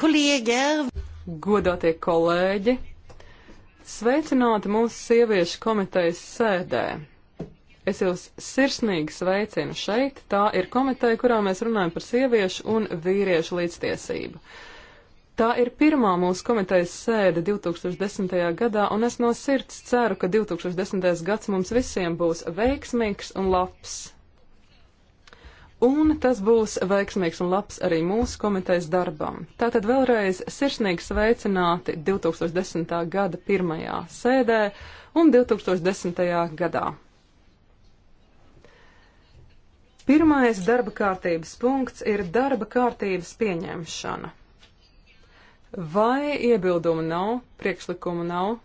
kolēģer! Godātie kolēģi! Sveicināti mūsu sieviešu komitejas sēdē! Es jūs sirsnīgi sveicinu šeit. Tā ir komiteja, kurā mēs runājam par sieviešu un vīriešu līdztiesību. Tā ir pirmā mūsu komitejas sēde 2010. gadā, un es no sirds ceru, ka 2010. gads mums visiem būs veiksmīgs un labs un tas būs veiksmīgs un labs arī mūsu komitejas darbam. Tātad vēlreiz sirsnīgi sveicināti 2010. gada pirmajā sēdē un 2010. gadā. Pirmais darba kārtības punkts ir darba kārtības pieņemšana. Vai iebildumu nav, priekšlikumu nav?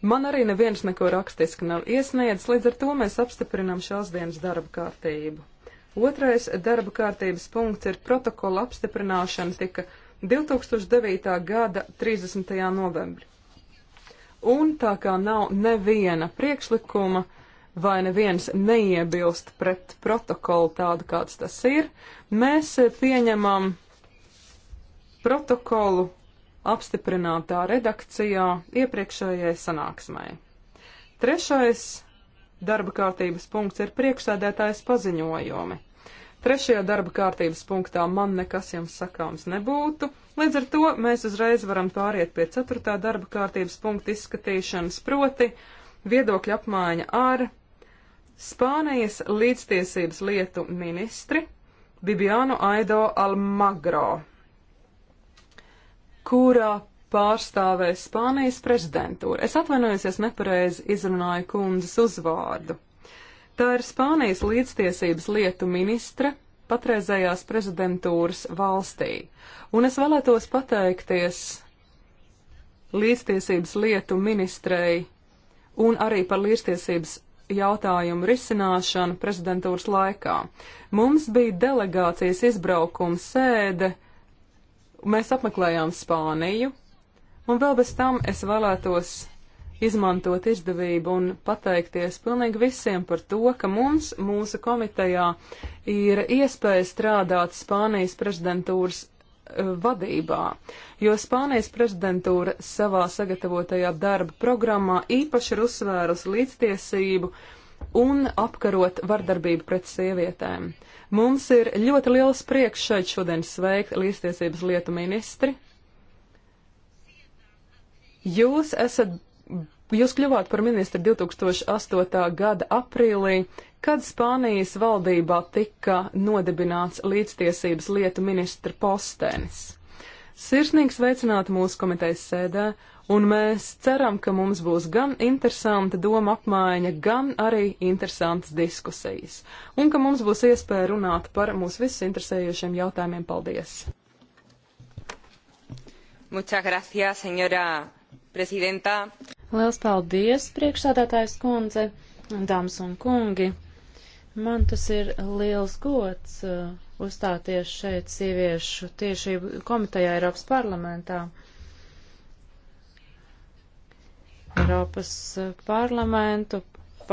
Man arī neviens neko rakstiski nav iesniedzis, līdz ar to mēs apstiprinām šās dienas darba kārtību. Otrais darba kārtības punkts ir protokola apstiprināšana tika 2009. gada 30. novembri. Un tā kā nav neviena priekšlikuma vai neviens neiebilst pret protokolu tādu, kāds tas ir, mēs pieņemam protokolu apstiprinātā redakcijā iepriekšējai sanāksmai. Trešais darba kārtības punkts ir priekšsēdētājs paziņojumi. Trešajā darba kārtības punktā man nekas jums sakāms nebūtu, līdz ar to mēs uzreiz varam pāriet pie ceturtā darba kārtības punkta izskatīšanas, proti viedokļa apmaiņa ar Spānijas līdztiesības lietu ministri Bibianu Aido Almagro, kurā pārstāvēja Spānijas prezidentūra. Es atvainojos, ja nepareizi izrunāju kundzes uzvārdu. Tā ir Spānijas līdztiesības lietu ministre patreizējās prezidentūras valstī. Un es vēlētos pateikties līdztiesības lietu ministrei un arī par līdztiesības jautājumu risināšanu prezidentūras laikā. Mums bija delegācijas izbraukums sēde, mēs apmeklējām Spāniju, Un vēl bez tam es vēlētos izmantot izdevību un pateikties pilnīgi visiem par to, ka mums, mūsu komitejā, ir iespēja strādāt Spānijas prezidentūras e, vadībā, jo Spānijas prezidentūra savā sagatavotajā darba programmā īpaši ir uzsvērusi līdztiesību un apkarot vardarbību pret sievietēm. Mums ir ļoti liels prieks šeit šodien sveikt līdztiesības lietu ministri Jūs esat, jūs kļuvāt par ministru 2008. gada aprīlī, kad Spānijas valdībā tika nodibināts līdztiesības lietu ministra postenis. Sirsnīgi sveicināt mūsu komitejas sēdē, un mēs ceram, ka mums būs gan interesanta doma apmaiņa, gan arī interesantas diskusijas, un ka mums būs iespēja runāt par mūs visus interesējošiem jautājumiem. Paldies! Muchas gracias, señora Presidentā. Liels paldies, priekšsādātājs kundze, dāmas un kungi. Man tas ir liels gods uh, uzstāties šeit sieviešu tiešību komitejā Eiropas parlamentā. Eiropas uh, parlamentu,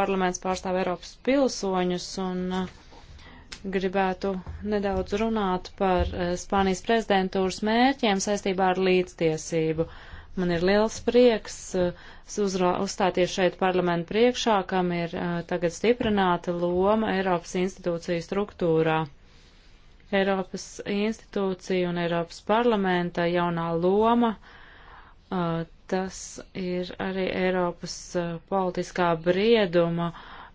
parlaments pārstāv Eiropas pilsoņus un uh, gribētu nedaudz runāt par uh, Spānijas prezidentūras mērķiem saistībā ar līdztiesību. Uh, Man ir liels prieks eh, uzstāties šeit parlamentu priekšā, kam ir eh, tagad stiprināta loma Eiropas institūciju struktūrā. Eiropas institūcija un Eiropas parlamenta jaunā loma, eh, tas ir arī Eiropas politiskā brieduma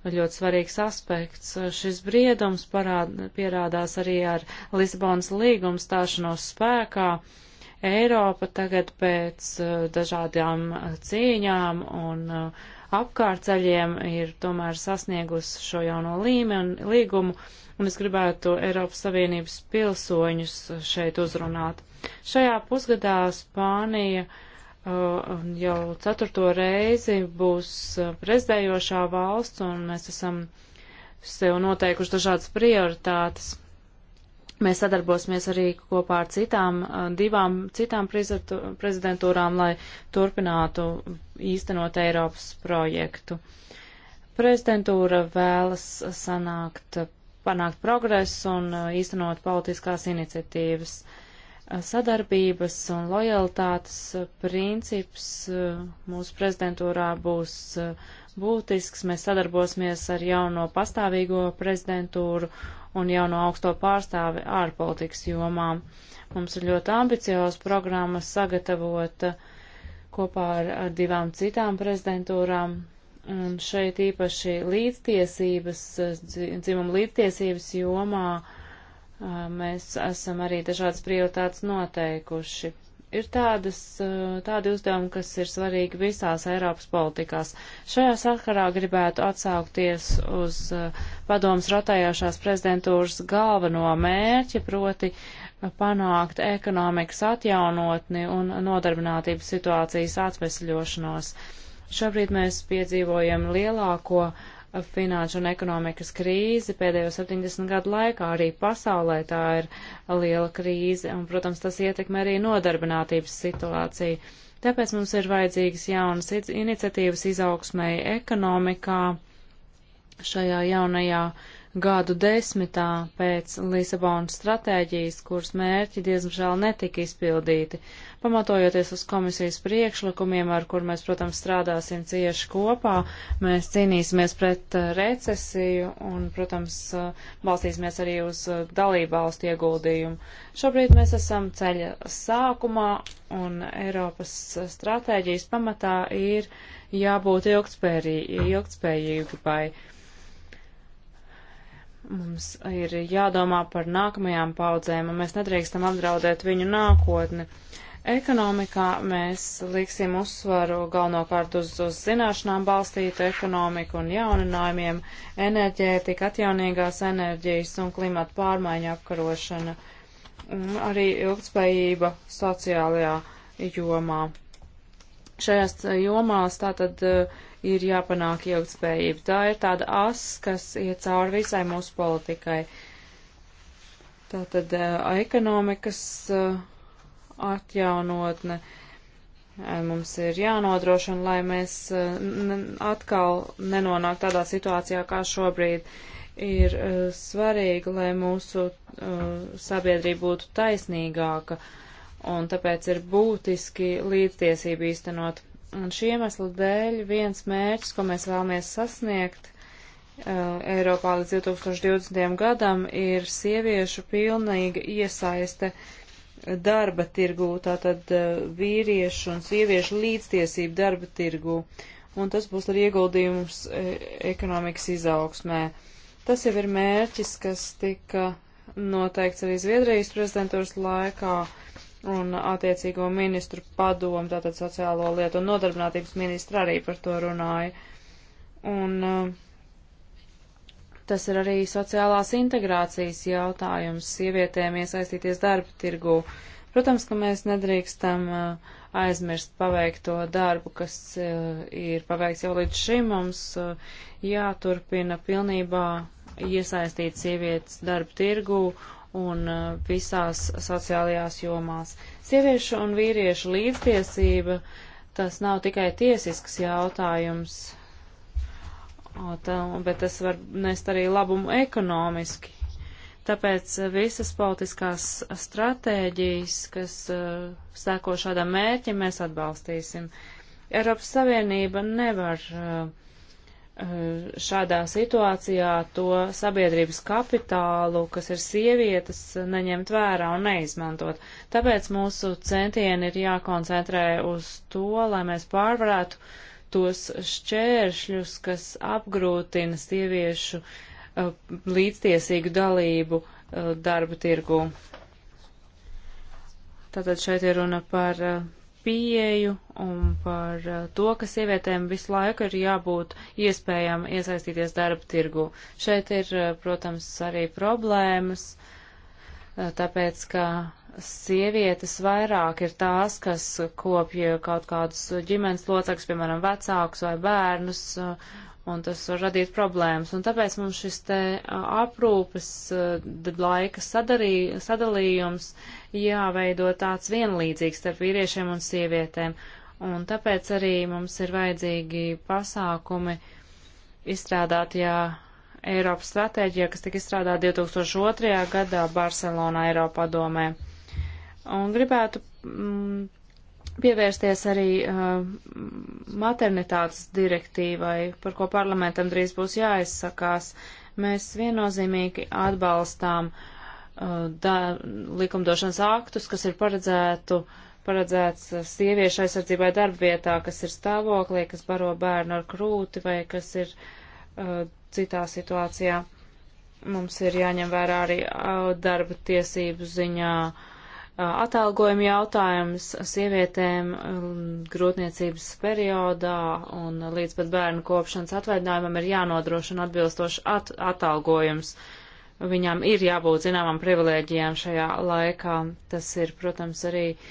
ļoti svarīgs aspekts. Šis briedums parād, pierādās arī ar Lisabonas līgumu stāšanos spēkā. Uh, Eiropa tagad pēc eh, dažādām eh, cīņām un eh, apkārtceļiem ir tomēr sasniegusi šo jauno līmeni, līgumu, un es gribētu Eiropas Savienības pilsoņus šeit uzrunāt. Šajā pusgadā Spānija jau ceturto reizi būs prezidējošā valsts, un mēs esam sev noteikuši dažādas prioritātes. Mēs sadarbosimies arī kopā ar citām, eh, divām citām prezidentūrām, lai turpinātu īstenot Eiropas projektu. Prezidentūra vēlas sanākt, panākt progresu un eh, īstenot politiskās iniciatīvas. Eh, sadarbības un lojalitātes princips mūsu prezidentūrā būs uh, būtisks. Mēs sadarbosimies ar jauno pastāvīgo prezidentūru un jauno augsto pārstāvi ārpolitikas jomām. Mums ir ļoti ambiciozs programma sagatavota kopā ar, ar divām citām prezidentūrām. Un šeit īpaši līdztiesības, dzimuma līdztiesības jomā mēs esam arī dažādas prioritātes noteikuši ir tādas, eh, tādi uzdevumi, kas ir svarīgi visās Eiropas politikās. Šajā sakarā gribētu atsaukties uz eh, padomas rotējošās prezidentūras galveno mērķi, proti eh, panākt ekonomikas atjaunotni un nodarbinātības situācijas atvesļošanos. Šobrīd mēs piedzīvojam lielāko uh, finanšu un ekonomikas krīzi pēdējo 70 gadu laikā. Arī pasaulē tā ir liela krīze, un, protams, tas ietekmē arī nodarbinātības situāciju. Tāpēc mums ir vajadzīgas jaunas iniciatīvas izaugsmēji ekonomikā šajā jaunajā uh, gadu desmitā pēc Lisabonas stratēģijas, kuras mērķi diezžēl netika izpildīti, pamatojoties uz komisijas priekšlikumiem, ar kur mēs, protams, strādāsim cieši kopā, mēs cīnīsimies pret uh, recesiju un, protams, uh, balstīsimies arī uz uh, dalību valstu ieguldījumu. Šobrīd mēs esam ceļa sākumā un Eiropas stratēģijas pamatā ir jābūt ilgtspējīgai Mums ir jādomā par nākamajām paudzēm, un mēs nedrīkstam apdraudēt viņu nākotni. Ekonomikā mēs liksim uzsvaru galvenokārt uz, uz zināšanām balstītu ekonomiku un jauninājumiem, enerģētika, atjaunīgās enerģijas un klimata pārmaiņu apkarošana, un arī ilgspējība sociālajā jomā. Šajās jomās tātad uh, ir jāpanāk ilgtspējība. Tā ir tāda as, kas iet cauri visai mūsu politikai. Tātad eh, ekonomikas eh, atjaunotne. Eh, mums ir jānodrošina, lai mēs atkal nenonāk tādā situācijā, kā šobrīd ir svarīgi, lai mūsu sabiedrība būtu taisnīgāka, un tāpēc ir būtiski līdztiesību īstenot Un šī iemesla dēļ viens mērķis, ko mēs vēlamies sasniegt uh, Eiropā līdz 2020. gadam, ir sieviešu pilnīga iesaiste darba tirgū, tātad uh, vīriešu un sieviešu līdztiesību darba tirgū. Un tas būs arī ieguldījums uh, ekonomikas izaugsmē. Tas jau ir mērķis, kas tika noteikts arī Zviedrijas prezidentūras laikā. Uh, un attiecīgo ministru padomu, tātad sociālo lietu un nodarbinātības ministra arī par to runāja. Un eh, tas ir arī sociālās integrācijas jautājums sievietēm iesaistīties darba tirgū. Protams, ka mēs nedrīkstam eh, aizmirst paveikto darbu, kas eh, ir paveikts jau līdz šim. Mums jāturpina pilnībā iesaistīt sievietes darba tirgū un uh, visās sociālajās jomās. Sieviešu un vīriešu līdztiesība tas nav tikai tiesisks jautājums, bet tas var nest arī labumu ekonomiski. Tāpēc uh, visas politiskās stratēģijas, kas uh, sēko šādam mērķim, mēs atbalstīsim. Eiropas Savienība nevar uh, Eh, šādā situācijā to sabiedrības kapitālu, kas ir sievietes, neņemt vērā un neizmantot. Tāpēc mūsu centieni ir jākoncentrē uz to, lai mēs pārvarētu tos šķēršļus, kas apgrūtina sieviešu uh, līdztiesīgu dalību uh, darba tirgū. Tātad šeit ir runa par uh, pieeju un par eh, to, ka sievietēm visu laiku ir jābūt iespējām iesaistīties darba tirgu. Šeit ir, eh, protams, arī problēmas, eh, tāpēc, ka sievietes vairāk ir tās, kas kopja kaut kādus ģimenes locekļus, piemēram, vecākus vai bērnus, un tas var radīt problēmas. Un tāpēc mums šis te aprūpes laika sadarī, sadalījums jāveido tāds vienlīdzīgs starp vīriešiem un sievietēm. Un tāpēc arī mums ir vajadzīgi pasākumi izstrādātajā Eiropas stratēģijā, kas tika izstrādāta 2002. gadā Barcelonā Eiropā domē. Un gribētu mm, pievērsties arī uh, maternitātes direktīvai, par ko parlamentam drīz būs jāizsakās. Mēs viennozīmīgi atbalstām uh, da, likumdošanas aktus, kas ir paredzētu, paredzēts uh, sieviešu aizsardzībai darbvietā, kas ir stāvoklī, kas baro bērnu ar krūti vai kas ir uh, citā situācijā. Mums ir jāņem vērā arī uh, darba tiesību ziņā uh, atalgojuma jautājums sievietēm um, grūtniecības periodā un līdz pat bērnu kopšanas atvaļinājumam ir jānodrošina atbilstošs at atalgojums. Viņām ir jābūt zināmām privilēģijām šajā laikā. Tas ir, protams, arī uh,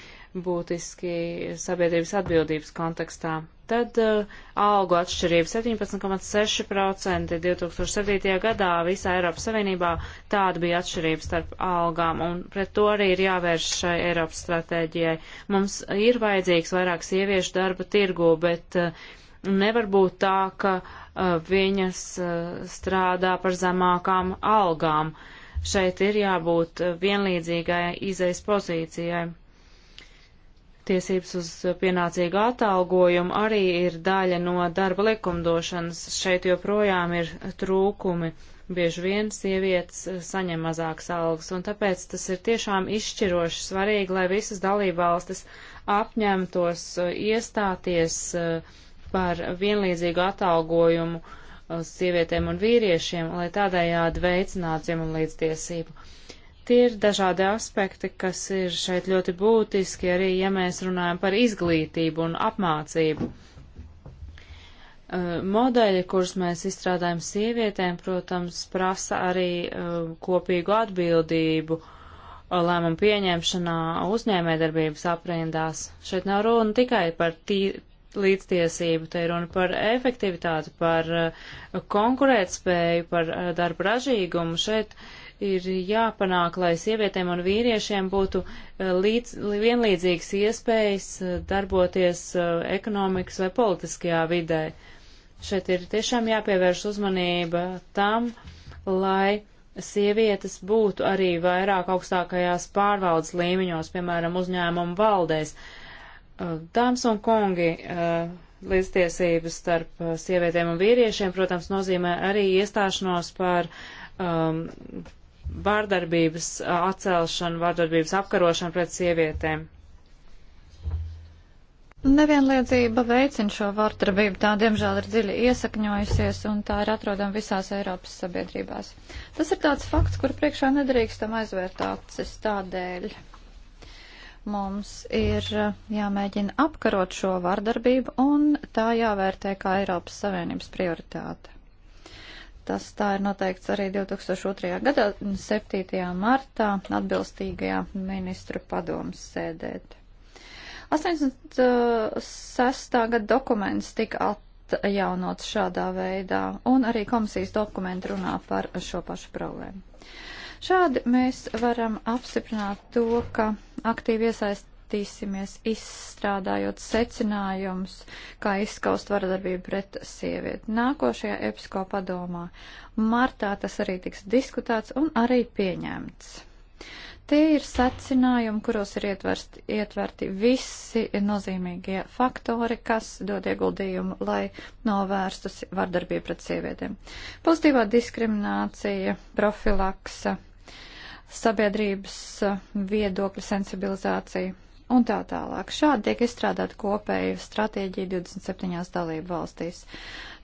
būtiski sabiedrības atbildības kontekstā. Tad uh, algu atšķirība 17,6% 2007. gadā visā Eiropas Savienībā tāda bija atšķirība starp algām, un pret to arī ir jāvērš šai Eiropas stratēģijai. Mums ir vajadzīgs vairāk sieviešu darba tirgu, bet uh, nevar būt tā, ka uh, viņas uh, strādā par zemākām algām. Šeit ir jābūt uh, vienlīdzīgai izejas pozīcijai tiesības uz pienācīgu atalgojumu arī ir daļa no darba likumdošanas. Šeit joprojām ir trūkumi. Bieži vien sievietes saņem mazākas algas, un tāpēc tas ir tiešām izšķiroši svarīgi, lai visas dalībvalstis apņemtos uh, iestāties uh, par vienlīdzīgu atalgojumu uh, sievietēm un vīriešiem, lai tādējādi veicinātu dzimumu līdztiesību. Tie ir dažādi aspekti, kas ir šeit ļoti būtiski, arī ja mēs runājam par izglītību un apmācību. Modeļi, kurus mēs izstrādājam sievietēm, protams, prasa arī kopīgu atbildību lēmumu pieņemšanā uzņēmējdarbības aprindās. Šeit nav runa tikai par līdztiesību, te ir runa par efektivitāti, par konkurētspēju, par darba ražīgumu. Šeit uh, ir jāpanāk, lai sievietēm un vīriešiem būtu eh, līdz, vienlīdzīgas iespējas eh, darboties eh, ekonomikas vai politiskajā vidē. Šeit ir tiešām jāpievērš uzmanība tam, lai sievietes būtu arī vairāk augstākajās pārvaldes līmeņos, piemēram, uzņēmumu valdēs. Dāmas un kungi, līdztiesības starp sievietēm un vīriešiem, protams, nozīmē arī iestāšanos par um, vārdarbības atcelšanu, vārdarbības apkarošanu pret sievietēm. Nevienlīdzība veicina šo vārdarbību, tā diemžēl ir dziļi iesakņojusies un tā ir atrodama visās Eiropas sabiedrībās. Tas ir tāds fakts, kur priekšā nedrīkstam aizvērt acis tādēļ. Mums ir jāmēģina apkarot šo vārdarbību un tā jāvērtē kā Eiropas Savienības prioritāte tas tā ir noteikts arī 2002. gada 7. martā atbilstīgajā ministru padomas sēdēt. 86. Uh, gada dokuments tika atjaunots šādā veidā, un arī komisijas dokumenti runā par šo pašu problēmu. Šādi mēs varam apstiprināt to, ka aktīvi iesaist skatīsimies, izstrādājot secinājumus, kā izskaust varadarbību pret sievieti. Nākošajā EPSCO padomā martā tas arī tiks diskutēts un arī pieņemts. Tie ir secinājumi, kuros ir ietversti, ietverti visi nozīmīgie faktori, kas dod ieguldījumu, lai novērstu vardarbību pret sievietēm. Pozitīvā diskriminācija, profilaksa, sabiedrības viedokļa sensibilizācija un tā tālāk. Šādi tiek izstrādāta kopēja stratēģija 27 dalību valstīs.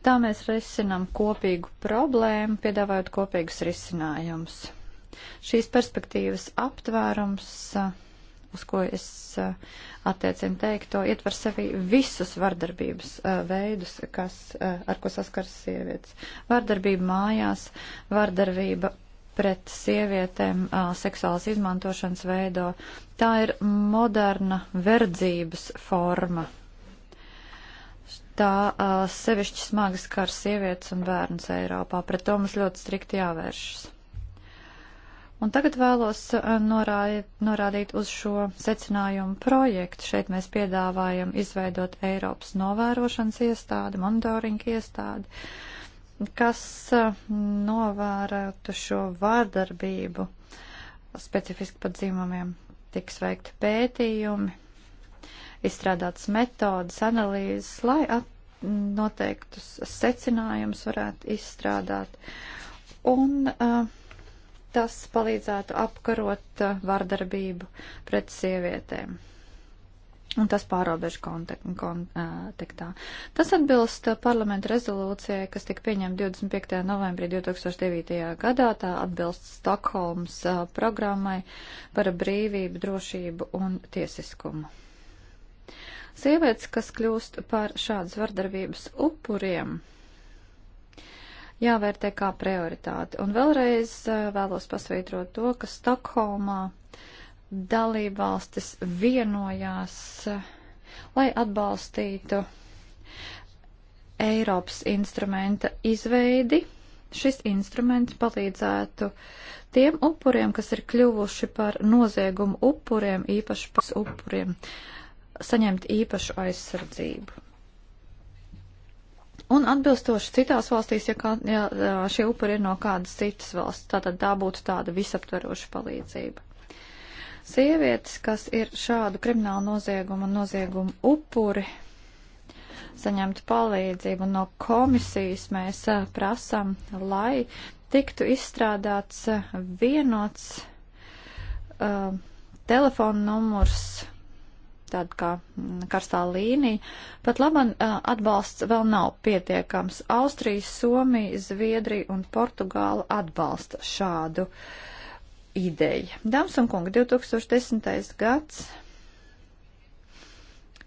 Tā mēs risinam kopīgu problēmu, piedāvājot kopīgus risinājumus. Šīs perspektīvas aptvērums, uz ko es uh, attiecinu teikto, ietver sevi visus vardarbības uh, veidus, kas, uh, ar ko saskars sievietes. Vardarbība mājās, vardarbība pret sievietēm seksuālas izmantošanas veido. Tā ir moderna verdzības forma. Tā a, sevišķi smagi skar sievietes un bērns Eiropā. Pret to mums ļoti strikti jāvēršas. Un tagad vēlos norādīt, norādīt uz šo secinājumu projektu. Šeit mēs piedāvājam izveidot Eiropas novērošanas iestādi, monitoringa iestādi, kas eh, novērētu šo vārdarbību specifiski pat dzīvumiem. Tiks veikti pētījumi, izstrādātas metodas, analīzes, lai at, noteiktus secinājumus varētu izstrādāt. Un uh, tas palīdzētu apkarot uh, eh, vardarbību pret sievietēm. Un tas pārobežu kontekstā. Tas atbilst parlamenta rezolūcijai, kas tika pieņemta 25. novembrī 2009. gadā. Tā atbilst Stokholmas programmai par brīvību, drošību un tiesiskumu. Sievietes, kas kļūst par šādas vardarbības upuriem, jāvērtē kā prioritāte. Un vēlreiz vēlos pasvītrot to, ka Stokholmā uh, dalībvalstis vienojās, lai atbalstītu Eiropas instrumenta izveidi. Šis instruments palīdzētu tiem upuriem, kas ir kļuvuši par noziegumu upuriem, īpaši pēc upuriem, saņemt īpašu aizsardzību. Un atbilstoši citās valstīs, ja, kā, ja šie upuri ir no kādas citas valsts, tātad tā būtu tāda visaptveroša palīdzība. Sievietes, kas ir šādu kriminālu noziegumu un noziegumu upuri, saņemtu palīdzību no komisijas, mēs eh, prasam, lai tiktu izstrādāts eh, vienots uh, eh, telefona numurs, tāda kā mm, karstā līnija. Pat laban uh, atbalsts vēl nav pietiekams. Austrija, Somija, Zviedrija un Portugāla atbalsta šādu uh, ideja. Dāmas un kungi, 2010. gads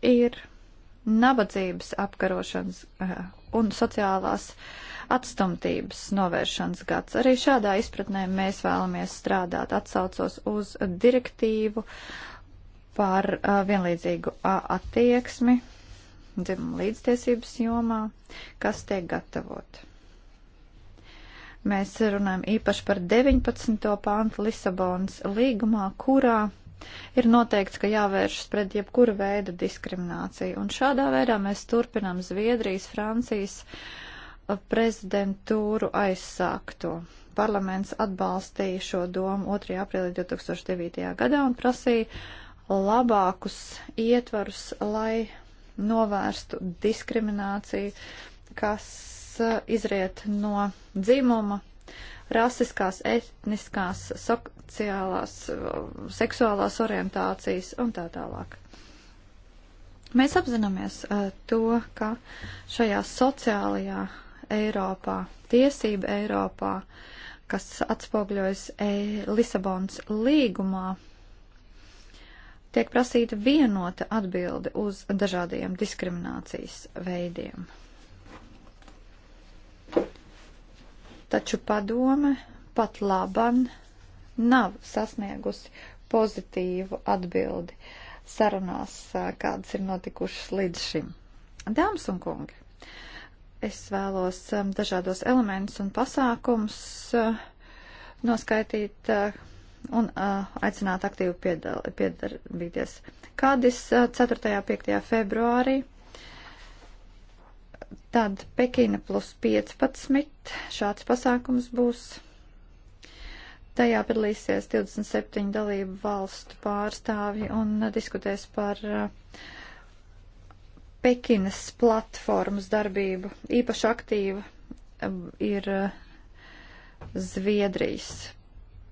ir nabadzības apkarošanas eh, un sociālās atstumtības novēršanas gads. Arī šādā izpratnē mēs vēlamies strādāt atsaucos uz direktīvu par eh, vienlīdzīgu attieksmi dzimumu līdztiesības jomā, kas tiek gatavota. Mēs runājam īpaši par 19. pāntu Lisabonas līgumā, kurā ir noteikts, ka jāvēršas pret jebkura veida diskrimināciju. Un šādā veidā mēs turpinām Zviedrijas, Francijas uh, prezidentūru aizsākto. Parlaments atbalstīja šo domu 2. aprīlī 2009. gadā un prasīja labākus ietvarus, lai novērstu diskrimināciju, kas Uh, izriet no dzimuma, rasiskās, etniskās, sociālās, uh, seksuālās orientācijas un tā tālāk. Mēs apzināmies uh, to, ka šajā sociālajā Eiropā, tiesība Eiropā, kas atspogļojas e, Lisabons līgumā, tiek prasīta vienota atbilde uz dažādiem diskriminācijas veidiem. taču padome pat laban nav sasniegusi pozitīvu atbildi sarunās, kādas ir notikušas līdz šim. Dāmas un kungi, es vēlos dažādos elementus un pasākums noskaitīt un aicināt aktīvi piedalīties. Kādis 4. 5. februārī Tad Pekina plus 15 šāds pasākums būs. Tajā piedalīsies 27 dalību valstu pārstāvji un diskutēs par uh, Pekinas platformas darbību. Īpaši aktīva um, ir uh, Zviedrijas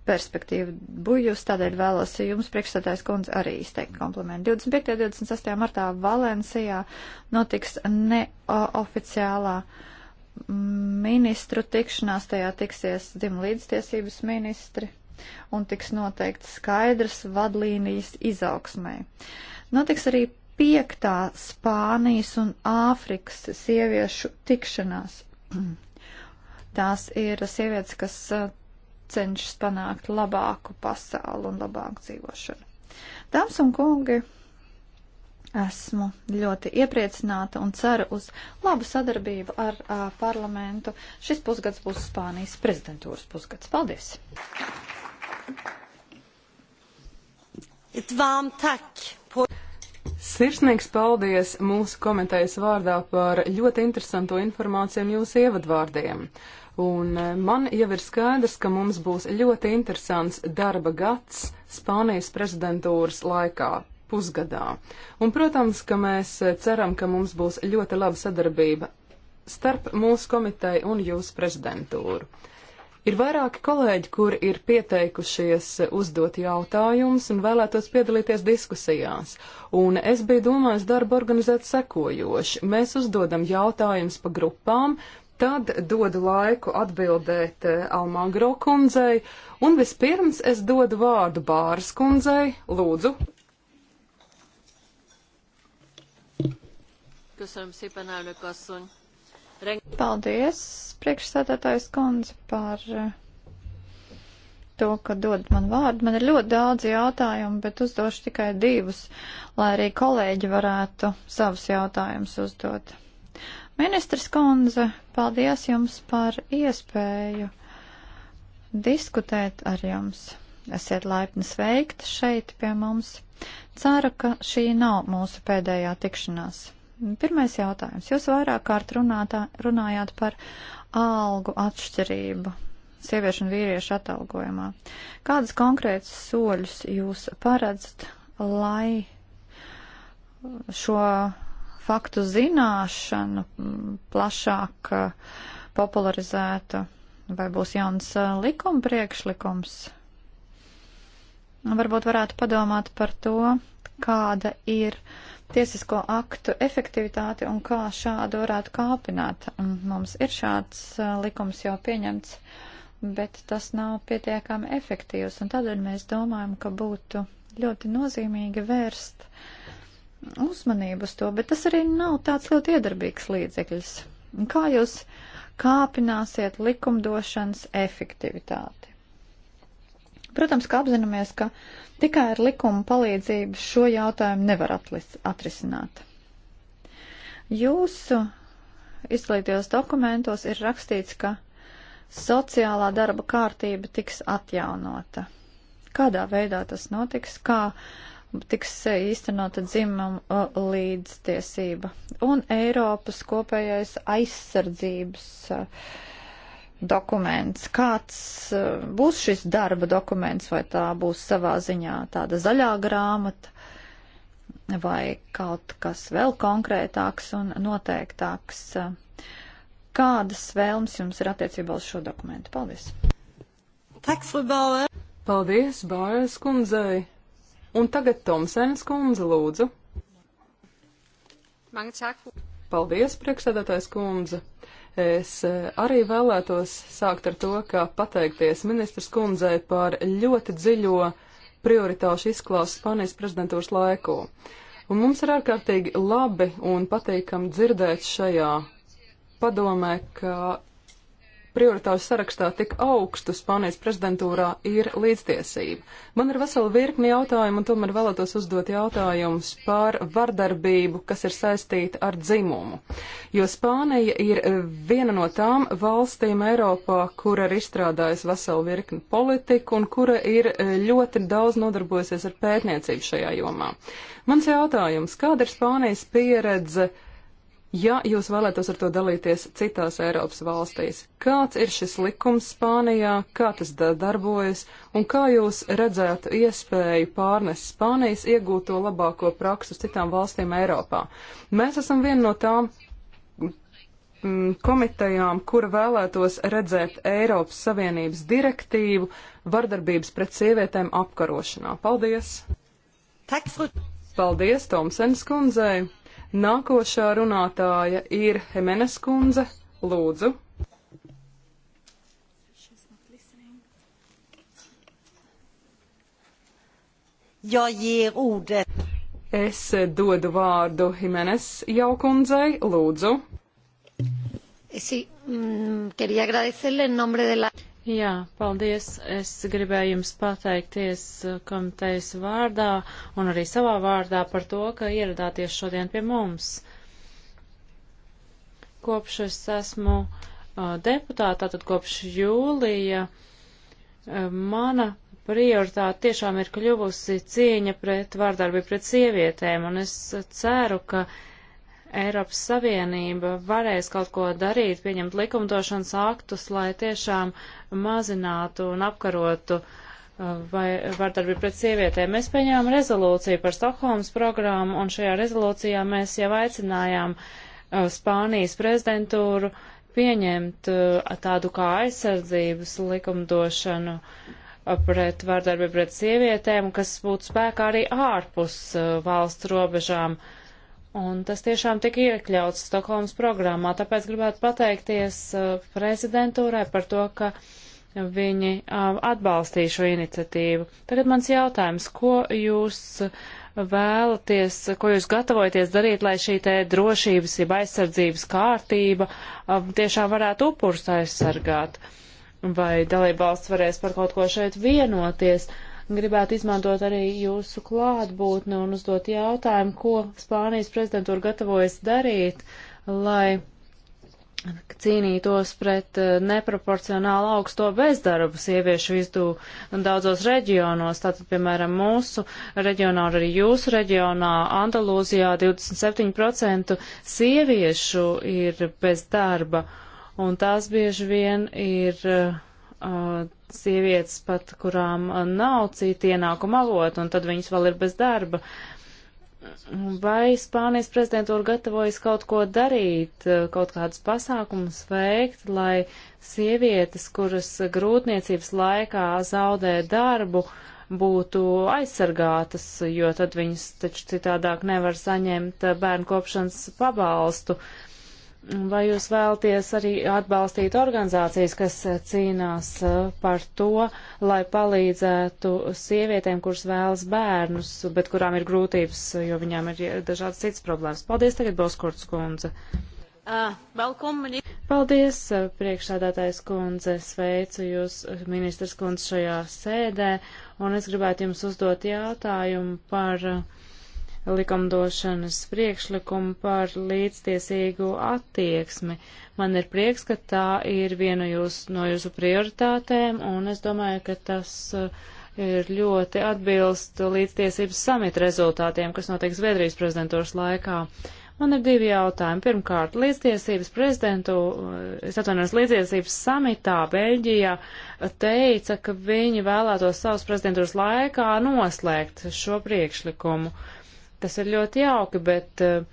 perspektīvu bujus, tādēļ vēlos jums priekšstādājas kundze arī izteikt komplimentu. 25. un 26. martā Valencijā notiks neoficiālā ministru tikšanās, tajā tiksies dzim līdztiesības ministri un tiks noteikts skaidrs vadlīnijas izaugsmai. Notiks arī piektā Spānijas un Āfrikas sieviešu tikšanās. Tās ir sievietes, kas cenšas panākt labāku pasauli un labāku dzīvošanu. Dāmas un kungi, esmu ļoti iepriecināta un ceru uz labu sadarbību ar uh, parlamentu. Šis pusgads būs Spānijas prezidentūras pusgads. Paldies! Sirsnīgs paldies mūsu komitejas vārdā par ļoti interesanto informāciju un jūsu ievadvārdiem. Un eh, man jau ir skaidrs, ka mums būs ļoti interesants darba gads Spānijas prezidentūras laikā pusgadā. Un, protams, ka mēs eh, ceram, ka mums būs ļoti laba sadarbība starp mūsu komiteju un jūsu prezidentūru. Ir vairāki kolēģi, kuri ir pieteikušies eh, uzdot jautājumus un vēlētos piedalīties diskusijās. Un es biju domājis darbu organizēt sekojoši. Mēs uzdodam jautājumus pa grupām, Tad dodu laiku atbildēt eh, Almagro kundzei, un vispirms es dodu vārdu Bāras kundzei. Lūdzu! Köszönöm szépen, elnök asszony! Paldies, priekšsēdētājs kundze, par eh, to, ka dod man vārdu. Man ir ļoti daudz jautājumu, bet uzdošu tikai divus, lai arī kolēģi varētu savus jautājumus uzdot. Ministrs Konze, paldies jums par iespēju diskutēt ar jums. Esiet laipni sveikti šeit pie mums. Ceru, ka šī nav mūsu pēdējā tikšanās. Pirmais jautājums. Jūs vairāk kārt runātā, runājāt par algu atšķirību sieviešu un vīriešu atalgojumā. Kādas konkrētas soļus jūs paredzat, lai šo faktu zināšana plašāk eh, popularizēta, vai būs jauns eh, likuma priekšlikums. Varbūt varētu padomāt par to, kāda ir tiesisko aktu efektivitāte un kā šādu varētu kāpināt. Mums ir šāds eh, likums jau pieņemts, bet tas nav pietiekami efektīvs, un tādēļ mēs domājam, ka būtu ļoti nozīmīgi vērst uh, uzmanību uz to, bet tas arī nav tāds ļoti iedarbīgs līdzekļs. Kā jūs kāpināsiet likumdošanas efektivitāti? Protams, ka apzināmies, ka tikai ar likuma palīdzību šo jautājumu nevar atlis, atrisināt. Jūsu izglītījos dokumentos ir rakstīts, ka sociālā darba kārtība tiks atjaunota. Kādā veidā tas notiks, kā uh, tiks e, īstenota dzimuma līdztiesība un Eiropas kopējais aizsardzības e, dokuments. Kāds e, būs šis darba dokuments, vai tā būs savā ziņā tāda zaļā grāmata, vai kaut kas vēl konkrētāks un noteiktāks? Kādas vēlmes jums ir attiecībā uz šo dokumentu? Paldies! Paldies, Bāres kundzei! Un tagad Tomsēnas kundze lūdzu. Paldies, priekšsēdētājs kundze. Es eh, arī vēlētos sākt ar to, ka pateikties ministrs kundzei par ļoti dziļo prioritāšu izklāstu Spānijas prezidentūras laiku. Un mums ir ārkārtīgi labi un patīkam dzirdēt šajā padomē, ka prioritāšu sarakstā tik augstu Spānijas prezidentūrā ir līdztiesība. Man ir vesela virkni jautājumu, un tomēr vēlētos uzdot jautājumus par vardarbību, kas ir saistīta ar dzimumu. Jo Spānija ir viena no tām valstīm Eiropā, kura ir izstrādājusi veselu virkni politiku un kura ir ļoti daudz nodarbojusies ar pētniecību šajā jomā. Mans jautājums, kāda ir Spānijas pieredze? ja jūs vēlētos ar to dalīties citās Eiropas valstīs. Kāds ir šis likums Spānijā, kā tas darbojas un kā jūs redzētu iespēju pārnest Spānijas iegūto labāko praksu uz citām valstīm Eiropā? Mēs esam viena no tām mm, komitejām, kura vēlētos redzēt Eiropas Savienības direktīvu vardarbības pret sievietēm apkarošanā. Paldies! Paldies Tomsens kundzei! Nākošā runātāja ir Hemenes kundze. Lūdzu. Es dodu vārdu Himenes jaukundzei. Lūdzu. Sí, mm, quería agradecerle en nombre de la. Jā, paldies. Es gribēju jums pateikties uh, komitejas vārdā un arī savā vārdā par to, ka ieradāties šodien pie mums. Kopš es esmu uh, deputāta, tātad kopš jūlija, uh, mana prioritāte tiešām ir kļuvusi cieņa pret vārdarbību pret sievietēm, un es ceru, ka uh, Eiropas Savienība varēs kaut ko darīt, pieņemt likumdošanas aktus, lai tiešām mazinātu un apkarotu uh, vai vardarbību pret sievietēm. Mēs pieņēmām rezolūciju par Stokholmas programmu, un šajā rezolūcijā mēs jau aicinājām uh, Spānijas prezidentūru pieņemt uh, tādu kā aizsardzības likumdošanu pret vardarbību pret sievietēm, kas būtu spēkā arī ārpus valsts robežām. Uh, Un tas tiešām tika iekļauts Stokholmas programmā, tāpēc gribētu pateikties uh, prezidentūrai par to, ka viņi uh, atbalstīja šo iniciatīvu. Tagad mans jautājums, ko jūs vēlaties, ko jūs gatavojaties darīt, lai šī te drošības, jeb aizsardzības kārtība uh, tiešām varētu upurus aizsargāt? Vai dalībvalsts varēs par kaut ko šeit vienoties? Uh, gribētu izmantot arī jūsu klātbūtni un uzdot jautājumu, ko Spānijas prezidentūra gatavojas darīt, lai cīnītos pret eh, neproporcionāli augsto bezdarbu sieviešu vidū daudzos reģionos. Tātad, piemēram, mūsu reģionā, arī jūsu reģionā, Andalūzijā 27% sieviešu ir bez darba, un tās bieži vien ir uh, sievietes pat, kurām nav cita ienākuma avota, un tad viņas vēl ir bez darba. Vai Spānijas prezidentūra gatavojas kaut ko darīt, kaut kādus pasākumus veikt, lai sievietes, kuras grūtniecības laikā zaudē darbu, būtu aizsargātas, jo tad viņas taču citādāk nevar saņemt bērnu kopšanas pabalstu. Uh, Vai jūs vēlties arī atbalstīt organizācijas, kas eh, cīnās eh, par to, lai palīdzētu sievietēm, kuras vēlas bērnus, bet kurām ir grūtības, jo viņām ir eh, dažādas citas problēmas? Paldies tagad, Boskurts kundze. Uh, Paldies, priekšsādātājs kundze, sveicu jūs, ministrs kundze, šajā sēdē, un es gribētu jums uzdot jautājumu par uh, likumdošanas priekšlikumu par līdztiesīgu attieksmi. Man ir prieks, ka tā ir viena jūs, no jūsu prioritātēm, un es domāju, ka tas uh, ir ļoti atbilst līdztiesības samita rezultātiem, kas notiek Zviedrijas prezidentūras laikā. Man ir divi jautājumi. Pirmkārt, līdztiesības prezidentu, uh, es atvainojos, līdztiesības samitā Beļģijā teica, ka viņi vēlētos savas prezidentūras laikā noslēgt šo priekšlikumu. Uh, Tas ir ļoti jauki, bet eh,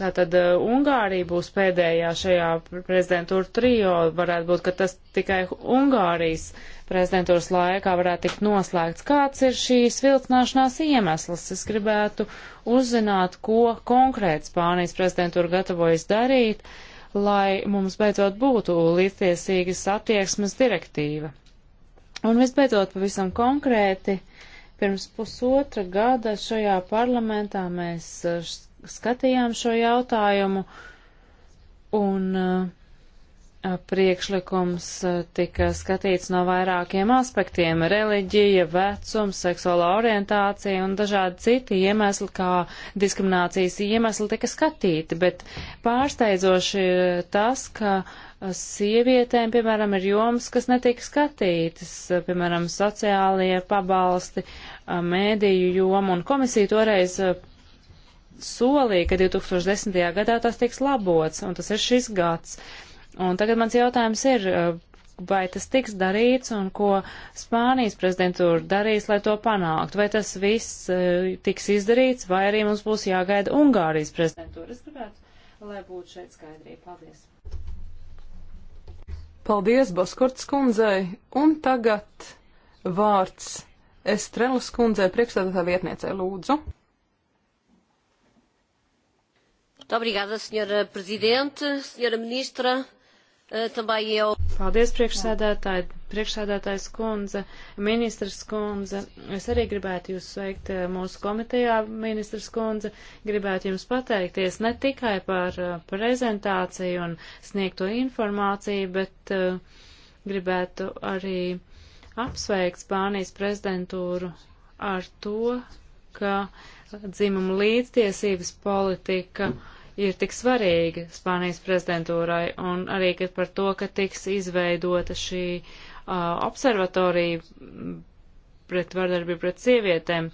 tātad eh, Ungārija būs pēdējā šajā prezidentūra trijo. Varētu būt, ka tas tikai Ungārijas prezidentūras laikā varētu tikt noslēgts. Kāds ir šīs vilcināšanās iemesls? Es gribētu uzzināt, ko konkrēti Spānijas prezidentūra gatavojas darīt, lai mums beidzot būtu līdztiesīgas attieksmes direktīva. Un visbeidzot, pavisam konkrēti, uh, Pirms pusotra gada šajā parlamentā mēs eh, skatījām šo jautājumu un eh, priekšlikums eh, tika skatīts no vairākiem aspektiem - reliģija, vecums, seksuālā orientācija un dažādi citi iemesli, kā diskriminācijas iemesli tika skatīti, bet pārsteidzoši ir tas, ka uh, sievietēm, piemēram, ir jomas, kas netiek skatītas, piemēram, sociālie pabalsti, mēdīju joma, un komisija toreiz solīja, ka 2010. gadā tas tiks labots, un tas ir šis gads. Un tagad mans jautājums ir, vai tas tiks darīts un ko Spānijas prezidentūra darīs, lai to panāktu. Vai tas viss tiks izdarīts, vai arī mums būs jāgaida Ungārijas prezidentūra. Es gribētu, lai būtu šeit skaidrība. Paldies! Paldies Baskurts kundzei, un tagad vārds Estrelas kundzei, priekšstādātā vietniecei, lūdzu. Obrigada, senhora Presidente, senhora Ministra, Paldies, priekšsēdētāji, priekšsēdētājs kundze, ministrs kundze. Es arī gribētu jūs sveikt eh, mūsu komitejā, ministrs kundze. Gribētu jums pateikties ne tikai par eh, prezentāciju un sniegto informāciju, bet uh, gribētu arī apsveikt Spānijas prezidentūru ar to, ka dzimuma līdztiesības politika uh, ir tik svarīga Spānijas prezidentūrai un arī par to, ka tiks izveidota šī uh, observatorija pret vardarbību pret sievietēm.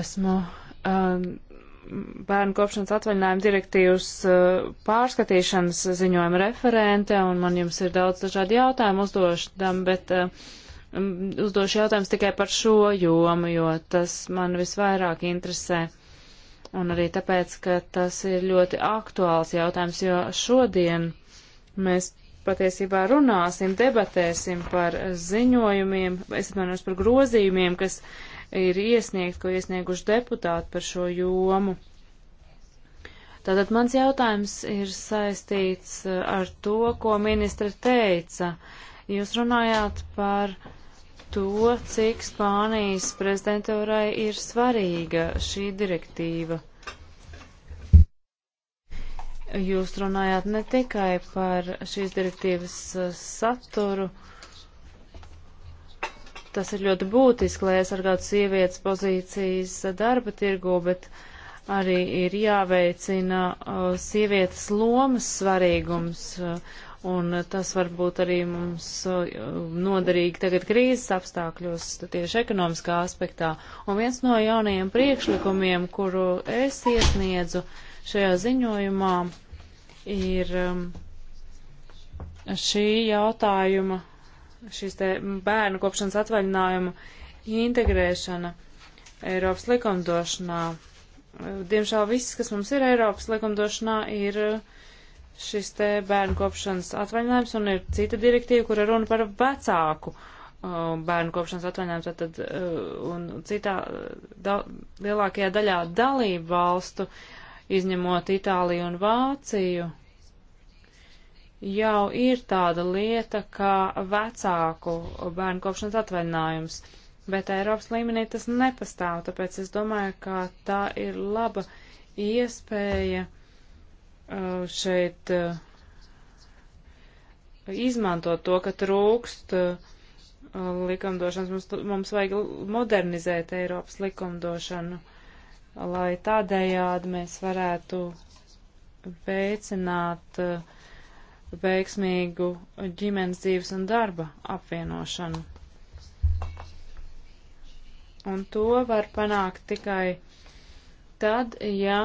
Esmu um, bērnu kopšanas atvaļinājuma direktīvas uh, pārskatīšanas ziņojuma referente, un man jums ir daudz dažādi jautājumi uzdošam, bet uh, uzdošu jautājumus tikai par šo jomu, jo tas man visvairāk interesē un arī tāpēc, ka tas ir ļoti aktuāls jautājums, jo šodien mēs patiesībā runāsim, debatēsim par ziņojumiem, es atvainojos par grozījumiem, kas ir iesniegt, ko iesnieguši deputāti par šo jomu. Tātad mans jautājums ir saistīts eh, ar to, ko ministra teica. Jūs runājāt par uh, to, cik Spānijas prezidentūrai ir svarīga šī direktīva. Jūs runājāt ne tikai par šīs direktīvas uh, saturu, tas ir ļoti būtiski, lai aizsargātu sievietes pozīcijas darba tirgu, bet arī ir jāveicina uh, sievietes lomas svarīgums uh, Un tas var būt arī mums uh, noderīgi tagad krīzes apstākļos, tieši ekonomiskā aspektā. Un viens no jaunajiem priekšlikumiem, kuru es iesniedzu šajā ziņojumā, ir um, šī jautājuma, šīs te bērnu kopšanas atvaļinājuma integrēšana Eiropas likumdošanā. Uh, diemžēl viss, kas mums ir Eiropas likumdošanā, ir uh, šis te bērnu kopšanas atvaļinājums un ir cita direktīva, kura runa par vecāku uh, bērnu kopšanas atvaļinājumu. Tātad, uh, un citā uh, da, lielākajā daļā dalību valstu, izņemot Itāliju un Vāciju, jau ir tāda lieta kā vecāku bērnu kopšanas atvaļinājums. Bet Eiropas līmenī tas nepastāv, tāpēc es domāju, ka tā ir laba iespēja. Uh, Uh, šeit uh, izmantot to, ka trūkst uh, likumdošanas. Mums, mums vajag modernizēt Eiropas likumdošanu, lai tādējādi mēs varētu veicināt veiksmīgu ģimenes dzīves un darba apvienošanu. Un to var panākt tikai tad, ja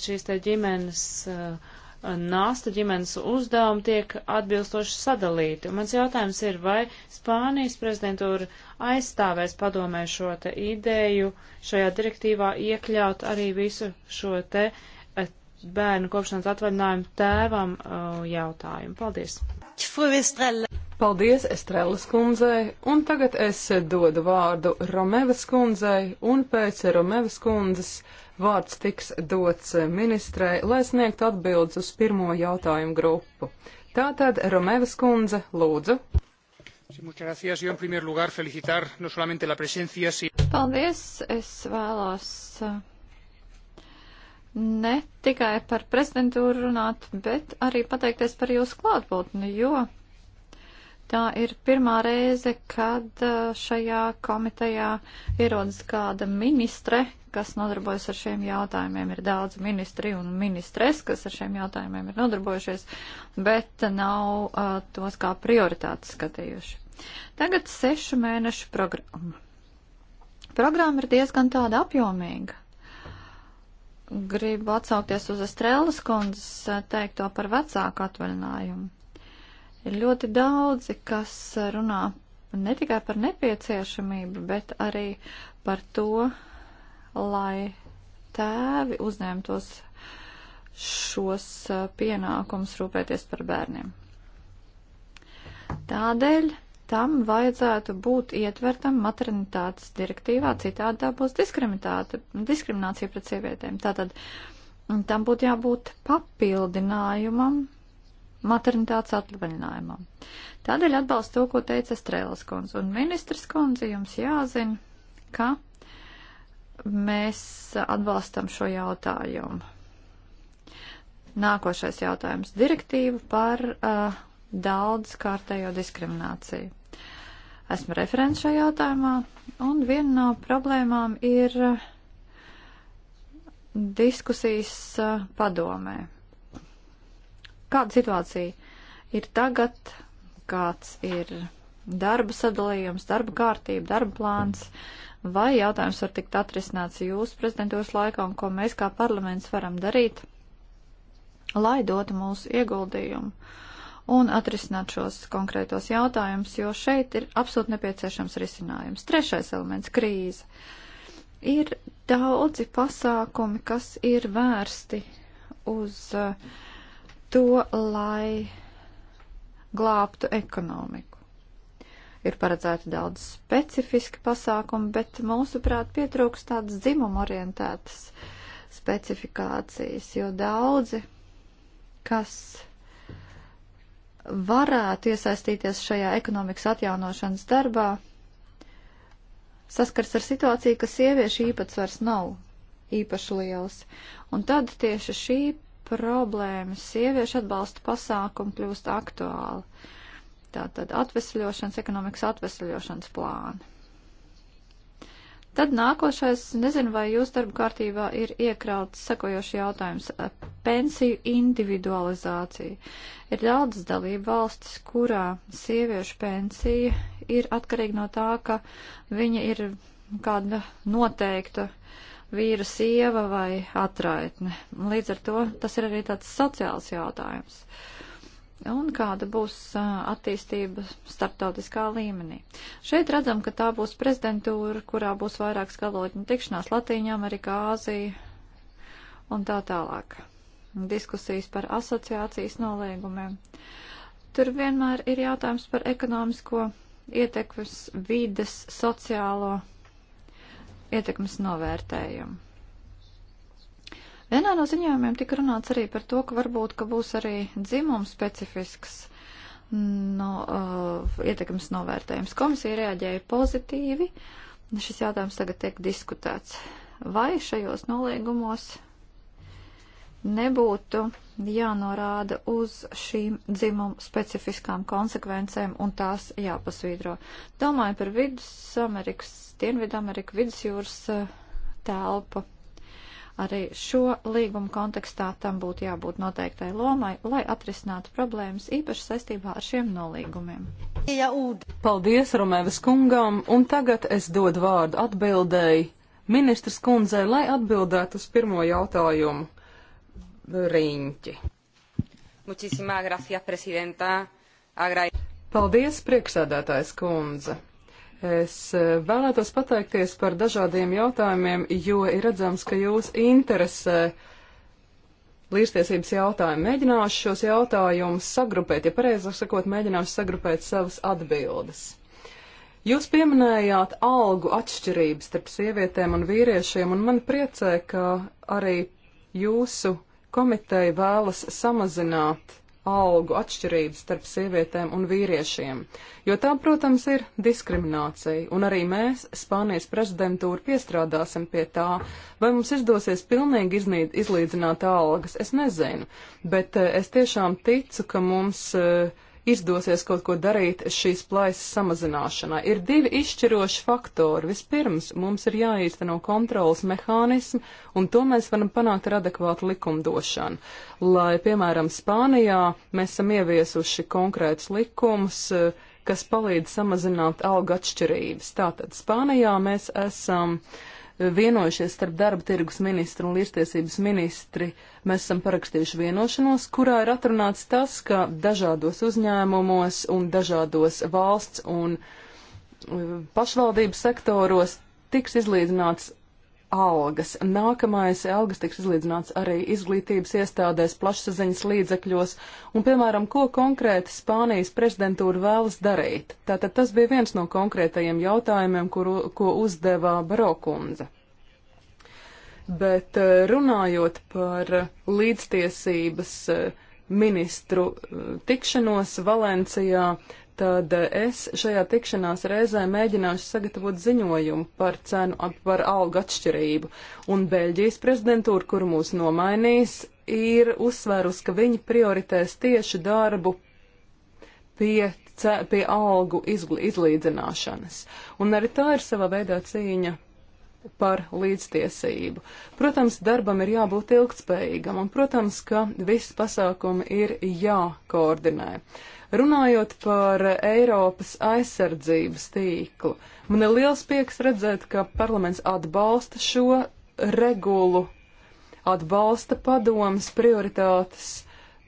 šīs te ģimenes eh, nasta, ģimenes uzdevumi tiek atbilstoši sadalīti. Un mans jautājums ir, vai Spānijas prezidentūra aizstāvēs padomē šo te ideju šajā direktīvā iekļaut arī visu šo te eh, bērnu kopšanas atvaļinājumu tēvam eh, jautājumu. Paldies! Fru Estrella. Paldies Estrelas kundzei, un tagad es dodu vārdu Romevas kundzei, un pēc Romevas kundzes vārds tiks dots ministrei, lai sniegtu atbildes uz pirmo jautājumu grupu. Tātad Romevas kundze, lūdzu. Paldies, es vēlos uh, ne tikai par prezidentūru runāt, bet arī pateikties par jūsu klātbūtni, jo Tā ir pirmā reize, kad uh, šajā komitejā ierodas kāda ministre, kas nodarbojas ar šiem jautājumiem. Ir daudz ministri un ministres, kas ar šiem jautājumiem ir nodarbojušies, bet nav uh, tos kā prioritāti skatījuši. Tagad sešu mēnešu programma. Programma ir diezgan tāda apjomīga. Gribu atsaukties uz Estrēlas kundzes uh, teikto par vecāku atvaļinājumu. Ir ļoti daudzi, kas runā ne tikai par nepieciešamību, bet arī par to, lai tēvi uzņemtos šos pienākums rūpēties par bērniem. Tādēļ tam vajadzētu būt ietvertam maternitātes direktīvā, citādi tā būs diskriminācija pret sievietēm. Tātad tam būtu jābūt papildinājumam maternitātes atvaļinājumam. Tādēļ atbalstu to, ko teica Strēlas kundze. Un ministrs kundze jums jāzina, ka mēs atbalstam šo jautājumu. Nākošais jautājums - direktīva par uh, daudzkārtējo diskrimināciju. Esmu referents šajā jautājumā, un viena no problēmām ir uh, diskusijas uh, padomē. Kāda situācija ir tagad, kāds ir darba sadalījums, darba kārtība, darba plāns, vai jautājums var tikt atrisināts jūsu prezidentūras laikā un ko mēs kā parlaments varam darīt, lai dotu mūsu ieguldījumu un atrisināt šos konkrētos jautājumus, jo šeit ir absolūti nepieciešams risinājums. Trešais elements - krīze. Ir daudzi pasākumi, kas ir vērsti uz uh, to, lai glābtu ekonomiku. Ir paredzēti daudz specifiski pasākumi, bet mūsuprāt pietrūks tādas dzimuma orientētas specifikācijas, jo daudzi, kas varētu iesaistīties šajā ekonomikas atjaunošanas darbā, saskars ar situāciju, ka sieviešu īpatsvars nav īpaši liels. Un tad tieši šī problēma sieviešu atbalsta pasākumu kļūst aktuāla. Tātad atvesļošanas, ekonomikas atvesļošanas plāni. Tad nākošais, nezinu, vai jūs darba kārtībā ir iekrauts sakojoši jautājums - pensiju individualizācija. Ir daudz dalību valstis, kurā sieviešu pensija ir atkarīga no tā, ka viņa ir kāda noteikta uh, vīra, sieva vai atraitne. Līdz ar to tas ir arī tāds sociāls jautājums. Un kāda būs attīstība starptautiskā līmenī. Šeit redzam, ka tā būs prezidentūra, kurā būs vairāk skalotņu tikšanās Latīņa, Amerikā, Āzija un tā tālāk. Diskusijas par asociācijas nolīgumiem. Tur vienmēr ir jautājums par ekonomisko ietekmes vides, sociālo ietekmes novērtējumu. Vienā no ziņojumiem tika runāts arī par to, ka varbūt, ka būs arī dzimums specifisks no, uh, ietekmes novērtējums. Komisija reaģēja pozitīvi. Šis jautājums tagad tiek diskutēts. Vai šajos nolīgumos nebūtu jānorāda uz šīm dzimumu specifiskām konsekvencēm un tās jāpasvītro. Domāju par Vidus Amerikas, Dienvidu Ameriku, Vidusjūras eh, telpu. Arī šo līgumu kontekstā tam būtu jābūt noteiktai lomai, lai atrisinātu problēmas īpaši saistībā ar šiem nolīgumiem. Paldies Romēvas kungam, un tagad es dodu vārdu atbildēji ministrs kundzei, lai atbildētu uz pirmo jautājumu riņķi. Paldies, priekšsēdētājs kundze! Es eh, vēlētos pateikties par dažādiem jautājumiem, jo ir redzams, ka jūs interesē līdztiesības jautājumi. Mēģināšu šos jautājumus sagrupēt, ja pareizāk sakot, mēģināšu sagrupēt savas atbildes. Jūs pieminējāt algu atšķirības starp sievietēm un vīriešiem, un man priecē, ka arī jūsu Komiteja vēlas samazināt algu atšķirības starp sievietēm un vīriešiem, jo tā, protams, ir diskriminācija, un arī mēs, Spānijas prezidentūra, piestrādāsim pie tā, vai mums izdosies pilnīgi iznīd, izlīdzināt algas, es nezinu, bet eh, es tiešām ticu, ka mums uh, izdosies kaut ko darīt šīs plaisas samazināšanai. Ir divi izšķiroši faktori. Vispirms mums ir jāīsteno kontrolas mehānismi, un to mēs varam panākt ar adekvātu likumdošanu. Lai, piemēram, Spānijā mēs esam ieviesuši konkrētus likumus, eh, kas palīdz samazināt algu atšķirības. Tātad Spānijā mēs esam. Uh, vienojušies starp darba tirgus ministru un līdztiesības ministri. Mēs esam parakstījuši vienošanos, kurā ir atrunāts tas, ka dažādos uzņēmumos un dažādos valsts un uh, pašvaldības sektoros tiks izlīdzināts algas. Nākamais algas tiks izlīdzināts arī izglītības iestādēs, plašsaziņas līdzekļos, un, piemēram, ko konkrēti Spānijas prezidentūra vēlas darīt. Tātad tas bija viens no konkrētajiem jautājumiem, kuru, ko uzdevā Barokundze. Bet eh, runājot par eh, līdztiesības eh, ministru tikšanos Valencijā, uh, tad es šajā tikšanās reizē mēģināšu sagatavot ziņojumu par cenu, par algu atšķirību. Un Beļģijas prezidentūra, kur mūs nomainīs, ir uzsvērus, ka viņi prioritēs tieši darbu pie, pie algu izgl, izlīdzināšanas. Un arī tā ir savā veidā cīņa par līdztiesību. Protams, darbam ir jābūt ilgtspējīgam, un, protams, ka viss pasākumi ir jākoordinē. Runājot par Eiropas aizsardzības tīklu, man ir liels prieks redzēt, ka parlaments atbalsta šo regulu, atbalsta padomas prioritātes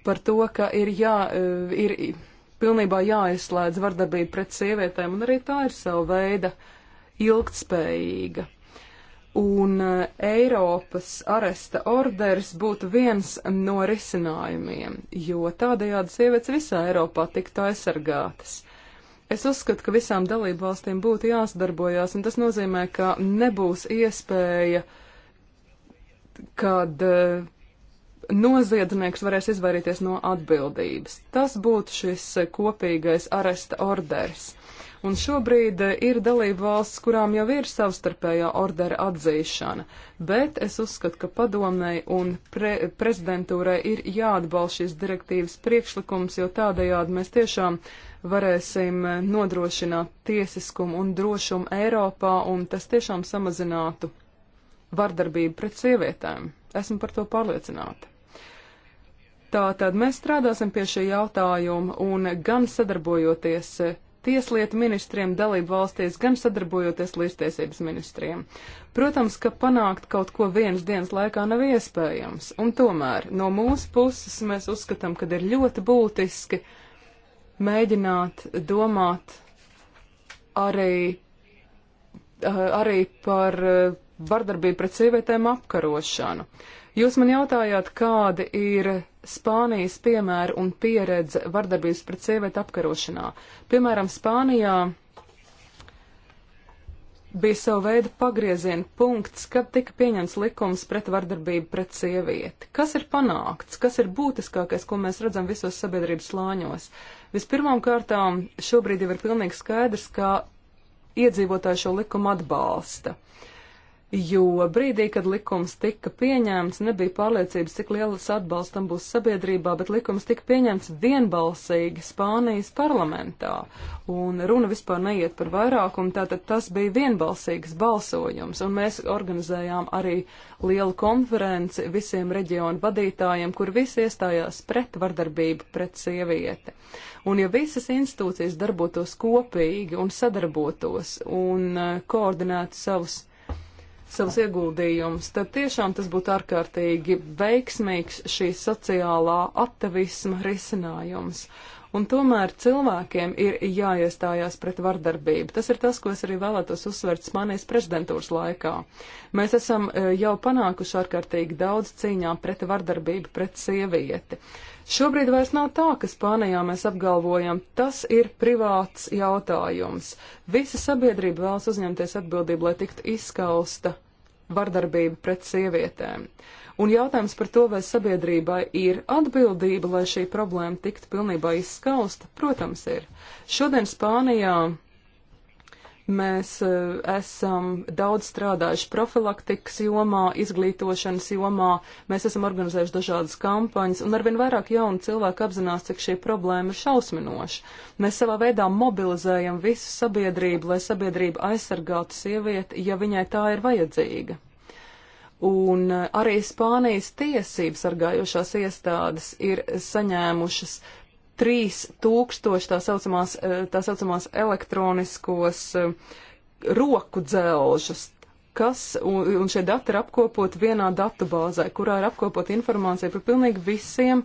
par to, ka ir, jā, eh, ir pilnībā jāizslēdz vardarbība pret sievietēm, un arī tā ir sava veida ilgtspējīga un eh, Eiropas aresta orders būtu viens no risinājumiem, jo tādējādi sievietes visā Eiropā tiktu aizsargātas. Es uzskatu, ka visām dalībvalstīm būtu jāsadarbojās, un tas nozīmē, ka nebūs iespēja, kad eh, noziedznieks varēs izvairīties no atbildības. Tas būtu šis eh, kopīgais aresta orders. Un šobrīd eh, ir dalība valsts, kurām jau ir savstarpējā ordera atzīšana, bet es uzskatu, ka padomnei un pre prezidentūrai ir jāatbalsta šīs direktīvas priekšlikums, jo tādējādi mēs tiešām varēsim eh, nodrošināt tiesiskumu un drošumu Eiropā, un tas tiešām samazinātu vardarbību pret sievietēm. Esmu par to pārliecināta. Tātad mēs strādāsim pie šī jautājuma un gan sadarbojoties eh, tieslietu ministriem dalību valstīs, gan sadarbojoties līdztiesības ministriem. Protams, ka panākt kaut ko vienas dienas laikā nav iespējams, un tomēr no mūsu puses mēs uzskatām, ka ir ļoti būtiski mēģināt domāt arī, eh, arī par eh, vardarbību pret sievietēm apkarošanu. Jūs man jautājāt, kādi ir Spānijas piemēru un pieredzi vardarbības pret sievieti apkarošanā. Piemēram, Spānijā bija sava veida pagrieziena punkts, kad tika pieņemts likums pret vardarbību pret sievieti. Kas ir panākts? Kas ir būtiskākais, ko mēs redzam visos sabiedrības slāņos? Vispirmām kārtām šobrīd jau ir pilnīgi skaidrs, ka iedzīvotāji šo likumu atbalsta. Uh, jo brīdī, kad likums tika pieņemts, nebija pārliecības, cik lielas atbalstam būs sabiedrībā, bet likums tika pieņemts vienbalsīgi Spānijas parlamentā, un runa vispār neiet par vairākumu, tātad tas bija vienbalsīgs balsojums, un mēs organizējām arī lielu konferenci visiem reģionu vadītājiem, kur visi iestājās pret vardarbību pret sievieti. Un ja visas institūcijas darbotos kopīgi un sadarbotos un eh, koordinētu savus savus ieguldījumus, tad tiešām tas būtu ārkārtīgi veiksmīgs šī sociālā aktivisma risinājums. Uh, un tomēr cilvēkiem ir jāiestājās pret vardarbību. Tas ir tas, ko es arī vēlētos uzsvērt Spānijas prezidentūras laikā. Mēs esam e, jau panākuši ārkārtīgi daudz cīņā pret vardarbību pret sievieti. Šobrīd vairs nav tā, ka Spānijā mēs apgalvojam, tas ir privāts jautājums. Visa sabiedrība vēlas uzņemties atbildību, lai tiktu izskausta vardarbība pret sievietēm. Un jautājums par to, vai sabiedrībai ir atbildība, lai šī problēma tiktu pilnībā izskausta, protams, ir. Šodien Spānijā mēs uh, esam daudz strādājuši profilaktikas jomā, izglītošanas jomā, mēs esam organizējuši dažādas kampaņas, un arvien vairāk jaunu cilvēku apzinās, cik šī problēma ir šausminoša. Mēs savā veidā mobilizējam visu sabiedrību, lai sabiedrība aizsargātu sievieti, ja viņai tā ir vajadzīga un eh, arī Spānijas tiesības sargājošās iestādes ir saņēmušas 3000 tā saucamās, eh, tā saucamās elektroniskos eh, roku dzelžus, kas, un, un šie dati ir apkopot vienā datubāzē, kurā ir apkopot informācija par pilnīgi visiem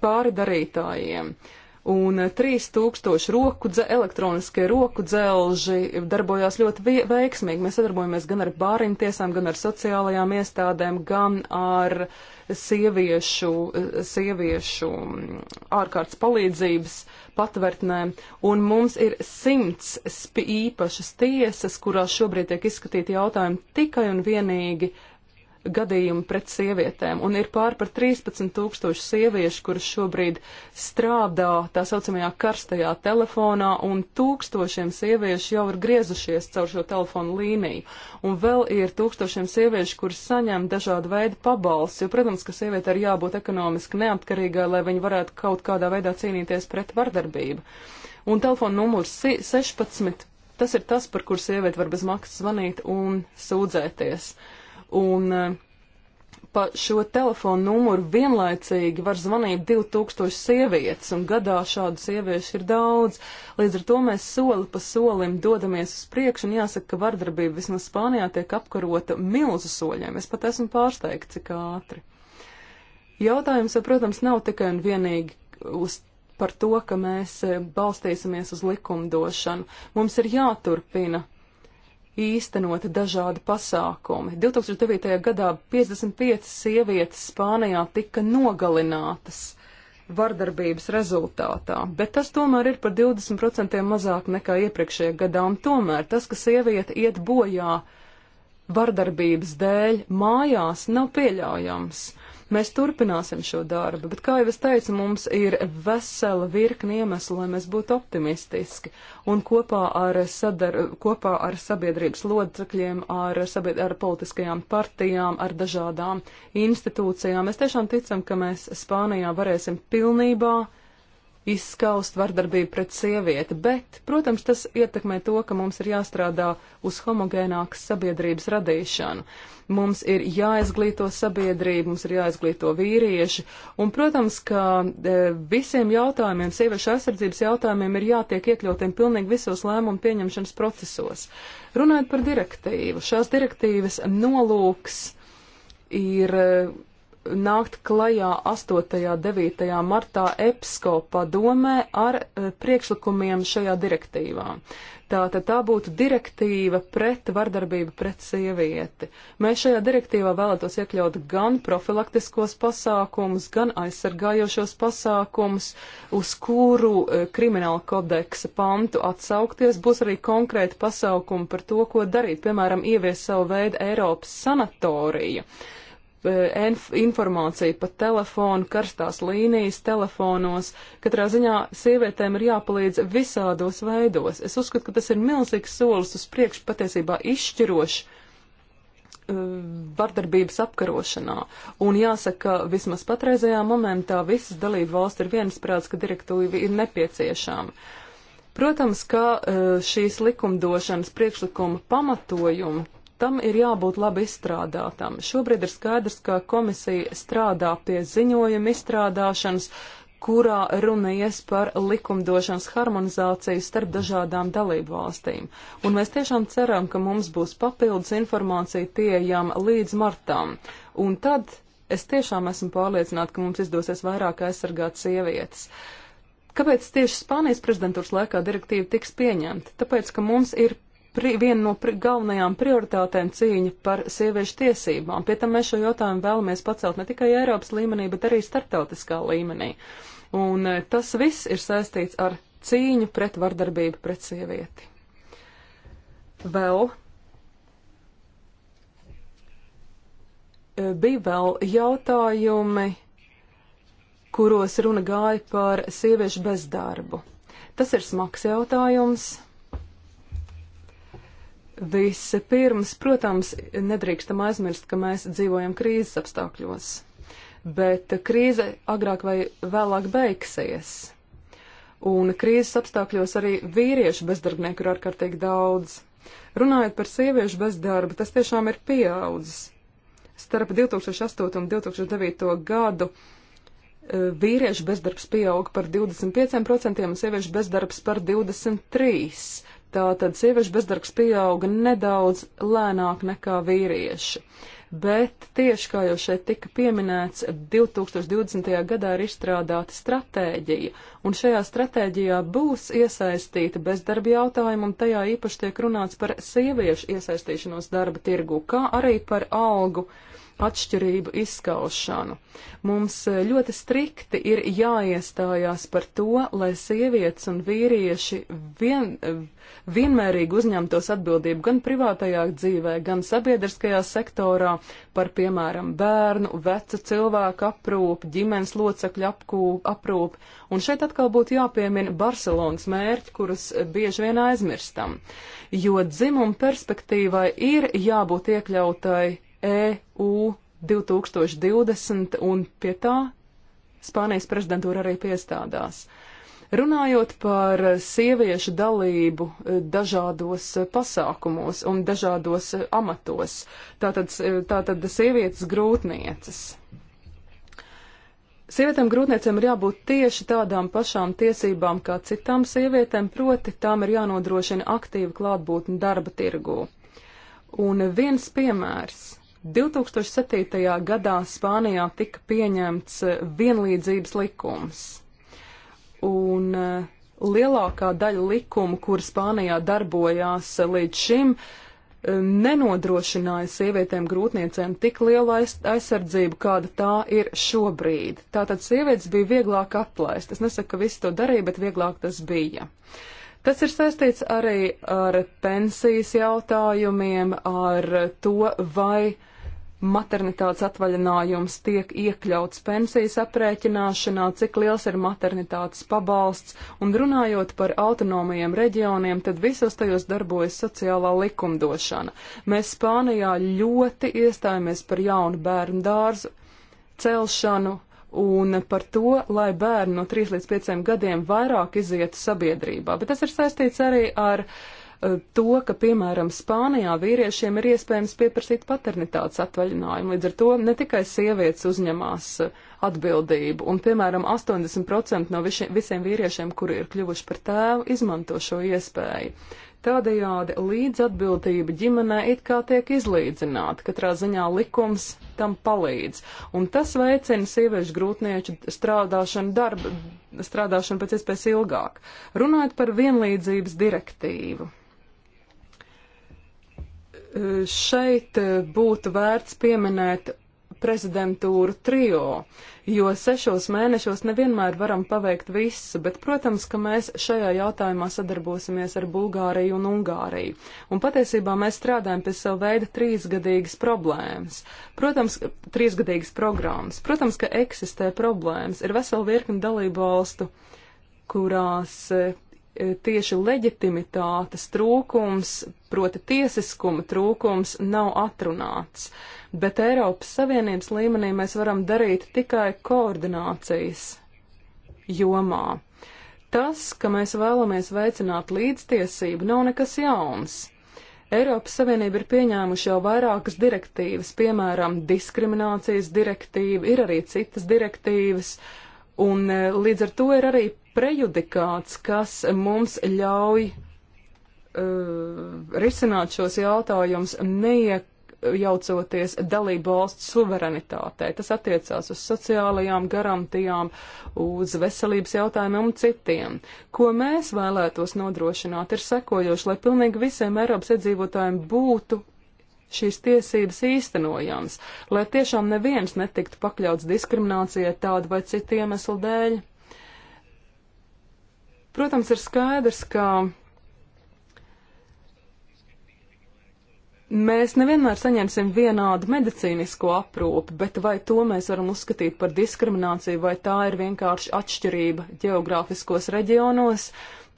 pāri darītājiem. Uh, un 3000 roku dze, elektroniskie roku dzelži darbojās ļoti veiksmīgi. Mēs sadarbojamies gan ar bāriņu tiesām, gan ar sociālajām iestādēm, gan ar sieviešu, sieviešu ārkārtas palīdzības patvērtnēm. Un mums ir simts īpašas tiesas, kurās šobrīd tiek izskatīti jautājumi tikai un vienīgi gadījumi pret sievietēm, un ir pār par 13 tūkstoši sieviešu, kuras šobrīd strādā tā saucamajā karstajā telefonā, un tūkstošiem sieviešu jau ir griezušies caur šo telefonu līniju, un vēl ir tūkstošiem sieviešu, kuras saņem dažādu veidu pabalsts, jo, protams, ka sieviete ir jābūt ekonomiski neatkarīgai, lai viņa varētu kaut kādā veidā cīnīties pret vardarbību. Un telefona numurs 16, tas ir tas, par kur sieviete var bez maksas zvanīt un sūdzēties un eh, pa šo telefonu numuru vienlaicīgi var zvanīt 2000 sievietes, un gadā šādu sieviešu ir daudz. Līdz ar to mēs soli pa solim dodamies uz priekšu, un jāsaka, ka vardarbība vismaz Spānijā tiek apkarota milzu soļiem. Es pat esmu pārsteigts, cik ātri. Jautājums, protams, nav tikai un vienīgi uz par to, ka mēs eh, balstīsimies uz likumdošanu. Mums ir jāturpina īstenoti dažādi pasākumi. 2009. gadā 55 sievietes Spānijā tika nogalinātas vardarbības rezultātā, bet tas tomēr ir par 20% mazāk nekā iepriekšējā gadā, un tomēr tas, ka sieviete iet bojā vardarbības dēļ mājās, nav pieļaujams. Mēs turpināsim šo darbu, bet, kā jau es teicu, mums ir vesela virkni iemeslu, lai mēs būtu optimistiski. Un kopā ar, sadar, kopā ar sabiedrības locekļiem, ar, sabied, ar politiskajām partijām, ar dažādām institūcijām, mēs tiešām ticam, ka mēs Spānijā varēsim pilnībā izskaust vardarbību pret sievieti, bet, protams, tas ietekmē to, ka mums ir jāstrādā uz homogēnākas sabiedrības radīšanu. Mums ir jāizglīto sabiedrība, mums ir jāizglīto vīrieši, un, protams, ka e, visiem jautājumiem, sieviešu aizsardzības jautājumiem ir jātiek iekļautiem pilnīgi visos lēmumu pieņemšanas procesos. Runājot par direktīvu, šās direktīvas nolūks ir e, nākt klajā 8. un 9. martā EPSCO padomē ar eh, priekšlikumiem šajā direktīvā. Tātad tā būtu direktīva pret vardarbību pret sievieti. Mēs šajā direktīvā vēlētos iekļaut gan profilaktiskos pasākumus, gan aizsargājošos pasākumus, uz kuru eh, krimināla kodeksa pantu atsaukties. Būs arī konkrēti pasākumi par to, ko darīt, piemēram, ievies savu veidu Eiropas sanatoriju. Uh, E, informāciju pa telefonu, karstās līnijas telefonos. Katrā ziņā sievietēm ir jāpalīdz visādos veidos. Es uzskatu, ka tas ir milzīgs solis uz priekšu patiesībā izšķirošs e, vardarbības apkarošanā. Un jāsaka, ka vismaz patreizajā momentā visas dalību valsts ir viensprāts, ka direktīva ir nepieciešama. Protams, ka e, šīs likumdošanas priekšlikuma pamatojumi tam ir jābūt labi izstrādātam. Šobrīd ir skaidrs, ka komisija strādā pie ziņojuma izstrādāšanas, kurā runies par likumdošanas harmonizāciju starp dažādām dalību valstīm. Un mēs tiešām ceram, ka mums būs papildus informācija pieejama līdz martām. Un tad es tiešām esmu pārliecināta, ka mums izdosies vairāk aizsargāt sievietes. Kāpēc tieši Spānijas prezidentūras laikā direktīva tiks pieņemta? Tāpēc, ka mums ir pri, viena no pri, galvenajām prioritātēm cīņa par sieviešu tiesībām. Pie tam mēs šo jautājumu vēlamies pacelt ne tikai Eiropas līmenī, bet arī starptautiskā līmenī. Un eh, tas viss ir saistīts ar cīņu pret vardarbību pret sievieti. Vēl eh, bija vēl jautājumi, kuros runa gāja par sieviešu bezdarbu. Tas ir smags jautājums. Vispirms, protams, nedrīkstam aizmirst, ka mēs dzīvojam krīzes apstākļos, bet krīze agrāk vai vēlāk beigsies. Un krīzes apstākļos arī vīriešu bezdarbnieku ir ārkārtīgi daudz. Runājot par sieviešu bezdarbu, tas tiešām ir pieaudzis. Starp 2008 un 2009 gadu eh, vīriešu bezdarbs pieauga par 25% un sieviešu bezdarbs par 23%. Tātad sieviešu bezdarbs pieauga nedaudz lēnāk nekā vīrieši. Bet tieši kā jau šeit tika pieminēts, 2020. gadā ir izstrādāta stratēģija, un šajā stratēģijā būs iesaistīta bezdarba jautājuma, un tajā īpaši tiek runāts par sieviešu iesaistīšanos darba tirgu, kā arī par algu uh, atšķirību izskaušanu. Mums e, ļoti strikti ir jāiestājās par to, lai sievietes un vīrieši vien, e, vienmērīgi uzņemtos atbildību gan privātajā dzīvē, gan sabiedriskajā sektorā par, piemēram, bērnu, vecu cilvēku aprūpu, ģimenes locekļu aprūpu. Un šeit atkal būtu jāpiemina Barcelonas mērķi, kurus e, bieži vien aizmirstam, jo dzimuma perspektīvai ir jābūt iekļautai EU 2020, un pie tā Spānijas prezidentūra arī piestādās. Runājot par sieviešu dalību e, dažādos e, pasākumos un dažādos e, amatos, tātad, tātad sievietes grūtnieces. Sievietēm grūtniecēm ir jābūt tieši tādām pašām tiesībām kā citām sievietēm, proti tām ir jānodrošina aktīva klātbūtne darba tirgū. Un viens piemērs 2007. gadā Spānijā tika pieņemts eh, vienlīdzības likums. Un eh, lielākā daļa likumu, kur Spānijā darbojās eh, līdz šim, nenodrošināja sievietēm grūtniecēm tik lielu aizsardzību, kāda tā ir šobrīd. Tātad sievietes bija vieglāk atlaist. Es nesaku, ka visi to darīja, bet vieglāk tas bija. Tas ir saistīts arī ar pensijas jautājumiem, ar to, vai uh, maternitātes atvaļinājums tiek iekļauts pensijas aprēķināšanā, cik liels ir maternitātes pabalsts, un runājot par autonomajiem reģioniem, tad visos tajos darbojas sociālā likumdošana. Mēs Spānijā ļoti iestājāmies par jaunu bērnu dārzu celšanu. Un par to, lai bērni no 3 līdz 5 gadiem vairāk izietu sabiedrībā. Bet tas ir saistīts arī ar uh, Eh, to, ka, piemēram, Spānijā vīriešiem ir iespējams pieprasīt paternitātes atvaļinājumu. Līdz ar to ne tikai sievietes uzņemās eh, atbildību, un, piemēram, 80% no viši, visiem vīriešiem, kuri ir kļuvuši par tēvu, izmanto šo iespēju. Tādējādi līdzatbildība ģimenē it kā tiek izlīdzināta, katrā ziņā likums tam palīdz. Un tas veicina sieviešu grūtnieču strādāšanu, darba, strādāšanu pēc iespējas ilgāk. Runājot par vienlīdzības direktīvu šeit eh, būtu vērts pieminēt prezidentūru trio, jo sešos mēnešos nevienmēr varam paveikt visu, bet, protams, ka mēs šajā jautājumā sadarbosimies ar Bulgāriju un Ungāriju. Un patiesībā mēs strādājam pie sava veida trīsgadīgas problēmas. Protams, trīsgadīgas programmas. Protams, ka eksistē problēmas. Ir vesela virkni dalību valstu, kurās eh, tieši leģitimitātes trūkums, proti tiesiskuma trūkums nav atrunāts. Bet Eiropas Savienības līmenī mēs varam darīt tikai koordinācijas jomā. Tas, ka mēs vēlamies veicināt līdztiesību, nav nekas jauns. Eiropas Savienība ir pieņēmuši jau vairākas direktīvas, piemēram, diskriminācijas direktīva, ir arī citas direktīvas, un eh, līdz ar to ir arī prejudikāts, kas mums ļauj uh, risināt šos jautājumus neiejaucoties dalību valsts suverenitātei. Tas attiecās uz sociālajām garantijām, uz veselības jautājumiem un citiem. Ko mēs vēlētos nodrošināt ir sekojoši, lai pilnīgi visiem Eiropas iedzīvotājiem būtu šīs tiesības īstenojams, lai tiešām neviens netiktu pakļauts diskriminācijai tādu vai citu iemeslu dēļ. Protams, ir skaidrs, ka mēs nevienmēr saņemsim vienādu medicīnisko aprūpi, bet vai to mēs varam uzskatīt par diskrimināciju, vai tā ir vienkārši atšķirība geogrāfiskos reģionos?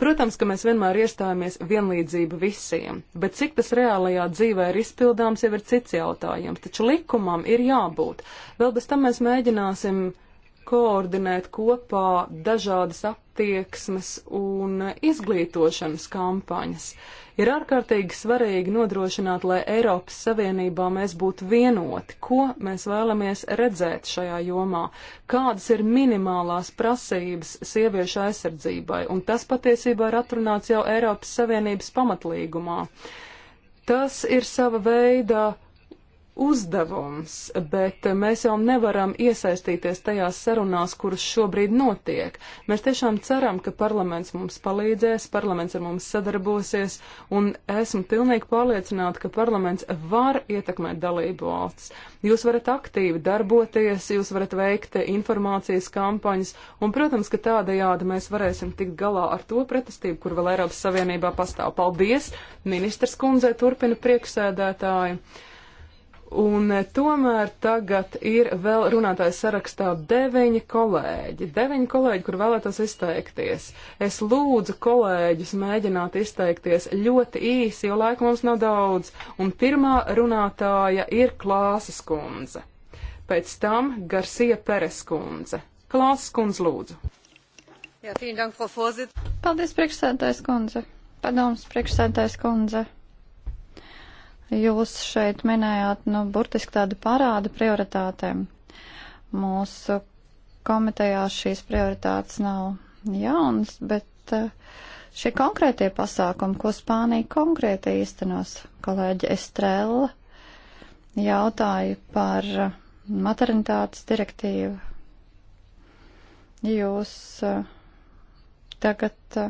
Protams, ka mēs vienmēr iestājāmies vienlīdzību visiem, bet cik tas reālajā dzīvē ir izpildāms, jau ir cits jautājums, taču likumam ir jābūt. Vēl bez tam mēs mēģināsim koordinēt kopā dažādas attieksmes un izglītošanas kampaņas. Ir ārkārtīgi svarīgi nodrošināt, lai Eiropas Savienībā mēs būtu vienoti, ko mēs vēlamies redzēt šajā jomā, kādas ir minimālās prasības sieviešu aizsardzībai, un tas patiesībā ir atrunāts jau Eiropas Savienības pamatlīgumā. Tas ir sava veida uzdevums, bet mēs jau nevaram iesaistīties tajās sarunās, kuras šobrīd notiek. Mēs tiešām ceram, ka parlaments mums palīdzēs, parlaments ar mums sadarbosies, un esmu pilnīgi pārliecināta, ka parlaments var ietekmēt dalību valsts. Jūs varat aktīvi darboties, jūs varat veikt informācijas kampaņas, un, protams, ka tādajādi mēs varēsim tikt galā ar to pretestību, kur vēl Eiropas Savienībā pastāv. Paldies! Ministrs kundzei turpina priekšsēdētāju. Un eh, tomēr tagad ir vēl runātājs sarakstā deviņi kolēģi. Deviņi kolēģi, kur vēlētos izteikties. Es lūdzu kolēģus mēģināt izteikties ļoti īsi, jo laika mums nav daudz. Un pirmā runātāja ir Klāsas kundze. Pēc tam Garcia Peres kundze. Klāsas kundze lūdzu. Jā, dank, Paldies, priekšsēdētājs kundze. Padoms, priekšsēdētājs kundze. Jūs šeit minējāt, nu, burtiski tādu parādu prioritātēm. Mūsu komitejā šīs prioritātes nav jaunas, bet eh, šie konkrētie pasākumi, ko Spānija konkrēti īstenos, kolēģi Estrella jautāja par eh, maternitātes direktīvu. Jūs eh, tagad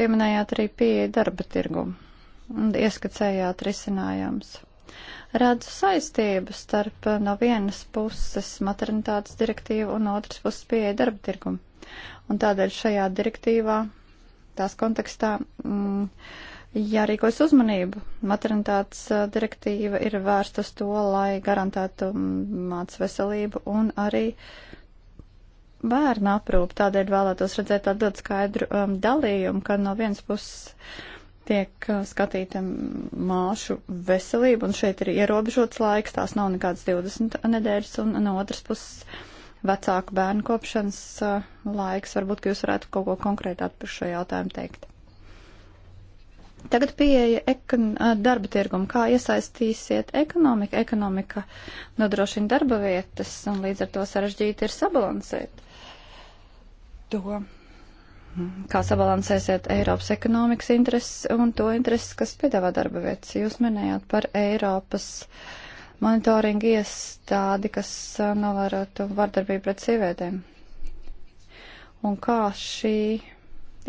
pieminējāt arī pieeja darba tirgumu un ieskacējāt risinājums. Redzu saistību starp eh, no vienas puses maternitātes direktīvu un otras puses pieeja darba tirgumu. Un tādēļ šajā direktīvā, tās kontekstā, mm, jārīkojas uzmanību. Maternitātes eh, direktīva ir vērsta uz to, lai garantētu mm, mācu veselību un arī bērnu aprūpu. Tādēļ vēlētos redzēt tādu skaidru um, dalījumu, ka no vienas puses tiek uh, skatīta māšu veselība, un šeit ir ierobežots laiks, tās nav nekādas 20 nedēļas, un no otras puses vecāku bērnu kopšanas uh, laiks. Varbūt, ka jūs varētu kaut ko konkrētāk par šo jautājumu teikt. Tagad pieeja ekon, uh, darba tirgumu. Kā iesaistīsiet ekonomiku? Ekonomika nodrošina darba vietas, un līdz ar to sarežģīti ir sabalansēt to kā sabalansēsiet Eiropas ekonomikas intereses un to intereses, kas piedāvā darba vietas. Jūs minējāt par Eiropas monitoringu iestādi, kas novērotu vardarbību pret sievietēm. Un kā šī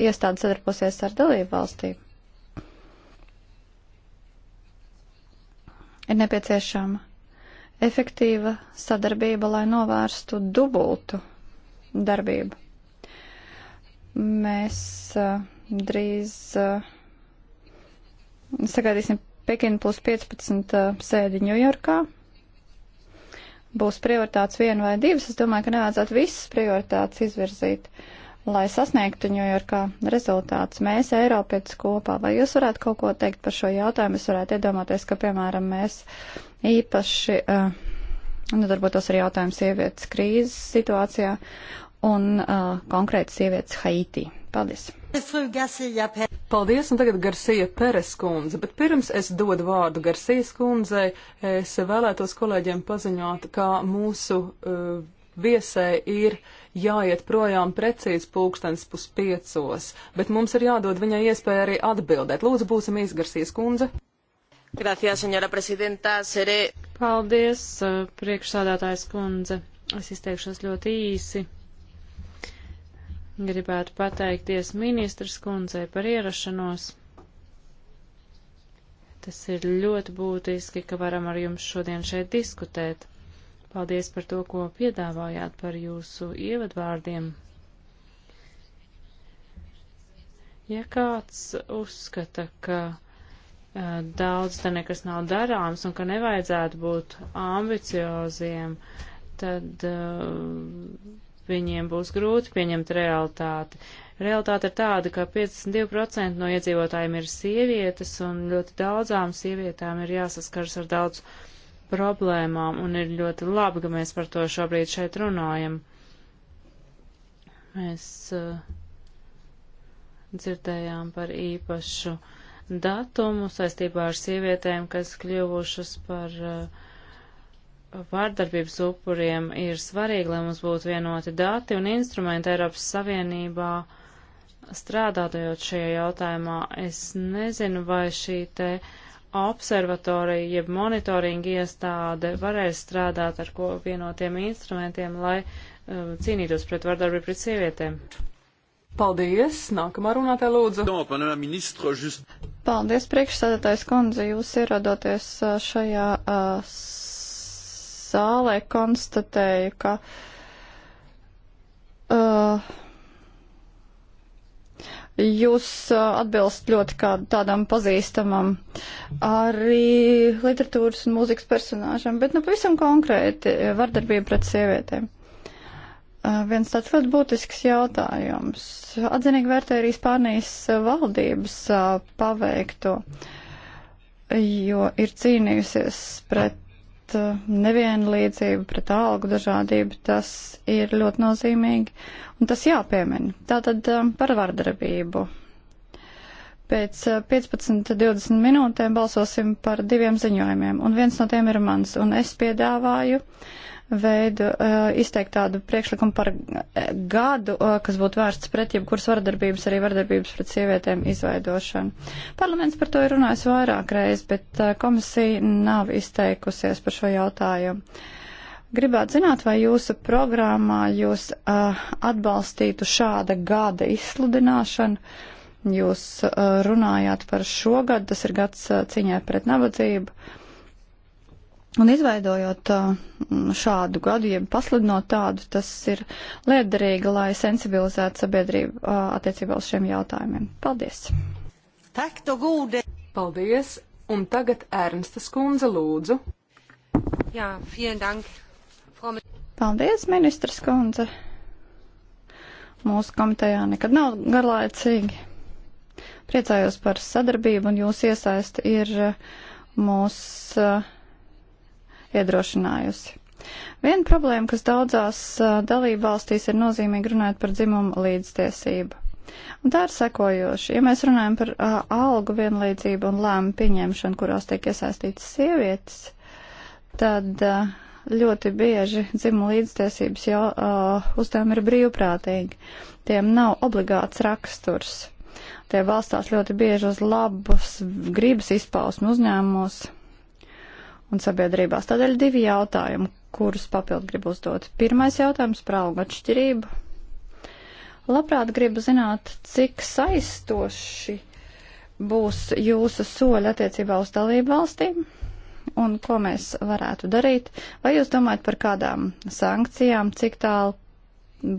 iestāde sadarbosies ar dalību valstīm? Ir nepieciešama efektīva sadarbība, lai novērstu dubultu darbību Mēs uh, drīz uh, sagaidīsim Pekinu plus 15 uh, eh, sēdi Ņujorkā. Būs prioritātes viena vai divas. Es domāju, ka nevajadzētu visas prioritātes izvirzīt, lai sasniegtu Ņujorkā rezultātus. Mēs, Eiropietis kopā, vai jūs varētu kaut ko teikt par šo jautājumu? Es varētu iedomāties, ka, piemēram, mēs īpaši. Uh, nodarbotos ar jautājumu sievietes krīzes situācijā un uh, konkrēti sievietes Haitī. Paldies! Paldies, un tagad Garcija Peres kundze, bet pirms es dodu vārdu Garcijas kundzei, es vēlētos kolēģiem paziņot, ka mūsu uh, viesē ir jāiet projām precīzi pulkstens puspiecos, bet mums ir jādod viņai iespēja arī atbildēt. Lūdzu, būsim īsgarsīs kundze. Gracias, senora presidenta, serē. Paldies, priekšsādātājs kundze. Es izteikšos ļoti īsi. Gribētu pateikties ministras kundzei par ierašanos. Tas ir ļoti būtiski, ka varam ar jums šodien šeit diskutēt. Paldies par to, ko piedāvājāt par jūsu ievadvārdiem. Ja kāds uzskata, ka uh, daudz te nekas nav darāms un ka nevajadzētu būt ambicioziem, tad uh, viņiem būs grūti pieņemt realitāti. Realitāte ir tāda, ka 52% no iedzīvotājiem ir sievietes, un ļoti daudzām sievietām ir jāsaskars ar daudz problēmām, un ir ļoti labi, ka mēs par to šobrīd šeit runājam. Mēs uh, dzirdējām par īpašu datumu saistībā ar sievietēm, kas kļuvušas par uh, vārdarbības upuriem ir svarīgi, lai mums būtu vienoti dati un instrumenti Eiropas Savienībā strādājot šajā jautājumā. Es nezinu, vai šī te observatorija, jeb monitoringa iestāde varēs strādāt ar ko vienotiem instrumentiem, lai um, cīnītos pret vārdarbību pret sievietēm. Paldies! Nākamā runātāja lūdzu. Paldies, priekšsēdētājs kundze, jūs ierodoties uh, šajā uh, zālē, konstatēju, ka uh, jūs uh, atbilst ļoti kādu tādam pazīstamam arī literatūras un mūzikas personāžam, bet nu pavisam konkrēti vardarbība pret sievietēm. Uh, viens tāds ļoti būtisks jautājums. Atzinīgi vērtē arī Spānijas valdības uh, paveikto, jo ir cīnījusies pret pret eh, nevienlīdzību, pret algu dažādību, tas ir ļoti nozīmīgi un tas jāpiemina. Tātad eh, par vardarbību. Pēc 15-20 eh, minūtēm balsosim par diviem ziņojumiem, un viens no tiem ir mans, un es piedāvāju uh, veidu eh, izteikt tādu priekšlikumu par eh, gadu, eh, kas būtu vērsts pret jebkuras vardarbības, arī vardarbības pret sievietēm izveidošanu. Parlaments par to ir runājis vairāk reiz, bet komisija nav izteikusies par šo jautājumu. Gribētu zināt, vai jūsu programmā jūs uh, atbalstītu šāda gada izsludināšanu. Jūs uh, runājāt par šo gadu, tas ir gads uh, ciņai pret nabadzību. Uh, Un izveidojot uh, šādu gadu, jeb pasludinot tādu, tas ir liederīgi, lai sensibilizētu sabiedrību uh, attiecībā uz šiem jautājumiem. Paldies! Tekto gūde! Paldies! Un tagad Ernsta skundze lūdzu. Jā, vielen dank. From... Paldies, ministra skundze! Mūsu komitejā nekad nav garlaicīgi. Priecājos par sadarbību un jūsu iesaisti ir uh, mūsu iedrošinājusi. Viena problēma, kas daudzās dalību valstīs ir nozīmīga runājot par dzimumu līdztiesību. Un tā ir sekojoša. Ja mēs runājam par uh, algu vienlīdzību un lēmu pieņemšanu, kurās tiek iesaistītas sievietes, tad uh, ļoti bieži dzimuma līdztiesības jau uh, uzdevumi ir brīvprātīgi. Tiem nav obligāts raksturs. Tie balstās ļoti bieži uz labas gribas izpausmu uzņēmumos un sabiedrībās. Tādēļ divi jautājumi, kurus papildu gribu uzdot. Pirmais jautājums par algu atšķirību. Labprāt gribu zināt, cik saistoši būs jūsu soļi attiecībā uz dalību valstīm un ko mēs varētu darīt. Vai jūs domājat par kādām sankcijām, cik tālu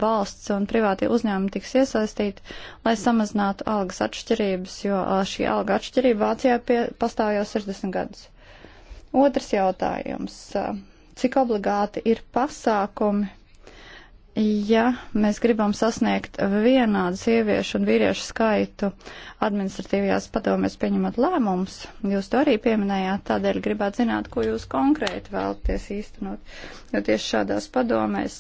valsts un privātie uzņēmumi tiks iesaistīti, lai samazinātu algas atšķirības, jo šī alga atšķirība Vācijā pie, pastāv jau 60 gadus. Otrs jautājums. Cik obligāti ir pasākumi, ja mēs gribam sasniegt vienādu sieviešu un vīriešu skaitu administratīvajās padomēs pieņemot lēmumus, jūs to arī pieminējāt, tādēļ gribētu zināt, ko jūs konkrēti vēlaties īstenot, jo tieši šādās padomēs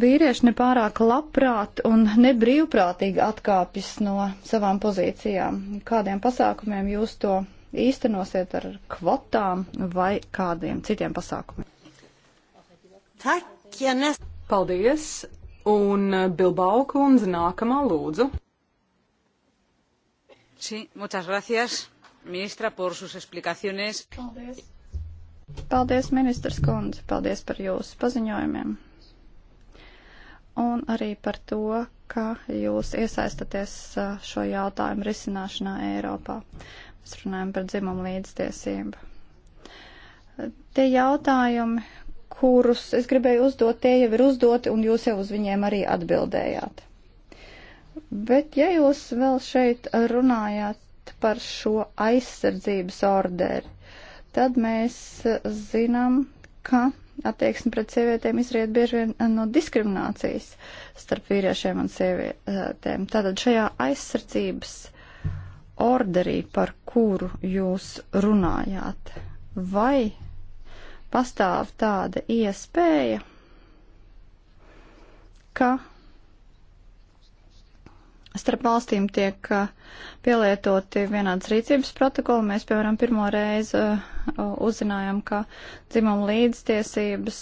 vīrieši nepārāk labprāt un nebrīvprātīgi atkāpjas no savām pozīcijām. Kādiem pasākumiem jūs to īstenosiet ar kvotām vai kādiem citiem pasākumiem. Paldies! Un Bilbao kundze nākamā lūdzu. Sí, muchas gracias, ministra, por sus explicaciones. Paldies. Paldies, ministrs kundze, paldies par jūsu paziņojumiem. Un arī par to, ka jūs iesaistaties šo jautājumu risināšanā Eiropā mēs runājam par dzimumu līdztiesību. Tie jautājumi, kurus es gribēju uzdot, tie jau ir uzdoti, un jūs jau uz viņiem arī atbildējāt. Bet ja jūs vēl šeit runājāt par šo aizsardzības orderi, tad mēs zinām, ka attieksme pret sievietēm izriet bieži vien no diskriminācijas starp vīriešiem un sievietēm. Tātad šajā aizsardzības orderi orderī, par kuru jūs runājāt, vai pastāv tāda iespēja, ka starp valstīm tiek uh, pielietoti vienādas rīcības protokoli. Mēs, piemēram, pirmo reizi uh, uzzinājām, ka dzimuma līdztiesības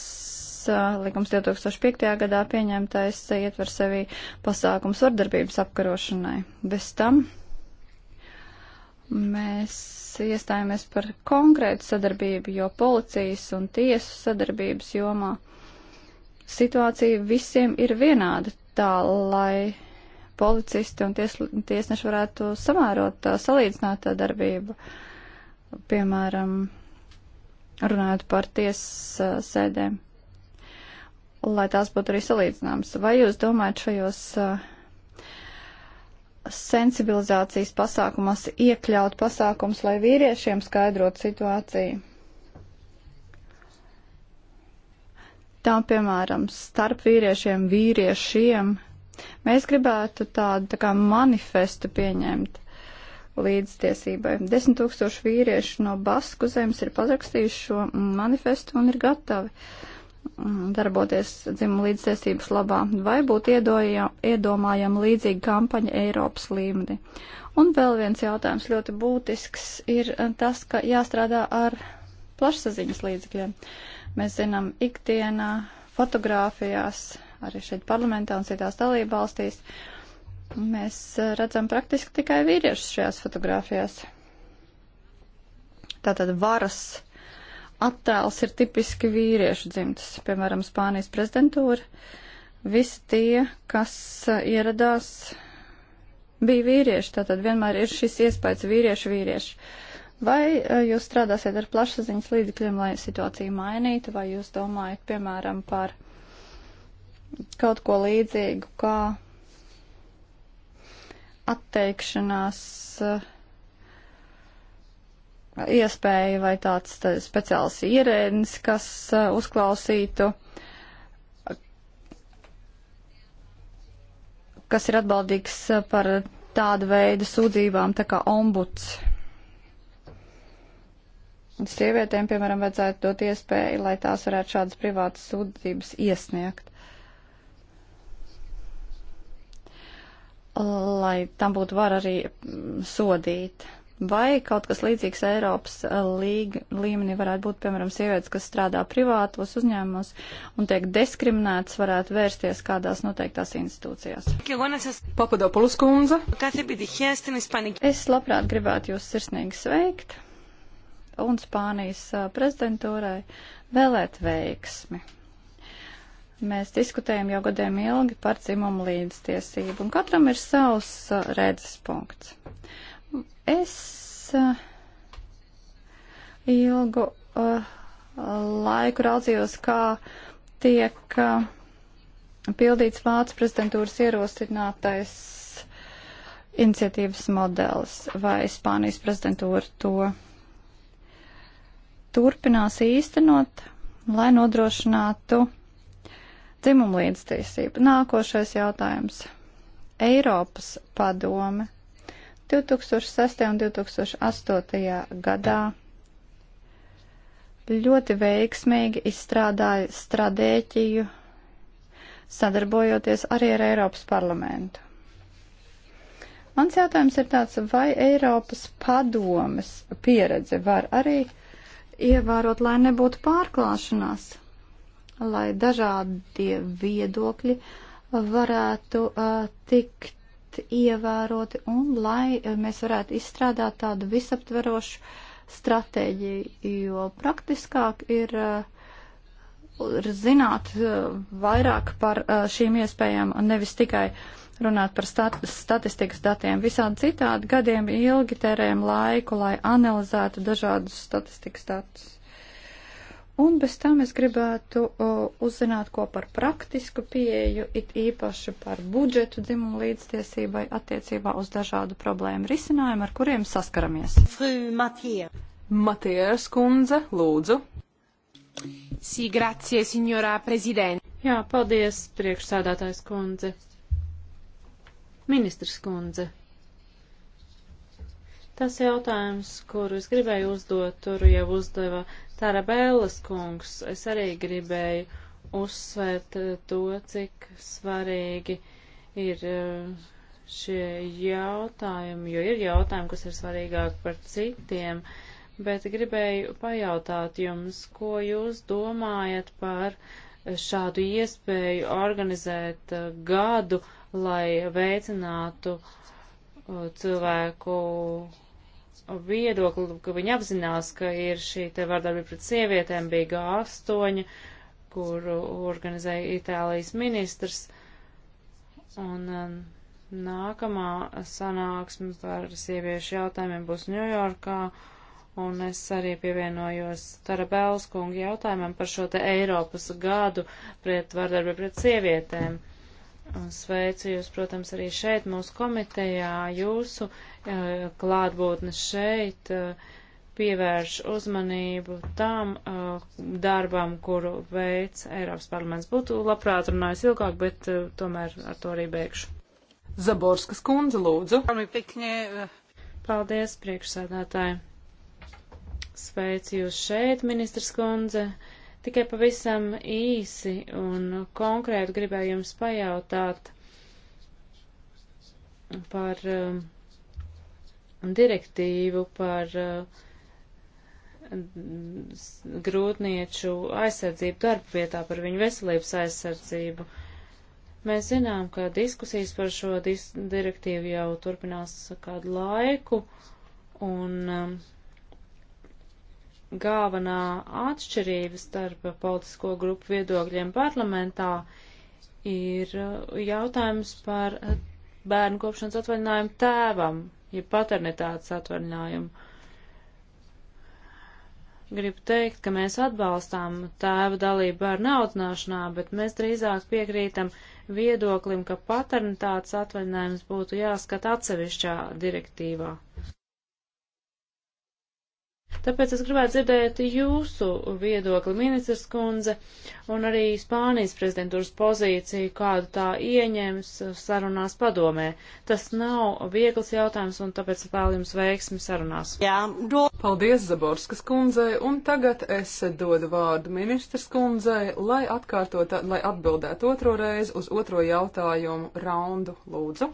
uh, likums 2005. gadā pieņemtais ietver sevī pasākums vardarbības apkarošanai. Bez tam Mēs iestājāmies par konkrētu sadarbību, jo policijas un tiesu sadarbības jomā situācija visiem ir vienāda tā, lai policisti un ties, tiesneši varētu samērot, tā, salīdzināt tā darbību. Piemēram, runājot par tiesas sēdēm, lai tās būtu arī salīdzināmas. Vai jūs domājat šajos sensibilizācijas pasākumos iekļaut pasākums, lai vīriešiem skaidrot situāciju. Tā, piemēram, starp vīriešiem, vīriešiem. Mēs gribētu tādu tā kā manifestu pieņemt līdztiesībai. Desmit tūkstoši vīrieši no Basku zemes ir parakstījuši šo manifestu un ir gatavi. Uh, darboties dzimuma līdztiesības labā, vai būtu iedomājama līdzīga kampaņa Eiropas līmenī. Un vēl viens jautājums ļoti būtisks ir eh, tas, ka jāstrādā ar plašsaziņas līdzekļiem. Mēs zinām ikdienā, fotografijās, arī šeit parlamentā un citās dalība valstīs, mēs eh, redzam praktiski tikai vīriešus šajās fotografijās. Tātad varas attēls ir tipiski vīriešu dzimtas, piemēram, Spānijas prezidentūra. Visi tie, kas ieradās, bija vīrieši, tātad vienmēr ir šis iespējas vīriešu vīrieši. Vai jūs strādāsiet ar plašsaziņas līdzekļiem, lai situāciju mainītu, vai jūs domājat, piemēram, par kaut ko līdzīgu kā atteikšanās uh, iespēja vai tāds tā, speciāls ierēdnis, kas uh, uzklausītu, kas ir atbaldīgs uh, par tādu veidu sūdzībām, tā kā ombuds. Un sievietēm, piemēram, vajadzētu dot iespēju, lai tās varētu šādas privātas sūdzības iesniegt. Lai tam būtu var arī mm, sodīt. Vai kaut kas līdzīgs Eiropas eh, līga, līmenī varētu būt, piemēram, sievietes, kas strādā privātos uzņēmumos un tiek diskriminētas, varētu vērsties kādās noteiktās institūcijās? Papadopoulos kundze. Es labprāt gribētu jūs sirsnīgi sveikt un Spānijas eh, prezidentūrai vēlēt veiksmi. Mēs diskutējam jau gadiem ilgi par dzimumu līdztiesību, un katram ir savs eh, redzes punkts. Es uh, ilgu uh, laiku raudzījos, kā tiek uh, pildīts Vācu prezidentūras ierosinātais iniciatīvas modelis, vai Spānijas prezidentūra to turpinās īstenot, lai nodrošinātu dzimumu līdztiesību. Nākošais jautājums. Eiropas padome 2006. un 2008. gadā ļoti veiksmīgi izstrādāja stratēģiju, sadarbojoties arī ar Eiropas parlamentu. Mans jautājums ir tāds, vai Eiropas padomes pieredze var arī ievērot, lai nebūtu pārklāšanās, lai dažādie viedokļi varētu uh, tikt ievēroti un lai eh, mēs varētu izstrādāt tādu visaptverošu stratēģiju, jo praktiskāk ir, eh, ir zināt eh, vairāk par šīm iespējām un nevis tikai runāt par stat statistikas datiem. Visādi citādi gadiem ilgi terējam laiku, lai analizētu dažādus statistikas datus. Un bez tam es gribētu uh, uzzināt, ko par praktisku pieeju, it īpaši par budžetu dzimumu līdztiesībai attiecībā uz dažādu problēmu risinājumu, ar kuriem saskaramies. Matieras kundze, lūdzu. Sī, grazie, signora prezident. Jā, paldies, priekšsādātājs kundze. Ministrs kundze. Tas jautājums, kuru es gribēju uzdot, tur jau uzdeva Tarabēlas kungs, es arī gribēju uzsvērt eh, to, cik svarīgi ir eh, šie jautājumi, jo ir jautājumi, kas ir svarīgāk par citiem, bet gribēju pajautāt jums, ko jūs domājat par eh, šādu iespēju organizēt gadu, lai veicinātu cilvēku viedokli, ka viņi apzinās, ka ir šī te vardarbība pret sievietēm, bija G8, kuru organizēja Itālijas ministrs. Un um, nākamā sanāksme par sieviešu jautājumiem būs Ņujorkā. Un es arī pievienojos Tarabēlas kungu jautājumam par šo te Eiropas gadu pret vardarbību pret sievietēm. Mm. Sveicu jūs, protams, arī šeit mūsu komitejā. Jūsu eh, klātbūtne šeit eh, pievērš uzmanību tam eh, darbam, kuru veic Eiropas parlaments. Būtu labprāt runājis ilgāk, bet tomēr ar to arī beigšu. Zaborskas kundze, lūdzu. Paldies, priekšsēdētāji. Sveicu jūs šeit, ministrs kundze. Uh, Tikai pavisam īsi un konkrēti gribēju jums pajautāt par uh, direktīvu par uh, grūtnieču aizsardzību darba vietā, par viņu veselības aizsardzību. Mēs zinām, ka diskusijas par šo dis direktīvu jau turpinās kādu laiku, un uh, galvenā atšķirība starp politisko grupu viedokļiem parlamentā ir uh, jautājums par bērnu kopšanas atvaļinājumu tēvam, ja paternitātes atvaļinājumu. Gribu teikt, ka mēs atbalstām tēva dalību bērnu audzināšanā, bet mēs drīzāk piekrītam viedoklim, ka paternitātes atvaļinājums būtu jāskat atsevišķā direktīvā. Tāpēc es gribētu dzirdēt jūsu viedokli, ministrs kundze, un arī Spānijas prezidentūras pozīciju, kādu tā ieņems sarunās padomē. Tas nav viegls jautājums, un tāpēc vēl jums veiksmi sarunās. Jā, do... Paldies Zaborskas kundzei, un tagad es dodu vārdu ministrs kundzei, lai atkārtot, lai atbildētu otro reizi uz otro jautājumu raundu. Lūdzu.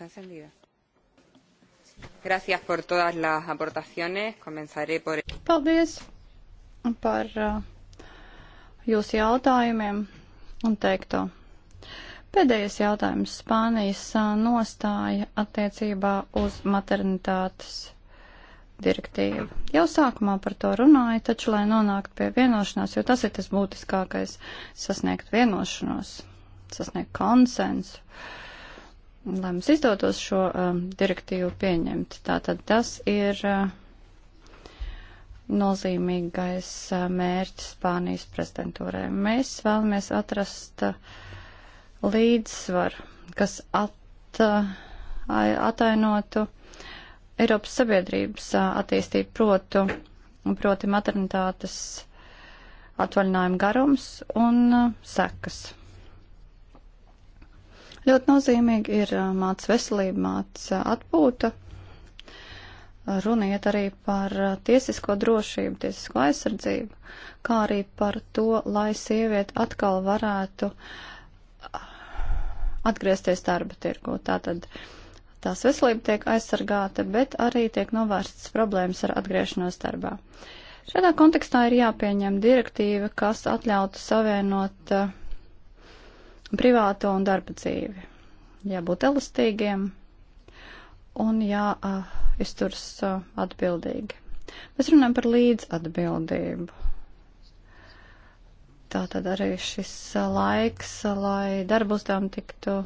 Está encendida. Gracias por todas las aportaciones. Comenzaré por. Paldies par uh, jūsu jautājumiem un teikto. Pēdējais jautājums - Spānijas uh, nostāja attiecībā uz maternitātes direktīvu. Jau sākumā par to runāju, taču, lai nonāktu pie vienošanās, jo tas ir tas būtiskākais - sasniegt vienošanos, sasniegt konsensu. Uh, lai mums izdotos šo um, direktīvu pieņemt. Tātad tas ir uh, nozīmīgais uh, mērķis Spānijas prezidentūrē. Mēs vēlamies atrast uh, līdzsvaru, kas at, uh, atainotu Eiropas sabiedrības uh, attīstību protu, proti maternitātes atvaļinājumu garums un uh, sekas. Ļoti nozīmīgi ir eh, māca veselība, māca atpūta. Runiet arī par eh, tiesisko drošību, tiesisko aizsardzību, kā arī par to, lai sieviete atkal varētu eh, atgriezties darba tirgu. Tātad tās veselība tiek aizsargāta, bet arī tiek novērstas problēmas ar atgriešanos darbā. Šādā kontekstā ir jāpieņem direktīva, kas atļautu savienot uh, privāto un darba dzīvi. Jābūt elastīgiem un jāizturs atbildīgi. Mēs runājam par līdzatbildību. Tātad arī šis laiks, lai darba uzdevumi tiktu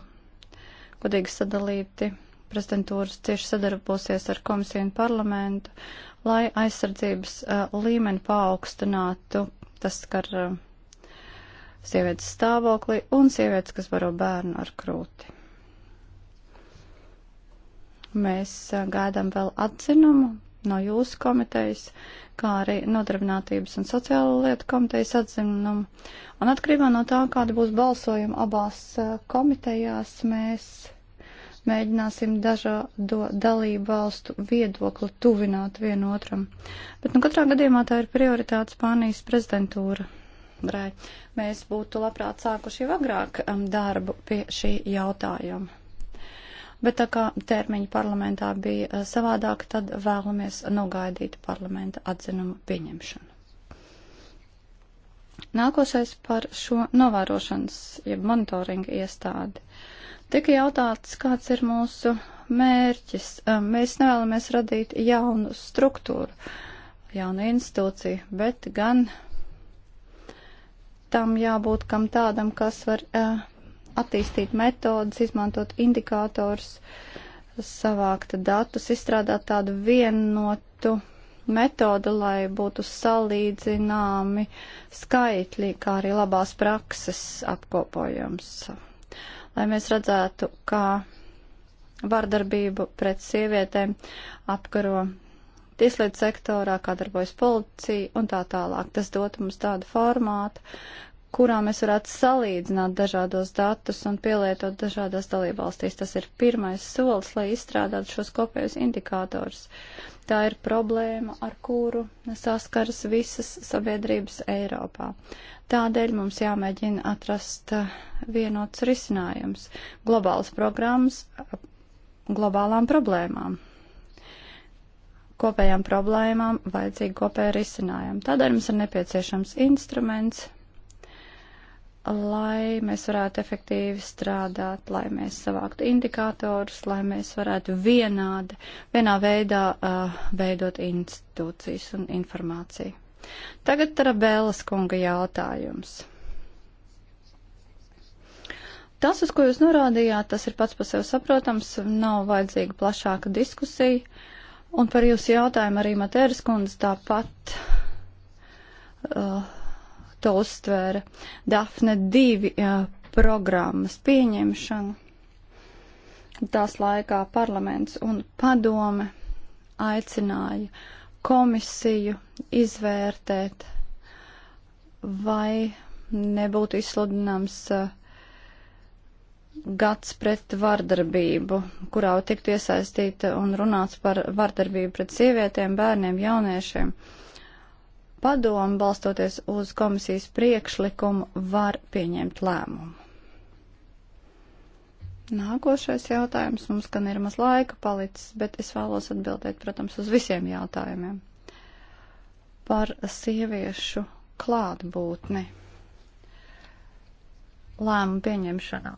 godīgi sadalīti, prezidentūras cieši sadarbosies ar komisiju un parlamentu, lai aizsardzības līmeni paaugstinātu. Tas skar uh, sievietes stāvoklī un sievietes, kas baro bērnu ar krūti. Mēs gaidām vēl atzinumu no jūsu komitejas, kā arī nodarbinātības un sociālo lietu komitejas atzinumu. Un atkarībā no tā, kāda būs balsojuma abās komitejās, mēs mēģināsim dažādo dalību valstu viedokli tuvināt vienotram. Bet, nu, katrā gadījumā tā ir prioritāte Spānijas prezidentūra novembrē. Mēs būtu labprāt sākuši jau agrāk um, darbu pie šī jautājuma. Bet tā kā termiņi parlamentā bija uh, savādāk, tad vēlamies nogaidīt parlamenta atzinumu pieņemšanu. Nākošais par šo novērošanas, jeb monitoringa iestādi. Tika jautāts, kāds ir mūsu mērķis. Um, mēs nevēlamies radīt jaunu struktūru, jaunu institūciju, bet gan tam jābūt kam tādam, kas var uh, attīstīt metodas, izmantot indikātors, savākt datus, izstrādāt tādu vienotu metodu, lai būtu salīdzināmi skaitļi, kā arī labās prakses apkopojums. Lai mēs redzētu, kā vardarbību pret sievietēm apkaro tieslietu sektorā, kā darbojas policija un tā tālāk. Tas dot mums tādu formātu, kurā mēs varētu salīdzināt dažādos datus un pielietot dažādās dalībvalstīs. Tas ir pirmais solis, lai izstrādātu šos kopējos indikātors. Tā ir problēma, ar kuru saskaras visas sabiedrības Eiropā. Tādēļ mums jāmēģina atrast eh, vienots risinājums globālas programmas eh, globālām problēmām kopējām problēmām vajadzīgi kopēja risinājumi. Tādēļ mums ir nepieciešams instruments, lai mēs varētu efektīvi strādāt, lai mēs savāktu indikātorus, lai mēs varētu vienādi, vienā veidā uh, veidot institūcijas un informāciju. Tagad Tarabēlas kunga jautājums. Tas, uz ko jūs norādījāt, tas ir pats par sevi saprotams, nav vajadzīga plašāka diskusija. Uh, Un par jūsu jautājumu arī Matēras kundze tāpat uh, to uztvēra. Dafne divi uh, programmas pieņemšana. Tās laikā parlaments un padome aicināja komisiju izvērtēt, vai nebūtu izsludināms uh, gads pret vardarbību, kurā tiktu iesaistīta un runāts par vardarbību pret sievietēm, bērniem, jauniešiem. Padomu, balstoties uz komisijas priekšlikumu, var pieņemt lēmumu. Nākošais jautājums mums gan ir maz laika palicis, bet es vēlos atbildēt, protams, uz visiem jautājumiem par sieviešu klātbūtni lēmumu pieņemšanā.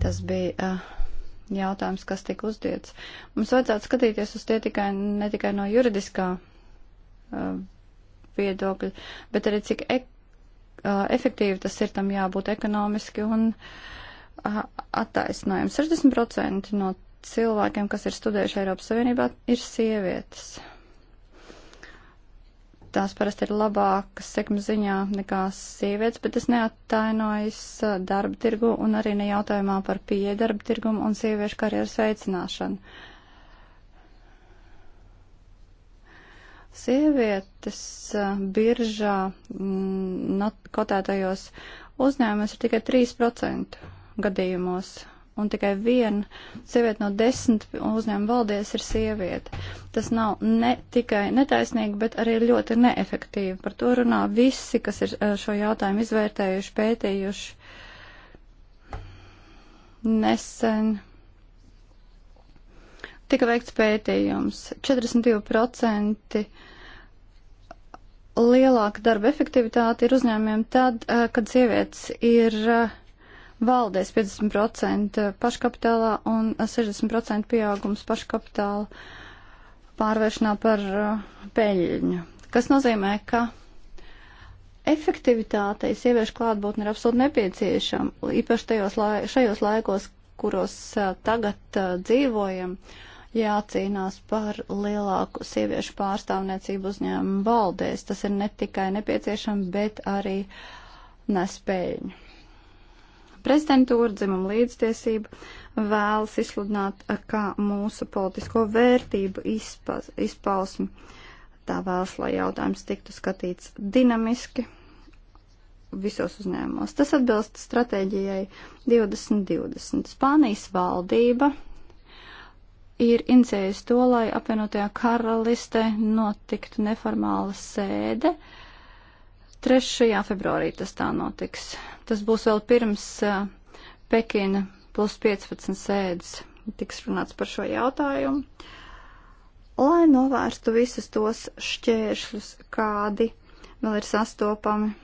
Tas bija uh, jautājums, kas tika uzdots. Mums vajadzētu skatīties uz tie tikai, ne tikai no juridiskā uh, viedokļa, bet arī cik ek, uh, efektīvi tas ir tam jābūt ekonomiski un uh, attaisnojums. 60% no cilvēkiem, kas ir studējuši Eiropas Savienībā, ir sievietes tās parasti ir labākas sekmes ziņā nekā sievietes, bet tas neattainojas uh, darba tirgu un arī ne jautājumā par piedarba tirgumu un sieviešu karjeras veicināšanu. Sievietes uh, biržā mm, kotētajos uzņēmumos ir tikai 3% gadījumos un tikai viena sieviete no desmit uzņēmuma valdies ir sieviete. Tas nav ne tikai netaisnīgi, bet arī ļoti neefektīvi. Par to runā visi, kas ir eh, šo jautājumu izvērtējuši, pētījuši nesen. Tika veikts pētījums. 42% lielāka darba efektivitāte ir uzņēmumiem tad, eh, kad sievietes ir uh, valdēs 50% paškapitālā un 60% pieaugums paškapitāla pārvēršanā par uh, peļņu. Kas nozīmē, ka efektivitātei sieviešu klātbūtne ir absolūti nepieciešama, īpaši tajos lai, šajos laikos, kuros uh, tagad uh, dzīvojam, jācīnās par lielāku sieviešu pārstāvniecību uzņēmumu valdēs. Tas ir ne tikai nepieciešams, bet arī nespēļņu prezidentūra, dzimuma līdztiesība vēlas izsludināt kā mūsu politisko vērtību izpa, izpausmi. Tā vēlas, lai jautājums tiktu skatīts dinamiski visos uzņēmumos. Tas atbilst stratēģijai 2020. Spānijas valdība ir inicējusi to, lai apvienotajā karalistē notiktu neformāla sēde uh, 3. februārī tas tā notiks. Tas būs vēl pirms uh, Pekina plus 15 sēdes tiks runāts par šo jautājumu, lai novērstu visus tos šķēršļus, kādi vēl ir sastopami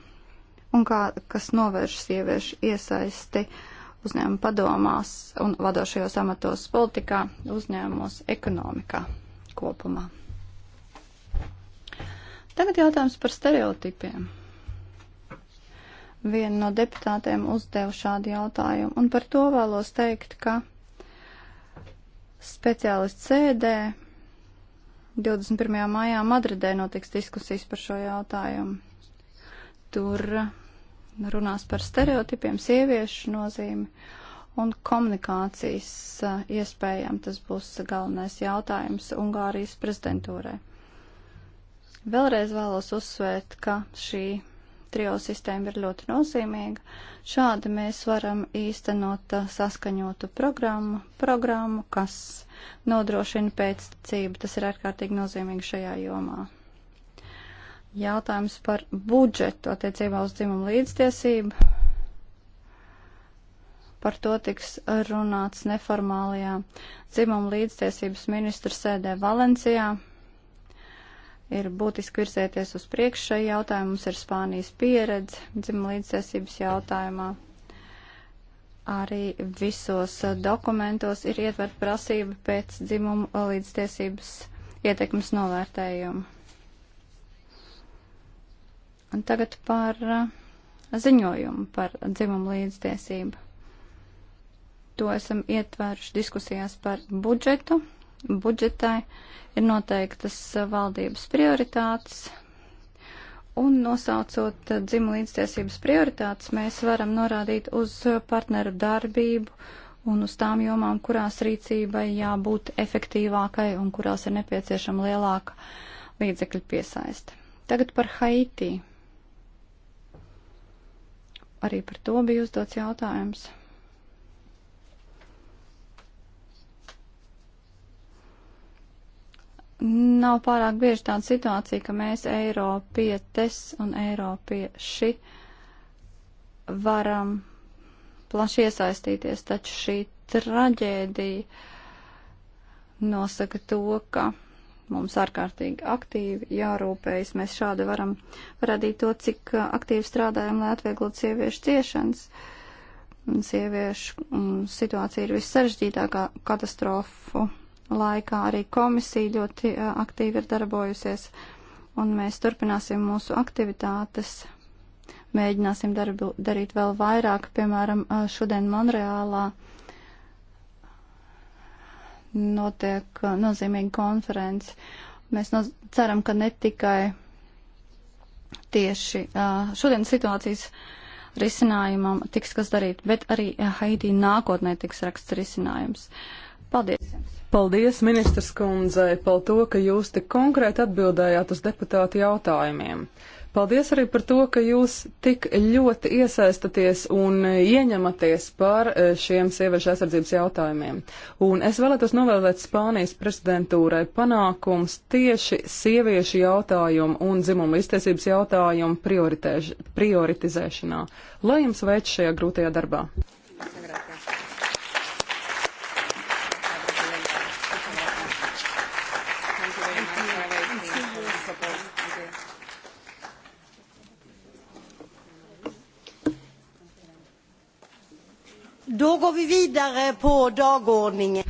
un kā, kas novērš sieviešu iesaisti uzņēmuma padomās un vadošajos amatos politikā, uzņēmumos, ekonomikā kopumā. Tagad jautājums par stereotipiem viena no deputātēm uzdeva šādu jautājumu. Un par to vēlos teikt, ka speciālists sēdē 21. maijā Madridē notiks diskusijas par šo jautājumu. Tur runās par stereotipiem, sieviešu nozīmi un komunikācijas iespējām. Tas būs galvenais jautājums Ungārijas prezidentūrai. Vēlreiz vēlos uzsvērt, ka šī trio sistēma ir ļoti nozīmīga. Šādi mēs varam īstenot uh, saskaņotu programmu, programmu, kas nodrošina pēctecību. Tas ir ārkārtīgi nozīmīgi šajā jomā. Jautājums par budžetu attiecībā uz dzimumu līdztiesību. Par to tiks runāts neformālajā dzimumu līdztiesības ministra sēdē Valencijā ir būtiski virzēties uz priekšu šai jautājumu. Mums ir Spānijas pieredze dzimuma līdzsēsības jautājumā. Arī visos uh, dokumentos ir ietvert prasība pēc dzimuma uh, līdztiesības ietekmes novērtējumu. Un tagad par uh, ziņojumu par dzimumu līdztiesību. To esam ietvēruši diskusijās par budžetu budžetai, ir noteiktas eh, valdības prioritātes, un nosaucot eh, dzimu līdztiesības prioritātes, mēs varam norādīt uz eh, partneru darbību un uz tām jomām, kurās rīcībai jābūt efektīvākai un kurās ir nepieciešama lielāka līdzekļu piesaiste. Tagad par Haiti. Arī par to bija uzdots jautājums. Nav pārāk bieži tāda situācija, ka mēs Eiropietes un Eiropieši varam plaši iesaistīties, taču šī traģēdija nosaka to, ka mums ārkārtīgi aktīvi jārūpējas. Mēs šādi varam parādīt to, cik uh, aktīvi strādājam, lai atvieglotu sieviešu ciešanas. Sieviešu mm, situācija ir vissaržģītākā katastrofu laikā arī komisija ļoti eh, aktīvi ir darbojusies, un mēs turpināsim mūsu aktivitātes. Mēģināsim darbu, darīt vēl vairāk, piemēram, eh, šodien Monreālā notiek eh, nozīmīga konference. Mēs no, ceram, ka ne tikai tieši šodienas situācijas risinājumam tiks kas darīt, bet arī Haitī nākotnē tiks raksts risinājums. Uh, Paldies! Paldies ministrs kundzei par to, ka jūs tik konkrēti atbildējāt uz deputātu jautājumiem. Paldies arī par to, ka jūs tik ļoti iesaistaties un ieņematies par eh, šiem sieviešu aizsardzības jautājumiem. Un es vēlētos novēlēt Spānijas prezidentūrai panākums tieši sieviešu jautājumu un dzimumu iztiesības jautājumu prioritizēšanā. Lai jums veids šajā grūtajā darbā! Sagrāt. Då går vi vidare på dagordningen.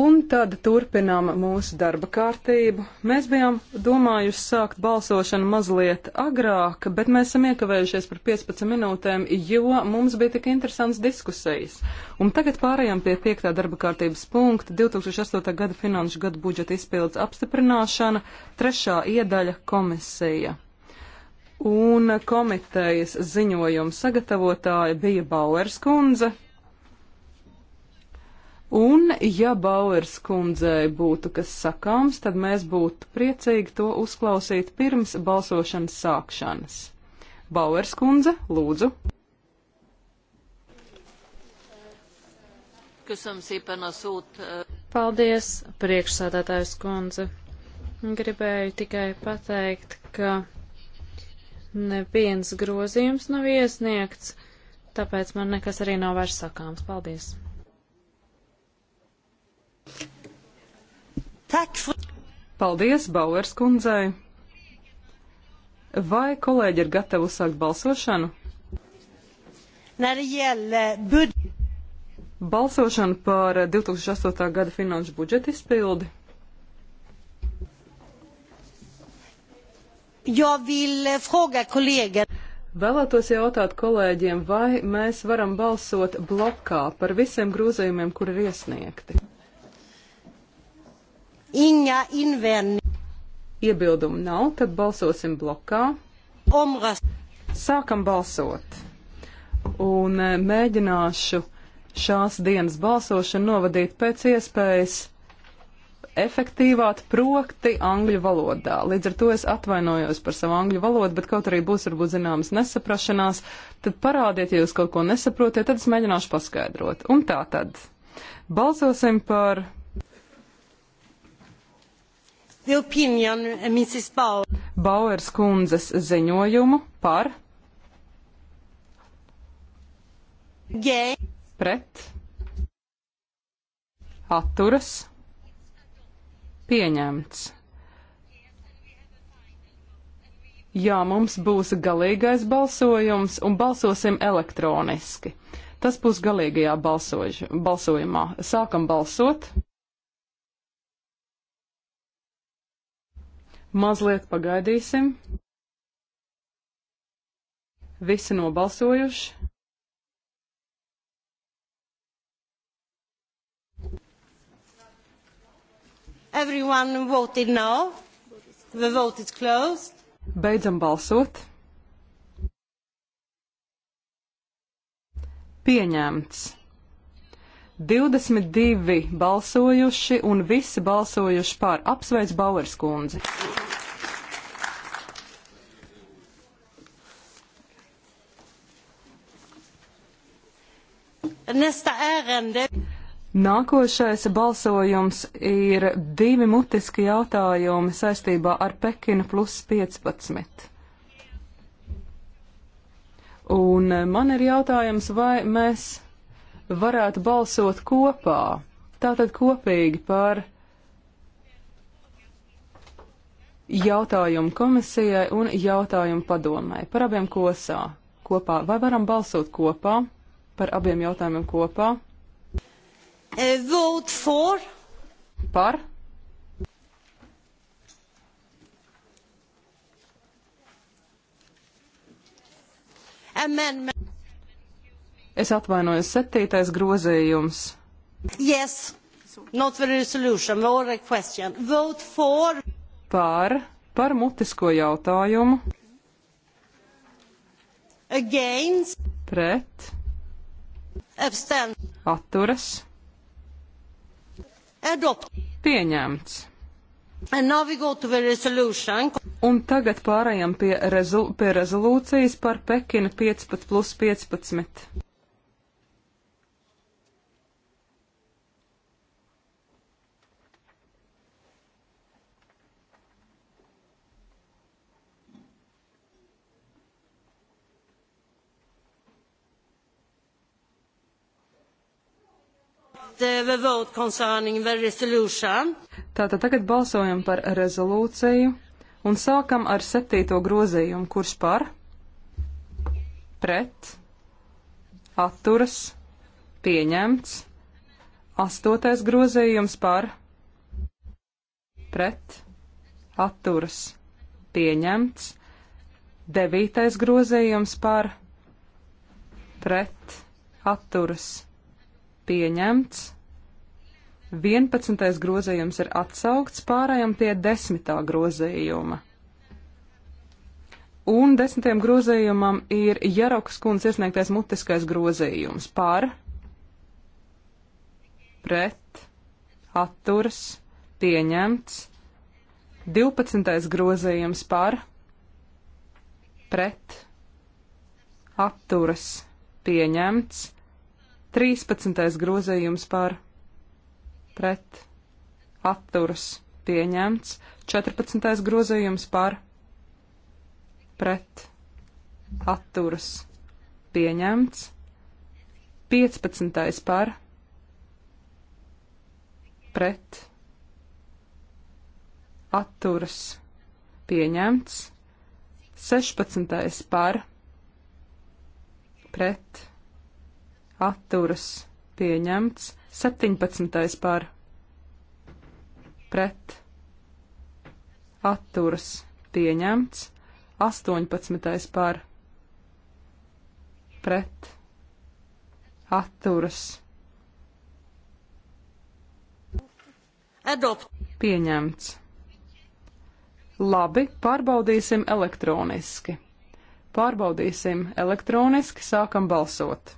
Un tad turpinām mūsu darba kārtību. Mēs bijām domājuši sākt balsošanu mazliet agrāk, bet mēs esam iekavējušies par 15 minūtēm, jo mums bija tik interesants diskusijas. Un tagad pārējām pie 5. darba kārtības punkta - 2008. gada finanšu gada budžeta izpildes apstiprināšana, trešā iedaļa komisija un komitejas ziņojuma sagatavotāja bija Bauers kundze. Un, ja Bauers kundzei būtu kas sakāms, tad mēs būtu priecīgi to uzklausīt pirms balsošanas sākšanas. Bauers kundze, lūdzu. Paldies, priekšsādātājs kundze. Gribēju tikai pateikt, ka Neviens grozījums nav iesniegts, tāpēc man nekas arī nav vairs sakāms. Paldies! Paldies, Bauers kundzei! Vai kolēģi ir gatavi uzsākt balsošanu? Balsošanu par 2008. gada finanšu budžetu izpildi. Jag vill eh, fråga kolleger. Vēlētos jautāt kolēģiem, vai mēs varam balsot blokā par visiem grozījumiem, kur ir iesniegti. Inga invendi. Iebildumu nav, tad balsosim blokā. Omras. Sākam balsot. Un eh, mēģināšu šās dienas balsošanu novadīt pēc iespējas efektīvāt prokti angļu valodā. Līdz ar to es atvainojos par savu angļu valodu, bet kaut arī būs varbūt zināmas nesaprašanās, tad parādiet, ja jūs kaut ko nesaprotiet, tad es mēģināšu paskaidrot. Un tā tad. Balsosim par. The opinion, uh, Mrs. Bauer. Bauers kundzes ziņojumu par. Gay. Pret. Atturas. Pieņemts. Jā, mums būs galīgais balsojums un balsosim elektroniski. Tas būs galīgajā balsož, balsojumā. Sākam balsot. Mazliet pagaidīsim. Visi nobalsojuši. Everyone voted no. The vote is closed. Beidzam balsot. Pieņemts. 22 balsojuši un visi balsojuši pār. Apsveic Bauers kundzi. Nesta ärende. Nākošais balsojums ir divi mutiski jautājumi saistībā ar Pekinu plus 15. Un man ir jautājums, vai mēs varētu balsot kopā, tātad kopīgi par jautājumu komisijai un jautājumu padomai, par abiem kosā kopā. Vai varam balsot kopā, par abiem jautājumiem kopā? Uh, vote for. Par. Amendment. Es atvainojos, septītais grozījums. Yes, not the resolution, or a question. Vote for. Par, par mutisko jautājumu. Against. Pret. Abstain. Atturas. Adopt. Pieņemts. Un tagad pārējām pie, rezo pie rezolūcijas par Pekinu 15 plus 15. the eh, vote concerning the resolution. Tātad tagad balsojam par rezolūciju un sākam ar septīto grozījumu, kurš par, pret, atturas, pieņemts, astotais grozījums par, pret, atturas, pieņemts, devītais grozījums par, pret, atturas, pieņemts pieņemts. 11. grozījums ir atsaukts, pārējām pie 10. grozījuma. Un 10. grozījumam ir Jarokas kundze iesniegtais mutiskais grozījums par, pret, atturs, pieņemts. 12. grozījums par, pret, atturs, pieņemts. 13. grozījums par pret atturas pieņemts, 14. grozījums par pret atturas pieņemts, 15. par pret atturas pieņemts, 16. par pret atturas pieņemts, 17. par pret atturas pieņemts, 18. par pret atturas Adopt. pieņemts. Labi, pārbaudīsim elektroniski. Pārbaudīsim elektroniski, sākam balsot.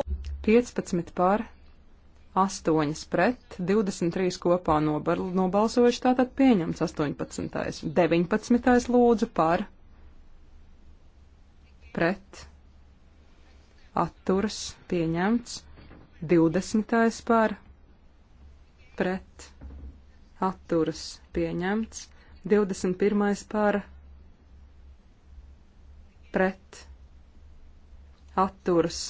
15 par, 8 pret, 23 kopā nobar, nobalsojuši, tātad pieņemts 18. 19. lūdzu par, pret, atturas, pieņemts, 20. par, pret, atturas, pieņemts, 21. par, pret, atturas, pieņemts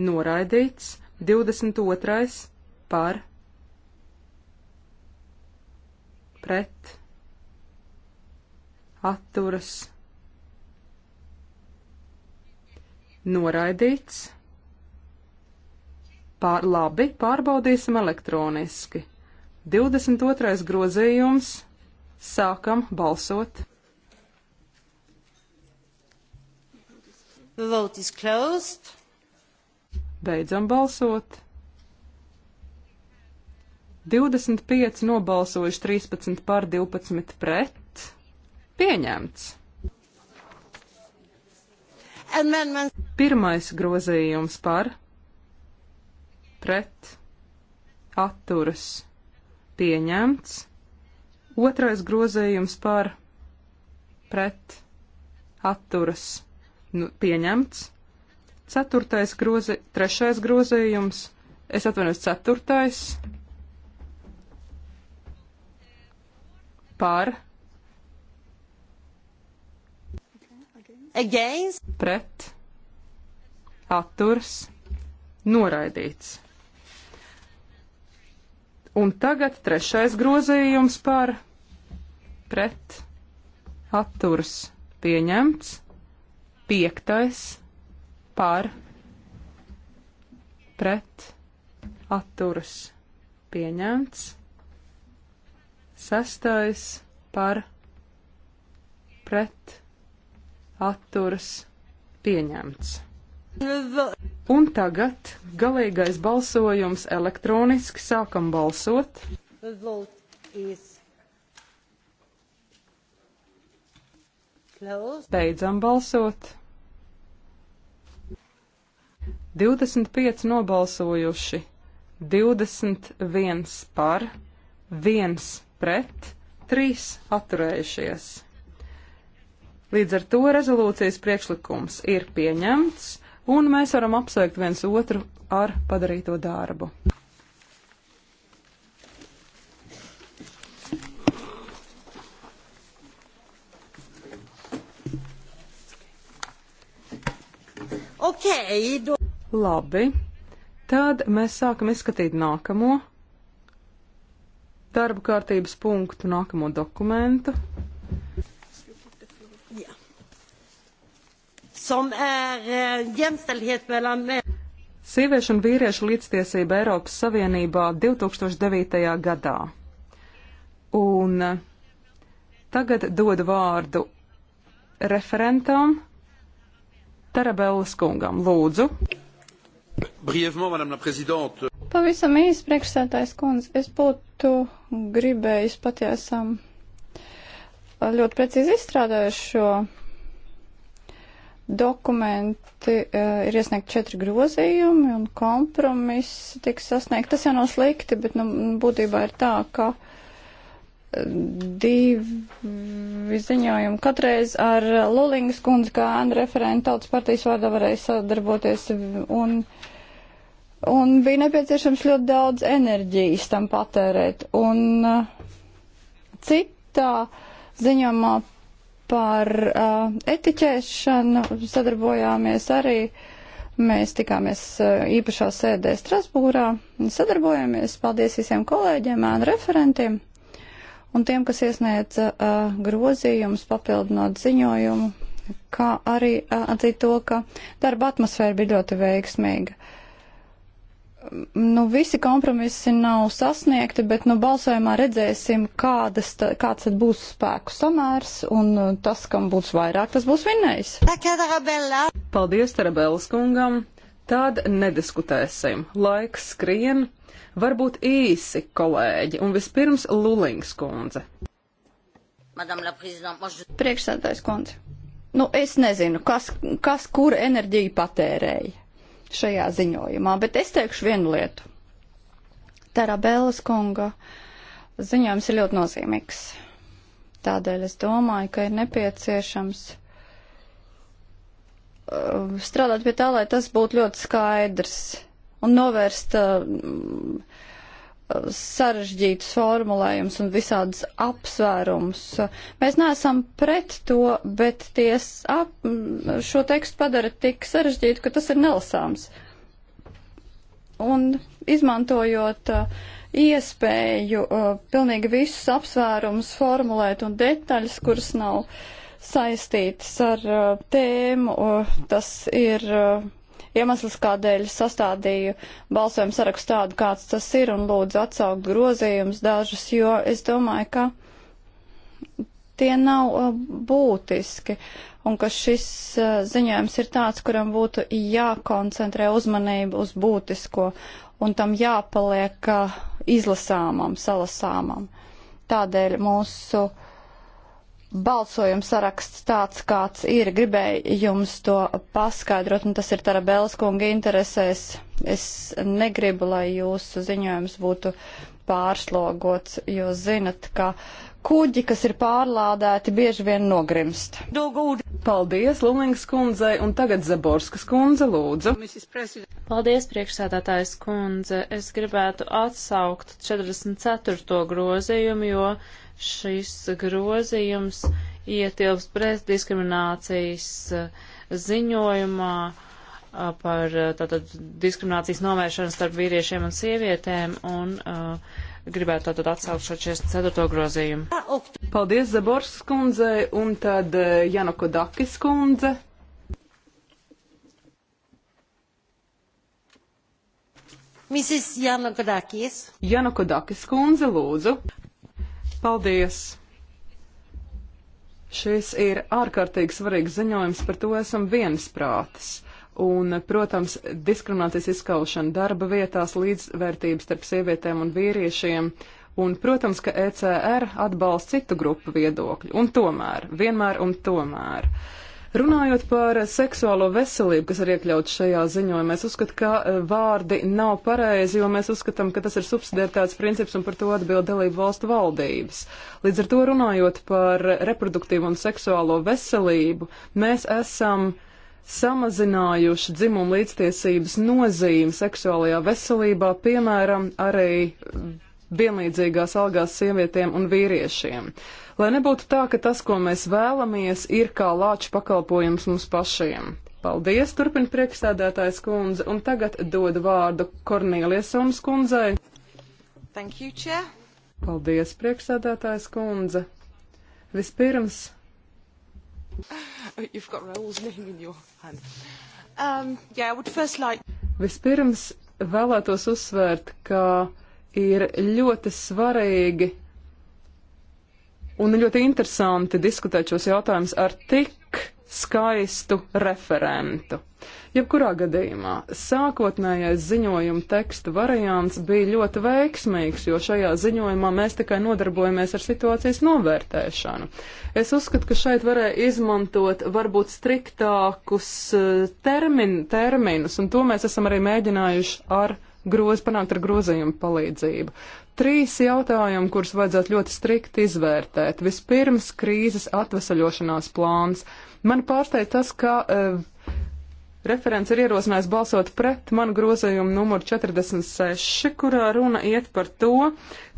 noraidīts, 22. par pret atturas noraidīts. Pār, labi, pārbaudīsim elektroniski. 22. grozījums. Sākam balsot. The vote is closed. Beidzam balsot. 25 nobalsojuši 13 pār 12 pret. Pieņemts. Pirmais grozījums par pret atturas pieņemts. Otrais grozījums par pret atturas nu, pieņemts. Ceturtais grozi, trešais grozījums, es atvainojos, ceturtais par against, pret, atturs, noraidīts. Un tagad trešais grozījums par pret, atturs, pieņemts, piektais par pret atturas pieņemts. Sestais par pret atturas pieņemts. Un tagad galīgais balsojums elektroniski sākam balsot. Beidzam balsot. 25 nobalsojuši, 21 par, 1 pret, 3 atturējušies. Līdz ar to rezolūcijas priekšlikums ir pieņemts, un mēs varam apsveikt viens otru ar padarīto darbu. Okei, okay, då... Labi, tad mēs sākam izskatīt nākamo darba kārtības punktu, nākamo dokumentu. Eh, Sieviešu un vīriešu līdztiesība Eiropas Savienībā 2009. gadā. Un eh, tagad dodu vārdu referentam Tarabellas kungam. Lūdzu. Brievement, Madame la Présidente. Pavisam īsi priekšsētājs kundze, es būtu gribējis patiesam ļoti precīzi izstrādājuši šo dokumenti, eh, ir iesniegt četri grozījumi un kompromiss tiks sasniegt. Tas jau nav slikti, bet nu, nu būtībā ir tā, ka eh, divi ziņojumi. Katreiz ar Lulingas kundzi kā Anna referenta tautas partijas vārdā varēja sadarboties un uh, Un bija nepieciešams ļoti daudz enerģijas tam patērēt. Un uh, citā ziņojumā par uh, etiķēšanu sadarbojāmies arī. Mēs tikāmies uh, īpašā sēdē Strasbūrā, sadarbojāmies, paldies visiem kolēģiem, ēnu referentiem un tiem, kas iesniedza uh, grozījumus, papildinot ziņojumu, kā arī uh, atzīt to, ka darba atmosfēra bija ļoti veiksmīga. Uh, nu, visi kompromisi nav sasniegti, bet nu, balsojumā redzēsim, kādas, ta, kāds tad būs spēku samērs, un uh, tas, kam būs vairāk, tas būs vinnējis. Paldies Tarabellas kungam! Tad nediskutēsim. Laiks skrien. Varbūt īsi, kolēģi, un vispirms Lulings kundze. Priekšsēdājs kundze. Nu, es nezinu, kas, kas kur enerģiju patērēja šajā ziņojumā, bet es teikšu vienu lietu. Tarabēlas kunga ziņojums ir ļoti nozīmīgs. Tādēļ es domāju, ka ir nepieciešams uh, strādāt pie tā, lai tas būtu ļoti skaidrs un novērst uh, sarežģītus formulējumus un visādus apsvērumus. Mēs neesam pret to, bet ties ap, šo tekstu padara tik sarežģītu, ka tas ir nelasāms. Un izmantojot uh, iespēju uh, pilnīgi visus apsvērumus formulēt un detaļas, kuras nav saistītas ar uh, tēmu, uh, tas ir uh, iemesls, kādēļ sastādīju balsojumu sarakstu tādu, kāds tas ir, un lūdzu atsaukt grozījumus dažus, jo es domāju, ka tie nav uh, būtiski, un ka šis uh, ziņojums ir tāds, kuram būtu jākoncentrē uzmanība uz būtisko, un tam jāpaliek uh, izlasāmam, salasāmam. Tādēļ mūsu balsojuma saraksts tāds, kāds ir. Gribēju jums to paskaidrot, un tas ir Tarabēlas kunga interesēs. Es negribu, lai jūsu ziņojums būtu pārslogots, jo zinat, ka kuģi, kas ir pārlādēti, bieži vien nogrimst. Paldies, Lulings kundzei, un tagad Zaborskas kundze lūdzu. Paldies, priekšsēdētājs kundze. Es gribētu atsaukt 44. grozījumu, jo šis grozījums ietilps prezdiskriminācijas eh, ziņojumā eh, par eh, tātad diskriminācijas novēršanu starp vīriešiem un sievietēm un uh, gribētu tātad atsaukt šo 44. grozījumu. Paldies Zaborskas kundzei un tad Janoko Dakis kundze. Mrs. Janokodakis. Janokodakis kundze, lūdzu. Paldies! Šis ir ārkārtīgi svarīgs ziņojums, par to esam viensprātis. Un, protams, diskriminācijas izskaušana darba vietās, līdzvērtības starp sievietēm un vīriešiem un, protams, ka ECR atbalsta citu grupu viedokļu, un tomēr, vienmēr un tomēr. Runājot par seksuālo veselību, kas ir iekļauts šajā ziņojumā, es uzskatu, ka e, vārdi nav pareizi, jo mēs uzskatām, ka tas ir subsidētāts princips un par to atbild dalību valstu valdības. Līdz ar to runājot par reproduktīvu un seksuālo veselību, mēs esam samazinājuši dzimumu līdztiesības nozīmi seksuālajā veselībā, piemēram, arī vienlīdzīgās algās sievietēm un vīriešiem. Uh, lai nebūtu tā, ka tas, ko mēs vēlamies, ir kā lāču pakalpojums mums pašiem. Paldies, turpina priekšstādātājs kundze, un tagad dodu vārdu Kornēliesums kundzei. Thank you, chair. Paldies, priekšstādātājs kundze. Vispirms. You've got Raul's name in your hand. Um, yeah, I would first like... Vispirms vēlētos uzsvērt, ka ir ļoti svarīgi Un ļoti interesanti diskutēt šos jautājumus ar tik skaistu referentu. Jebkurā gadījumā sākotnējais ziņojuma teksta variants bija ļoti veiksmīgs, jo šajā ziņojumā mēs tikai nodarbojamies ar situācijas novērtēšanu. Es uzskatu, ka šeit varēja izmantot varbūt striktākus eh, termin, terminus, un to mēs esam arī mēģinājuši ar groz, panākt ar grozījumu palīdzību. Trīs jautājumi, kurus vajadzētu ļoti strikt izvērtēt. Vispirms krīzes atvesaļošanās plāns. Man pārsteidz tas, ka uh, referents ir ierosinājis balsot pret manu grozījumu numuru 46, kurā runa iet par to,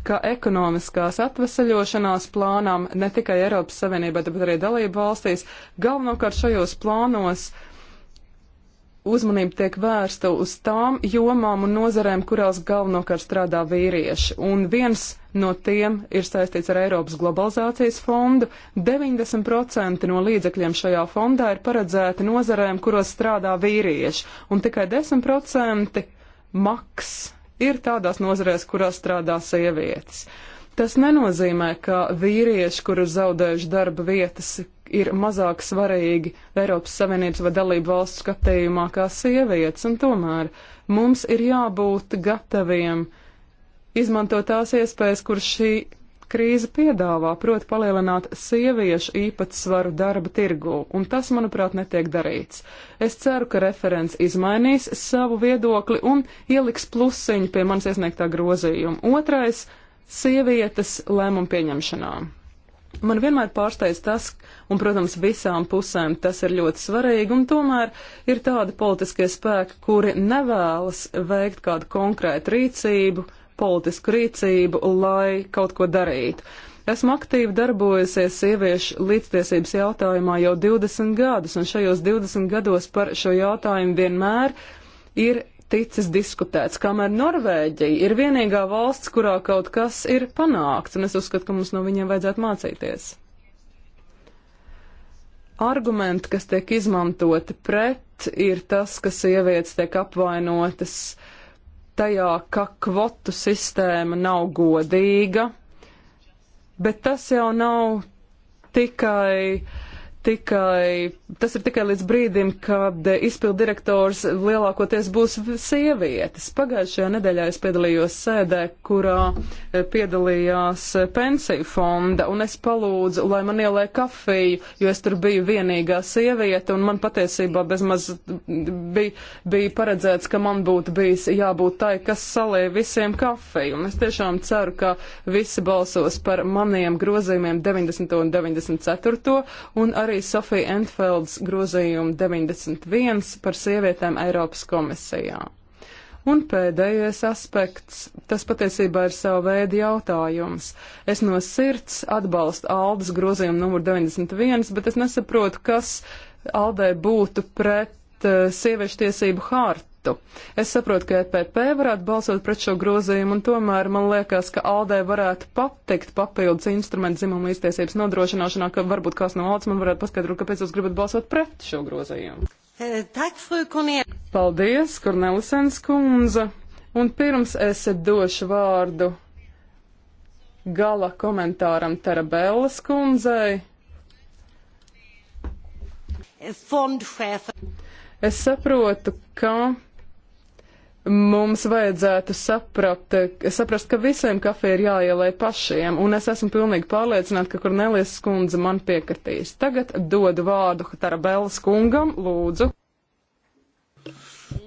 ka ekonomiskās atvesaļošanās plānām ne tikai Eiropas Savienībā, bet arī dalību valstīs galvenokārt šajos plānos uh, uzmanība tiek vērsta uz tām jomām un nozarēm, kurās galvenokārt strādā vīrieši. Un viens no tiem ir saistīts ar Eiropas globalizācijas fondu. 90% no līdzekļiem šajā fondā ir paredzēti nozarēm, kuros strādā vīrieši, un tikai 10% maks ir tādās nozarēs, kurās strādā sievietes. Tas nenozīmē, ka vīrieši, kur ir zaudējuši darba vietas, ir mazāk svarīgi Eiropas Savienības vai dalību valstu skatījumā kā sievietes, un tomēr mums ir jābūt gataviem izmantot tās iespējas, kur šī krīze piedāvā, proti palielināt sieviešu īpatsvaru darba tirgū, un tas, manuprāt, netiek darīts. Es ceru, ka referents izmainīs savu viedokli un ieliks plusiņu pie manas iesniegtā grozījuma. Otrais - sievietes lēmumu pieņemšanām. Man vienmēr pārsteidz tas, un, protams, visām pusēm tas ir ļoti svarīgi, un tomēr ir tādi politiskie spēki, kuri nevēlas veikt kādu konkrētu rīcību, politisku rīcību, lai kaut ko darītu. Esmu aktīvi darbojusies sieviešu līdztiesības jautājumā jau 20 gadus, un šajos 20 gados par šo jautājumu vienmēr ir ticis diskutēts, kamēr Norvēģija ir vienīgā valsts, kurā kaut kas ir panākts, un es uzskatu, ka mums no viņiem vajadzētu mācīties. Argumenti, kas tiek izmantoti pret, ir tas, ka sievietes tiek apvainotas tajā, ka kvotu sistēma nav godīga, bet tas jau nav tikai, tikai tas ir tikai līdz brīdim, kad eh, izpildirektors lielākoties būs sievietes. Pagājušajā nedēļā es piedalījos sēdē, kurā eh, piedalījās eh, pensiju fonda, un es palūdzu, lai man ielē kafiju, jo es tur biju vienīgā sieviete, un man patiesībā bezmaz bija, bija paredzēts, ka man būtu bijis jābūt tai, kas salē visiem kafiju. Un es tiešām ceru, ka visi balsos par maniem grozījumiem 90. un 94. un arī Sofija Entfeld papildus grozījumu 91 par sievietēm Eiropas komisijā. Un pēdējais aspekts, tas patiesībā ir sava veida jautājums. Es no sirds atbalstu Aldas grozījumu numur 91, bet es nesaprotu, kas Aldai būtu pret uh, sieviešu tiesību hārtu datu. Es saprotu, ka EPP varētu balsot pret šo grozījumu, un tomēr man liekas, ka Aldē varētu patikt papildus instrumentu dzimumu līdztiesības nodrošināšanā, ka varbūt kāds no Aldas man varētu paskaidrot, kāpēc jūs gribat balsot pret šo grozījumu. Eh, Paldies, Kornelisens kundze. Un pirms es došu vārdu gala komentāram Terabēlas kundzei. Eh, es saprotu, ka mums vajadzētu saprat, saprast, ka visiem kafija ir jāielai pašiem, un es esmu pilnīgi pārliecināta, ka Kornelijas skundze man piekritīs. Tagad dodu vārdu Tarabēlas kungam, lūdzu.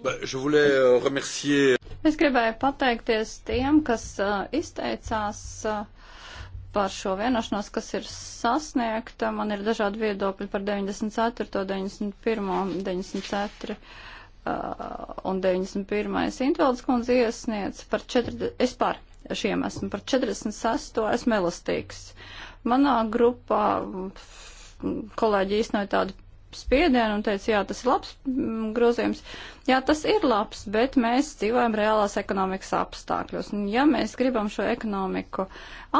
Euh, es gribēju pateikties tiem, kas uh, izteicās uh, par šo vienošanos, kas ir sasniegta. Man ir dažādi viedokļi par 94, 91, 94. Uh, un 91. Intvaldes kundze iesniedz par 40, es par šiem esmu par 46. esmu elastīgs. Manā grupā kolēģi īstenoja tādu spiedienu un teica, jā, tas ir labs mm, grozījums. Jā, tas ir labs, bet mēs dzīvojam reālās ekonomikas apstākļos. Un ja mēs gribam šo ekonomiku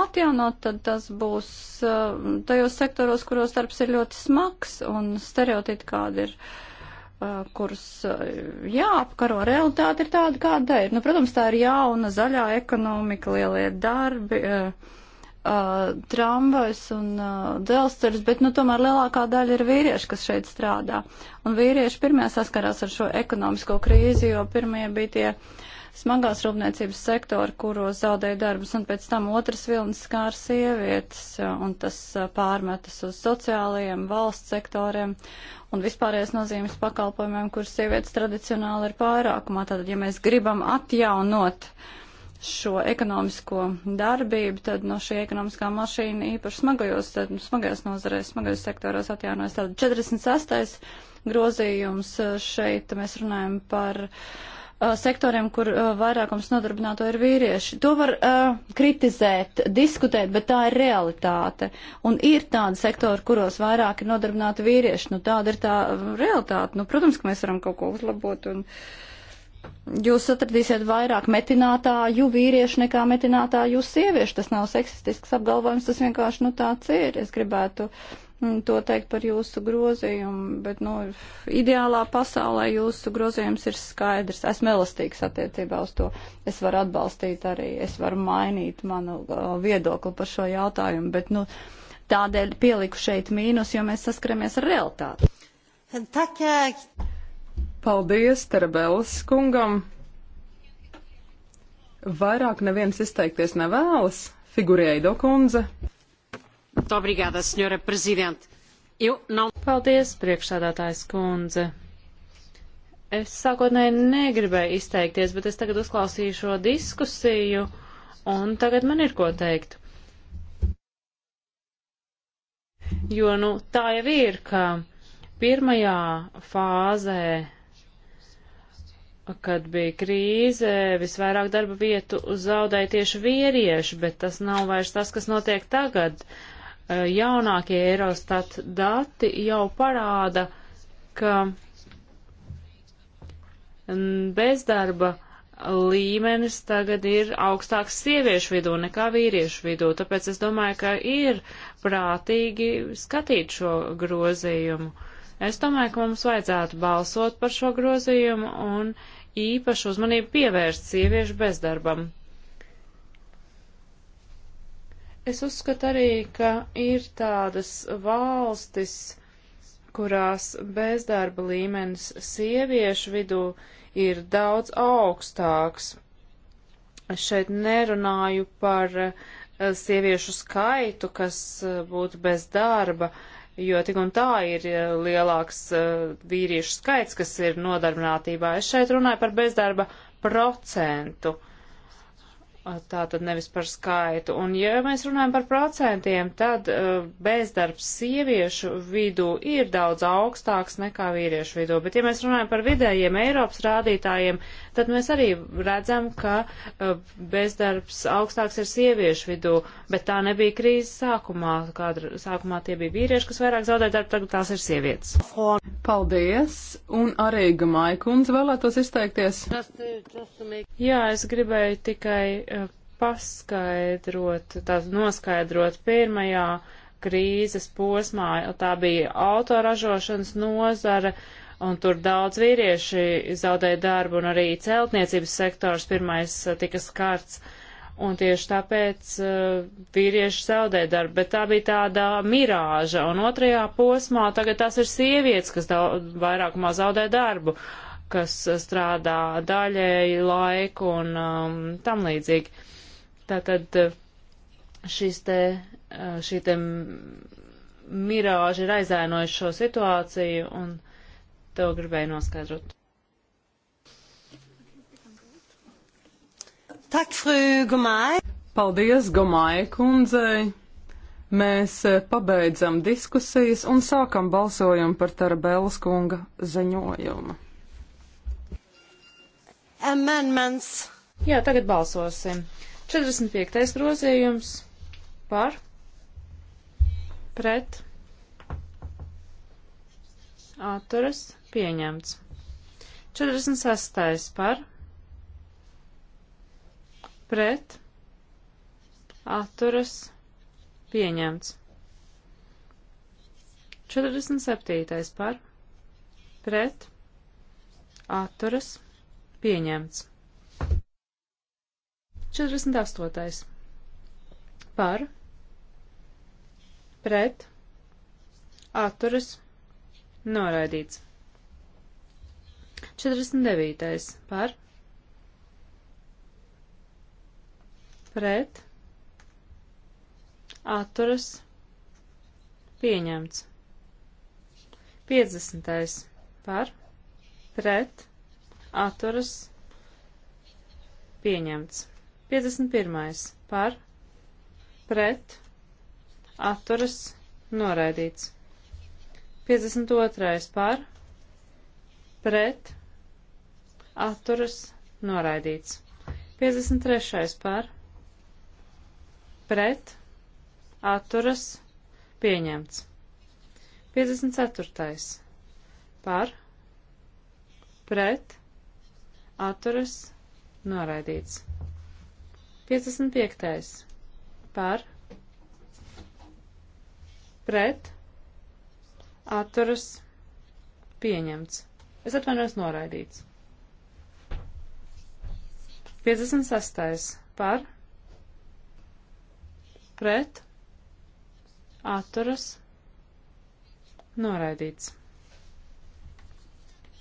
atjaunot, tad tas būs uh, tajos sektoros, kuros darbs ir ļoti smags un stereotipi kādi ir. Uh, kurus jāapkaro. Realitāte ir tāda, kāda ir. Nu, protams, tā ir jauna zaļā ekonomika, lielie darbi, tramvajs un dzelzceļs, bet nu, tomēr lielākā daļa ir vīrieši, kas šeit strādā. Un vīrieši pirmie saskarās ar šo ekonomisko krīzi, jo pirmie bija tie smagās rūpniecības sektori, kuros zaudēja darbus, un pēc tam otrs vilnis skār sievietes, un tas pārmetas uz sociālajiem valsts sektoriem, un vispārējais nozīmes pakalpojumiem, kuras sievietes tradicionāli ir pārākumā. Tātad, ja mēs gribam atjaunot šo ekonomisko darbību, tad no šī ekonomiskā mašīna īpaši smagajos, tad, nu, smagajos nozarēs, smagajos sektoros atjaunojas. Tātad 46. grozījums šeit mēs runājam par uh, Uh, sektoriem, kur uh, vairākums nodarbināto ir vīrieši. To var uh, kritizēt, diskutēt, bet tā ir realitāte. Un ir tādi sektori, kuros vairāk ir nodarbināti vīrieši. Nu, tāda ir tā realitāte. Nu, protams, ka mēs varam kaut ko uzlabot. Un... Jūs atradīsiet vairāk metinātāju vīriešu nekā metinātāju sieviešu. Tas nav seksistisks apgalvojums, tas vienkārši nu, tāds ir. Es gribētu uh, Mm, to teikt par jūsu grozījumu, bet, nu, ideālā pasaulē jūsu grozījums ir skaidrs. Esmu elastīgs attiecībā uz to. Es varu atbalstīt arī, es varu mainīt manu uh, viedokli par šo jautājumu, bet, nu, tādēļ pieliku šeit mīnus, jo mēs saskaramies ar realitāti. Paldies, Terabels kungam! Vairāk neviens izteikties nevēlas, figurēja Dokundze. Obrigada, senhora prezidente. Eu não... Paldies, priekšsādātājs kundze. Es sākotnēji negribēju izteikties, bet es tagad uzklausīju šo diskusiju, un tagad man ir ko teikt. Jo, nu, tā jau ir, ka pirmajā fāzē, kad bija krīze, visvairāk darba vietu zaudēja tieši vīrieši, bet tas nav vairs tas, kas notiek tagad. Uh, Eh, jaunākie Eurostat dati jau parāda, ka bezdarba līmenis tagad ir augstāks sieviešu vidū nekā vīriešu vidū, tāpēc es domāju, ka ir prātīgi skatīt šo grozījumu. Es domāju, ka mums vajadzētu balsot par šo grozījumu un īpašu uzmanību pievērst sieviešu bezdarbam. Es uzskatu arī, ka ir tādas valstis, kurās bezdarba līmenis sieviešu vidū ir daudz augstāks. Es šeit nerunāju par eh, sieviešu skaitu, kas eh, būtu bez darba, jo tik un tā ir eh, lielāks vīriešu skaits, kas ir nodarbinātībā. Es šeit runāju par bezdarba procentu. Uh, Tātad nevis par skaitu. Un ja mēs runājam par procentiem, tad eh, bezdarbs sieviešu vidū ir daudz augstāks nekā vīriešu vidū. Bet ja mēs runājam par vidējiem Eiropas rādītājiem, tad mēs arī redzam, ka uh, bezdarbs augstāks ir sieviešu vidū, bet tā nebija krīzes sākumā. Kādra, sākumā tie bija vīrieši, kas vairāk zaudēja darbu, tagad tās ir sievietes. Paldies! Un arī Gamai kundze vēlētos izteikties. Jā, es gribēju tikai uh, paskaidrot, tātad noskaidrot pirmajā krīzes posmā, tā bija autoražošanas nozara, uh, un tur daudz vīrieši zaudēja darbu, un arī celtniecības sektors pirmais eh, tika skarts. Un tieši tāpēc uh, vīrieši zaudē darbu, bet tā bija tāda mirāža. Un otrajā posmā tagad tās ir sievietes, kas vairākumā zaudē darbu, kas eh, strādā daļēji laiku un um, tam līdzīgi. Tātad šis te, šī te mirāža ir aizēnojuši šo situāciju un To uh, gribēju noskaidrot. Tak, fru Gomai. Paldies Gomai kundzei. Mēs uh, pabeidzam diskusijas un sākam balsojumu par Tarabēlas kunga ziņojumu. Amendments. Jā, tagad balsosim. 45. grozījums par, pret, atturas, pieņemts. 46. par pret atturas pieņemts. 47. par pret atturas pieņemts. 48. par pret atturas noraidīts. 49. par pret atturas pieņemts. 50. par pret atturas pieņemts. 51. par pret atturas noraidīts. 52. par pret atturas noraidīts. 53. par pret atturas pieņemts. 54. par pret atturas noraidīts. 55. par pret atturas pieņemts. Es atvainojos noraidīts. 56. par pret atturas noraidīts.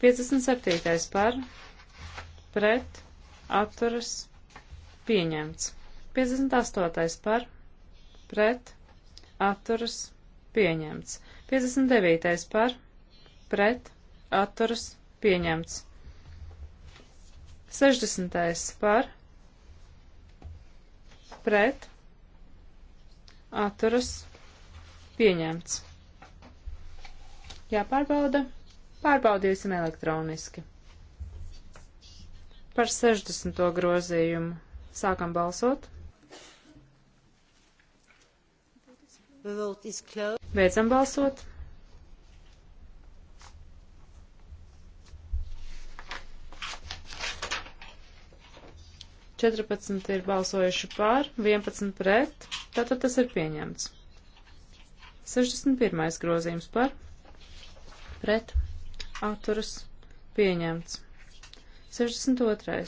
57. par pret atturas pieņemts. 58. par pret atturas pieņemts. 59. par pret atturas pieņemts. 60. par pret atturas pieņemts. Jāpārbauda. Pārbaudīsim elektroniski. Par 60. grozījumu sākam balsot. Beidzam balsot. 14 ir balsojuši pār, 11 pret, tātad tas ir pieņemts. 61. grozījums par, pret, atturas, pieņemts. 62.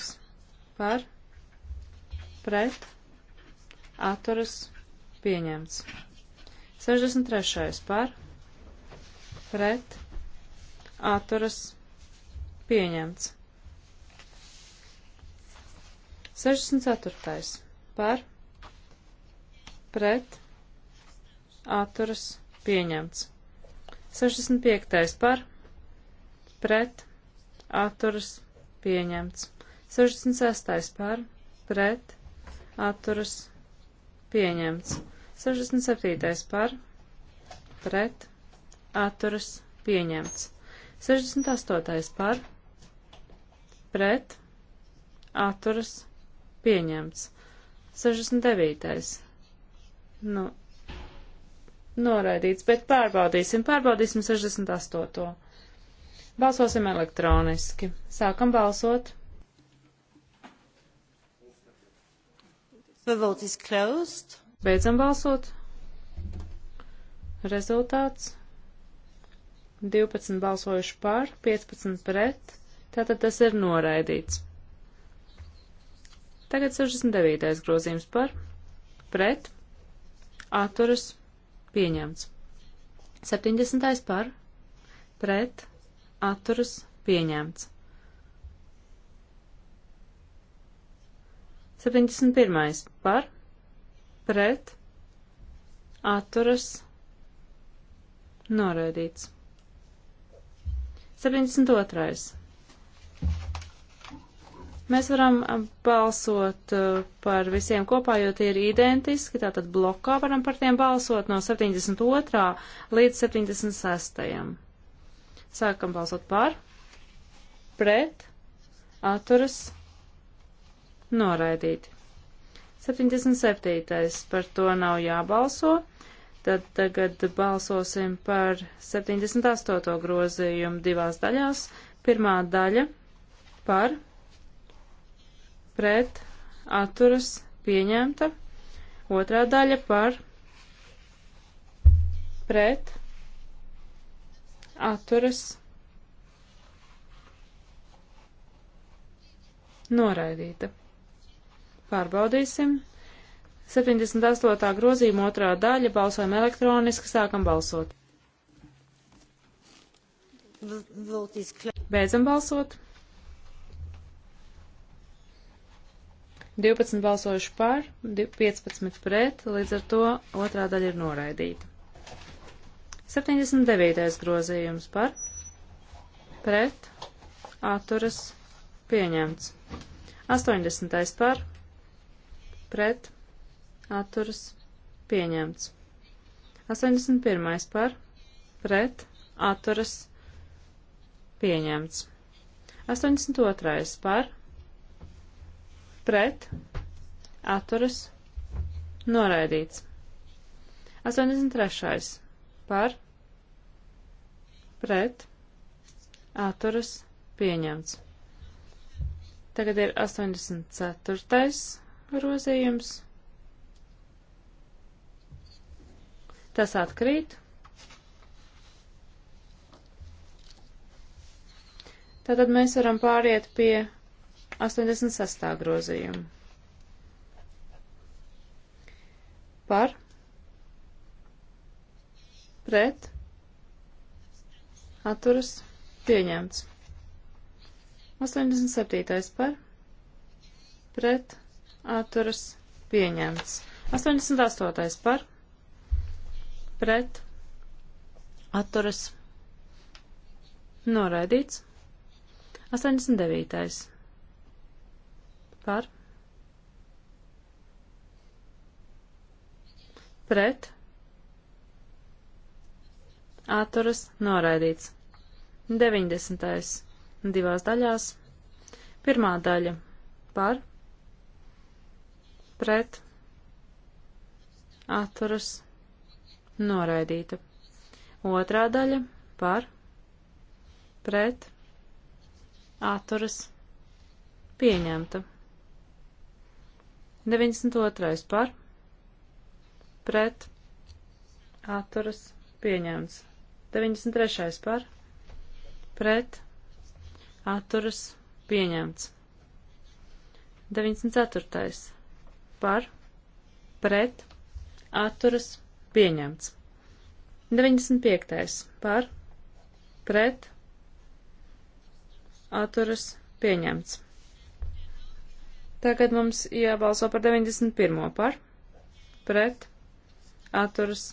par, pret, atturas, pieņemts. 63. par, pret, atturas, pieņemts. 64. par pret atturas pieņemts. 65. par pret atturas pieņemts. 66. par pret atturas pieņemts. 67. par pret atturas pieņemts. 68. par pret atturas pieņemts pieņemts. 69. Nu, noraidīts, bet pārbaudīsim, pārbaudīsim 68. Balsosim elektroniski. Sākam balsot. The vote is closed. Beidzam balsot. Rezultāts. 12 balsojuši par, 15 pret. Tātad tas ir noraidīts. Tagad 69. grozījums par, pret, atturas, pieņemts. 70. par, pret, atturas, pieņemts. 71. par, pret, atturas, noraidīts. 72. Mēs varam um, balsot uh, par visiem kopā, jo tie ir identiski, tātad blokā varam par tiem balsot no 72. līdz 76. Sākam balsot par, pret, atturas, noraidīti. 77. par to nav jābalso, tad tagad balsosim par 78. grozījumu divās daļās. Pirmā daļa par pret atturas pieņemta. Otrā daļa par pret atturas noraidīta. Pārbaudīsim. 78. grozījuma otrā daļa balsojam elektroniski, sākam balsot. Beidzam balsot. 12 balsojuši par, 15 pret, līdz ar to otrā daļa ir noraidīta. 79. grozījums par, pret, atturas, pieņemts. 80. par, pret, atturas, pieņemts. 81. par, pret, atturas, pieņemts. 82. par, pret, atturas, noraidīts. 83. par, pret, atturas, pieņemts. Tagad ir 84. grozījums. Tas atkrīt. Tātad mēs varam pāriet pie 86. grozījumu. Par, pret, atturas, pieņemts. 87. par, pret, atturas, pieņemts. 88. par, pret, atturas, noraidīts. 89 par pret atturas noraidīts. 90. divās daļās. Pirmā daļa par pret atturas noraidīta. Otrā daļa par pret atturas pieņemta. 92. par pret atturas pieņemts. 93. par pret atturas pieņemts. 94. par pret atturas pieņemts. 95. par pret atturas pieņemts. Tagad mums jābalso par 91. par, pret, atturas,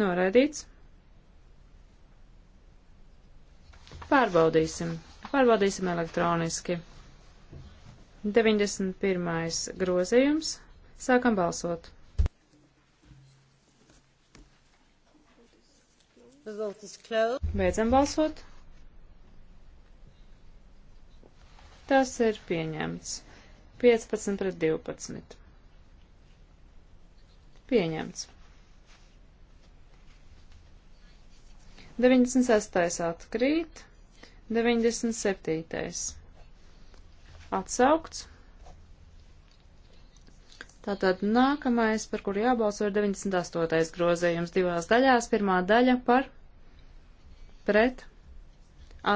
noraidīts. Pārbaudīsim. Pārbaudīsim elektroniski. 91. grozījums. Sākam balsot. Beidzam balsot. Tas ir pieņemts. 15 pret 12. Pieņemts. 96. atkrīt. 97. atsaukts. Tātad nākamais, par kuru jābalso, ir 98. grozījums divās daļās. Pirmā daļa par pret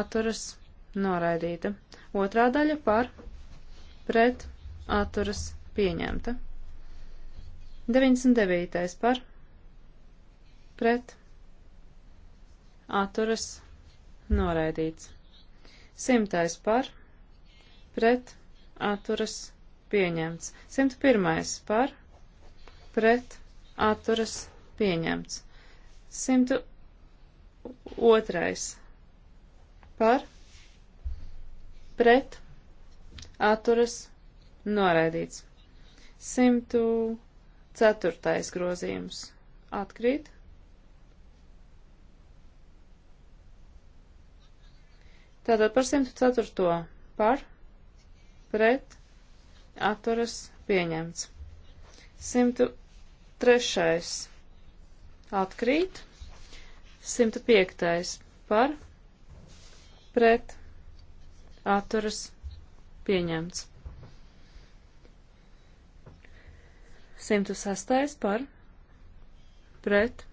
atturas noraidīta. Otrā daļa par pret atturas pieņemta. 99. par pret atturas noraidīts. 100. par pret atturas pieņemts. 101. par pret atturas pieņemts. 102. par pret, atturas, noraidīts. 104. grozījums atkrīt. 104. Tātad par 104. par, pret, atturas, pieņemts. 103. atkrīt. 105. par, pret, atturas pieņemts. 106. par pret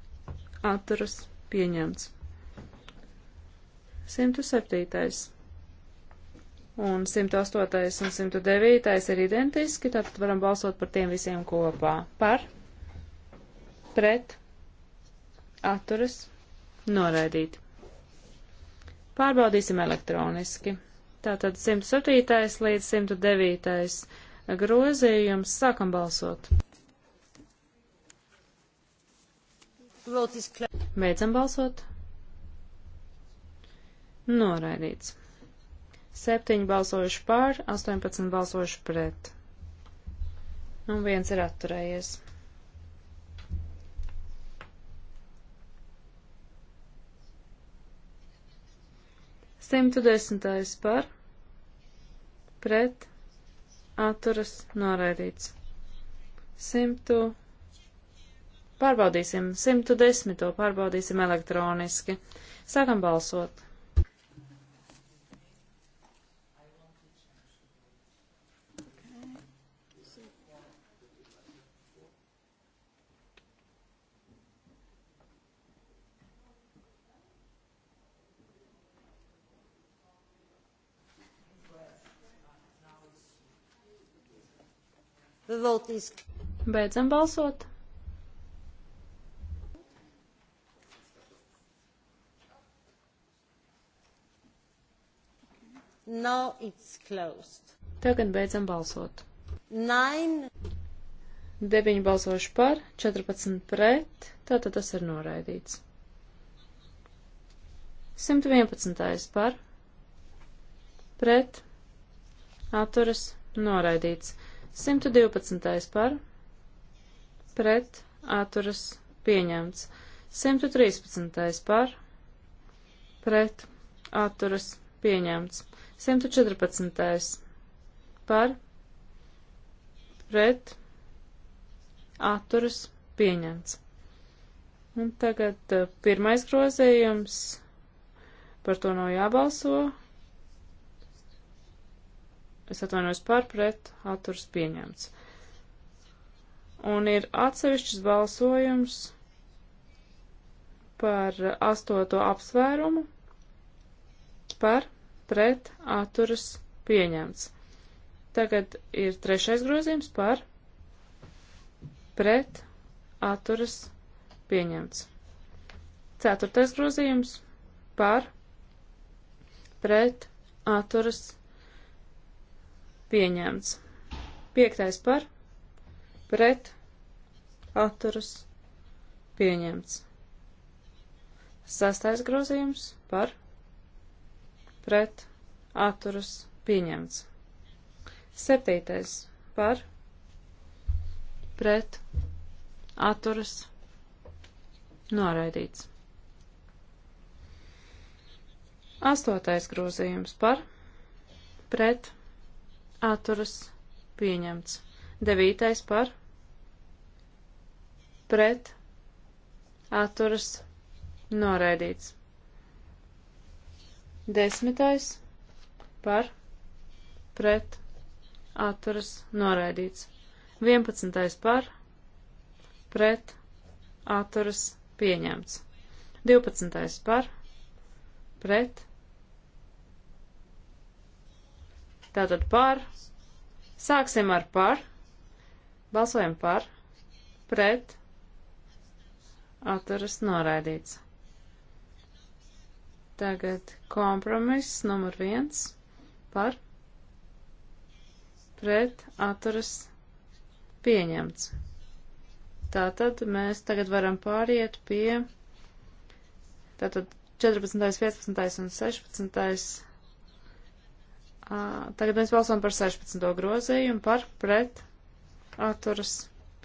atturas pieņemts. 107. Un 108. un 109. ir identiski, tātad varam balsot par tiem visiem kopā. Par, pret, atturas, noraidīt. Pārbaudīsim elektroniski. Tātad 107. līdz 109. grozījums. Sākam balsot. Beidzam balsot. Noraidīts. 7 balsojuši pār, 18 balsojuši pret. Un viens ir atturējies. 110. par pret atturas noraidīts. 100. Pārbaudīsim 110. pārbaudīsim elektroniski. Sākam balsot. The vote is... Beidzam balsot. Now it's closed. Tagad beidzam balsot. Nine. 9 balsoši par, 14 pret, tātad tas ir noraidīts. 111 par, pret, atturas, noraidīts. 112. par pret atturas pieņemts. 113. par pret atturas pieņemts. 114. par pret atturas pieņemts. Un tagad eh, pirmais grozījums. Par to nav jābalso. Es atvainojos par pret atturs pieņemts. Un ir atsevišķs balsojums par astoto apsvērumu par pret atturas pieņemts. Tagad ir trešais grozījums par pret atturas pieņemts. Ceturtais grozījums par pret atturas pieņemts pieņemts. Piektais par, pret, atturas, pieņemts. Sastais grozījums par, pret, atturas, pieņemts. Septītais par, pret, atturas, noraidīts. Astotais grozījums par, pret, atturas atturas pieņemts. Devītais par pret atturas noraidīts. Desmitais par pret atturas noraidīts. Vienpadsmitais par pret atturas pieņemts. Divpadsmitais par pret Tātad par. Sāksim ar par. Balsojam par. Pret. Atturas noraidīts. Tagad kompromiss numur viens par pret atturas pieņemts. Tātad mēs tagad varam pāriet pie tātad 14., 15. un 16. Tagad mēs balsām par 16. grozījumu par pret atturas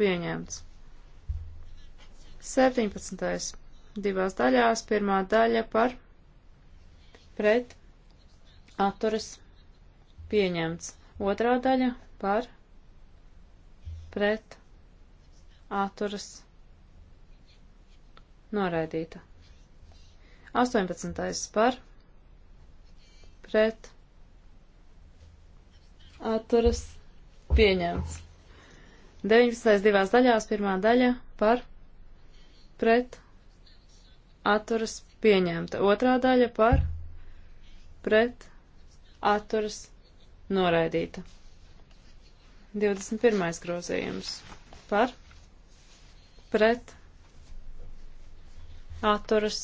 pieņemts. 17. divās daļās, pirmā daļa par pret atturas pieņemts. Otrā daļa par pret atturas noraidīta. 18. par pret atturas pieņemts. 19. divās daļās, pirmā daļa par pret atturas pieņemta, otrā daļa par pret atturas noraidīta. 21. grozījums par pret atturas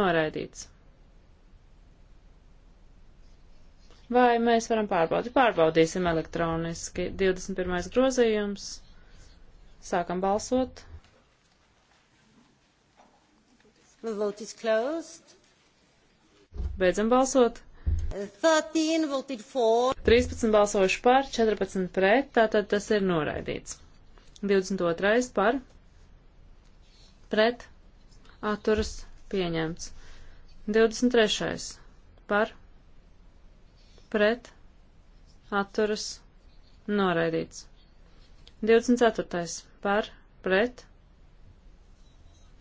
noraidīts. Vai mēs varam pārbaudīt? Pārbaudīsim elektroniski. 21. grozījums. Sākam balsot. The vote is closed. Beidzam balsot. 13 voted for. 13 balsojuši par, 14 pret, tātad tas ir noraidīts. 22 par, pret, atturas pieņemts. 23 par, pret atturas noraidīts. 24. par pret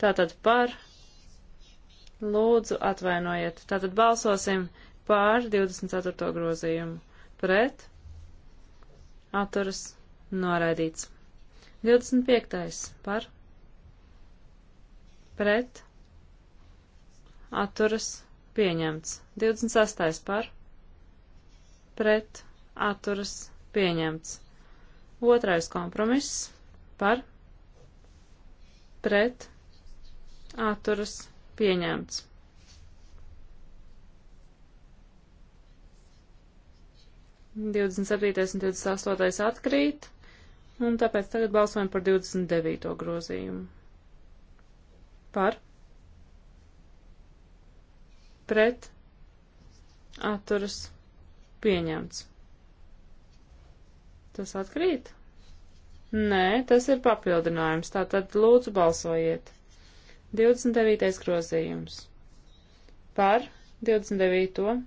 tātad par lūdzu atvainojiet. Tātad balsosim par 24. grozījumu pret atturas noraidīts. 25. par pret atturas pieņemts. 26. par pret atturas pieņemts. Otrais kompromiss par pret atturas pieņemts. Divdesmit septītais un divdesmit astotais atkrīt, un tāpēc tagad balsojam par divdesmit devīto grozījumu. Par pret atturas pieņemts pieņemts. Tas atkrīt? Nē, tas ir papildinājums, tātad lūdzu balsojiet. 29. grozījums. Par 29.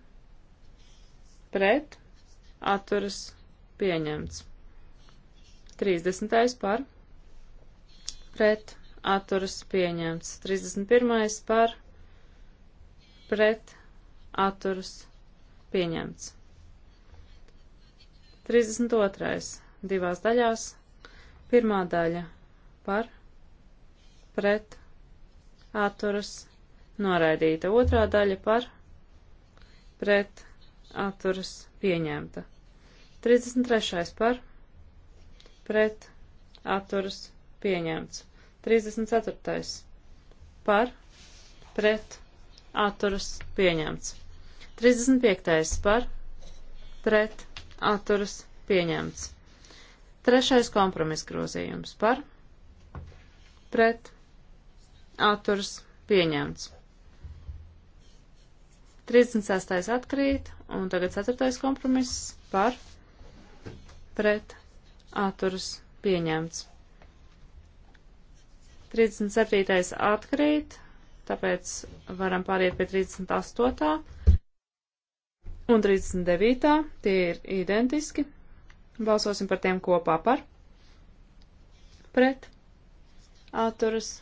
Pret atturas pieņemts. 30. par pret atturas pieņemts. 31. par pret atturas pieņemts. 32. divās daļās. Pirmā daļa par, pret, atturas, noraidīta. Otrā daļa par, pret, atturas, pieņemta. 33. par, pret, atturas, pieņemts. 34. par, pret, atturas, pieņemts. 35. par, pret, atturas pieņemts. Trešais kompromiss grozījums par pret atturas pieņemts. 36. atkrīt, un tagad 4. kompromiss par pret atturas pieņemts. 37. atkrīt, tāpēc varam pāriet pie 38 un 39. tie ir identiski. Balsosim par tiem kopā par. Pret. Atturas.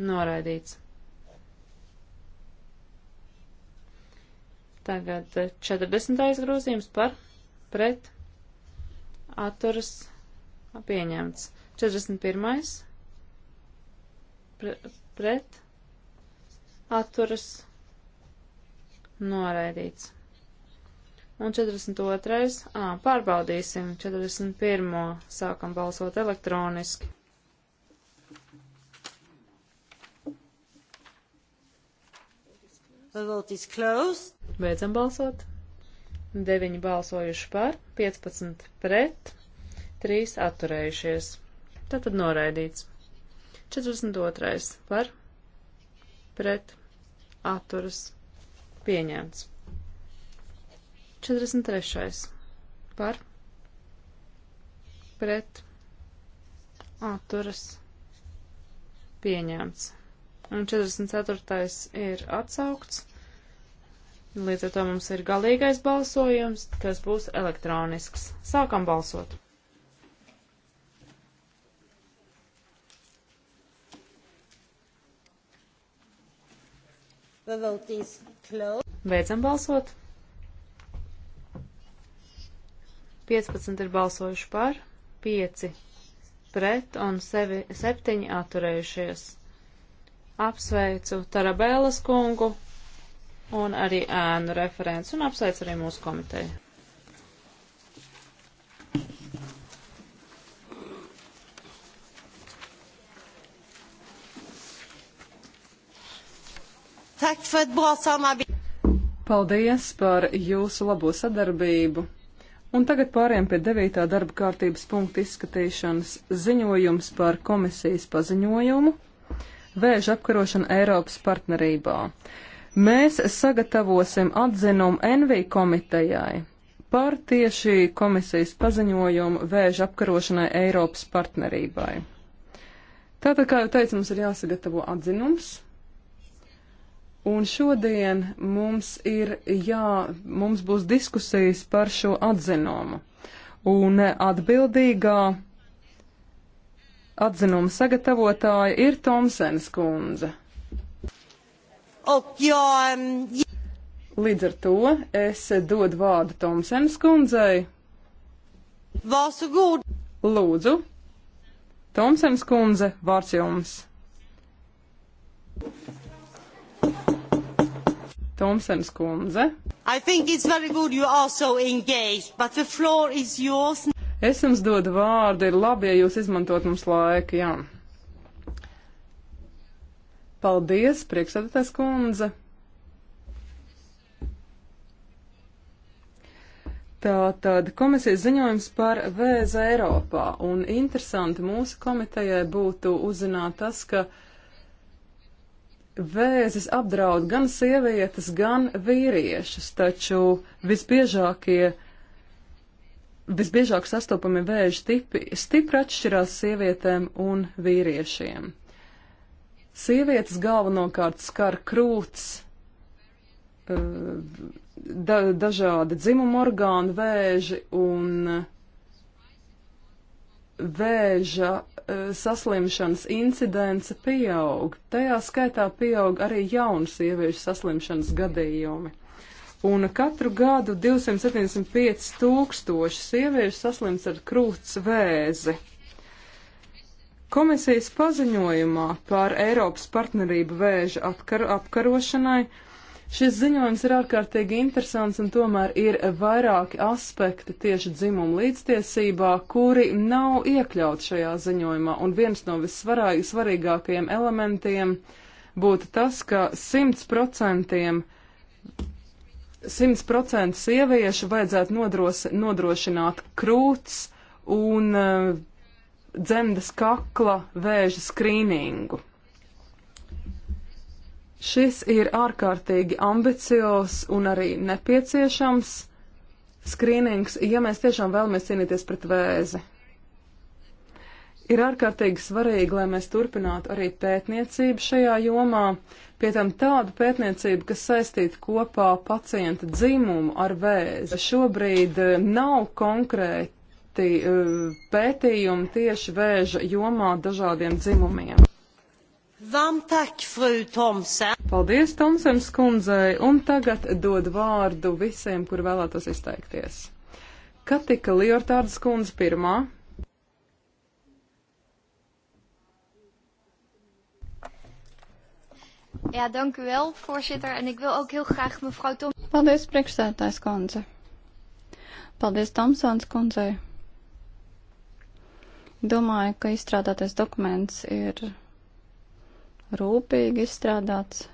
Noraidīts. Tagad 40. grozījums par pret atturas pieņemts. 41. Pre, pret atturas noraidīts un 42. Ā, pārbaudīsim 41. Sākam balsot elektroniski. Beidzam balsot. 9 balsojuši par, 15 pret, 3 atturējušies. Tātad noraidīts. 42. par, pret, atturas, pieņemts. 43. par pret atturas pieņemts. Un 44. ir atsaukts. Līdz ar to mums ir galīgais balsojums, kas būs elektronisks. Sākam balsot! Beidzam balsot! 15 ir balsojuši par, 5 pret un sevi, 7 atturējušies. Apsveicu Tarabēlas kungu un arī ēnu referents un apsveicu arī mūsu komiteju. Paldies par jūsu labo sadarbību Un tagad pāriem pie devītā darba kārtības punkta izskatīšanas ziņojums par komisijas paziņojumu Vēža apkarošana Eiropas partnerībā. Mēs sagatavosim atzinumu NV komitejai par tieši komisijas paziņojumu vēža apkarošanai Eiropas partnerībai. Tātad, kā jau teicu, mums ir jāsagatavo atzinums, Un šodien mums ir jā, mums būs diskusijas par šo atzinumu. Un atbildīgā atzinuma sagatavotāja ir Tomsens kundze. Līdz ar to es dodu vārdu Tomsens kundzei. Lūdzu, Tomsens kundze, vārds jums. Tomsens kundze. Engaged, es jums dodu vārdu, ir labi, ja jūs izmantot mums laiku, jā. Paldies, priekšsēdētājs kundze. Tā tad komisijas ziņojums par vēzi Eiropā, un interesanti mūsu komitejai būtu uzzināt tas, ka uh, Vēzis apdraud gan sievietes, gan vīriešus, taču visbiežākie, visbiežāk sastopamie vēža tipi stipri atšķirās sievietēm un vīriešiem. Sievietes galvenokārt skar krūts, eh, da, dažādi dzimumu orgānu vēži un eh, vēža E, saslimšanas incidence pieaug. Tajā skaitā pieaug arī jaunu sieviešu saslimšanas gadījumi. Un katru gadu 275 tūkstoši sieviešu saslims ar krūts vēzi. Komisijas paziņojumā par Eiropas partnerību vēža apkarošanai Šis ziņojums ir ārkārtīgi interesants un tomēr ir vairāki aspekti tieši dzimuma līdztiesībā, kuri nav iekļauti šajā ziņojumā. Un viens no vissvarīgākajiem elementiem būtu tas, ka 100%, 100 sieviešu vajadzētu nodros, nodrošināt krūts un uh, dzemdas kakla vēža skrīningu. Šis ir ārkārtīgi ambiciozs un arī nepieciešams skrīnings, ja mēs tiešām vēlamies cīnīties pret vēzi. Ir ārkārtīgi svarīgi, lai mēs turpinātu arī pētniecību šajā jomā, pie tam tādu pētniecību, kas saistīta kopā pacienta dzimumu ar vēzi. Šobrīd eh, nav konkrēti eh, pētījumi tieši vēža jomā dažādiem dzimumiem. Paldies Tomsens kundzei, un tagad dod vārdu visiem, kur vēlētos izteikties. Katika Liortādas kundze pirmā. Ja, dank u wel, voorzitter. En ik wil ook heel graag mevrouw Tom... Paldies, priekšsētājs kundze. Paldies Tomsons kundzei. Domāju, ka izstrādātais dokuments ir rūpīgi izstrādāts.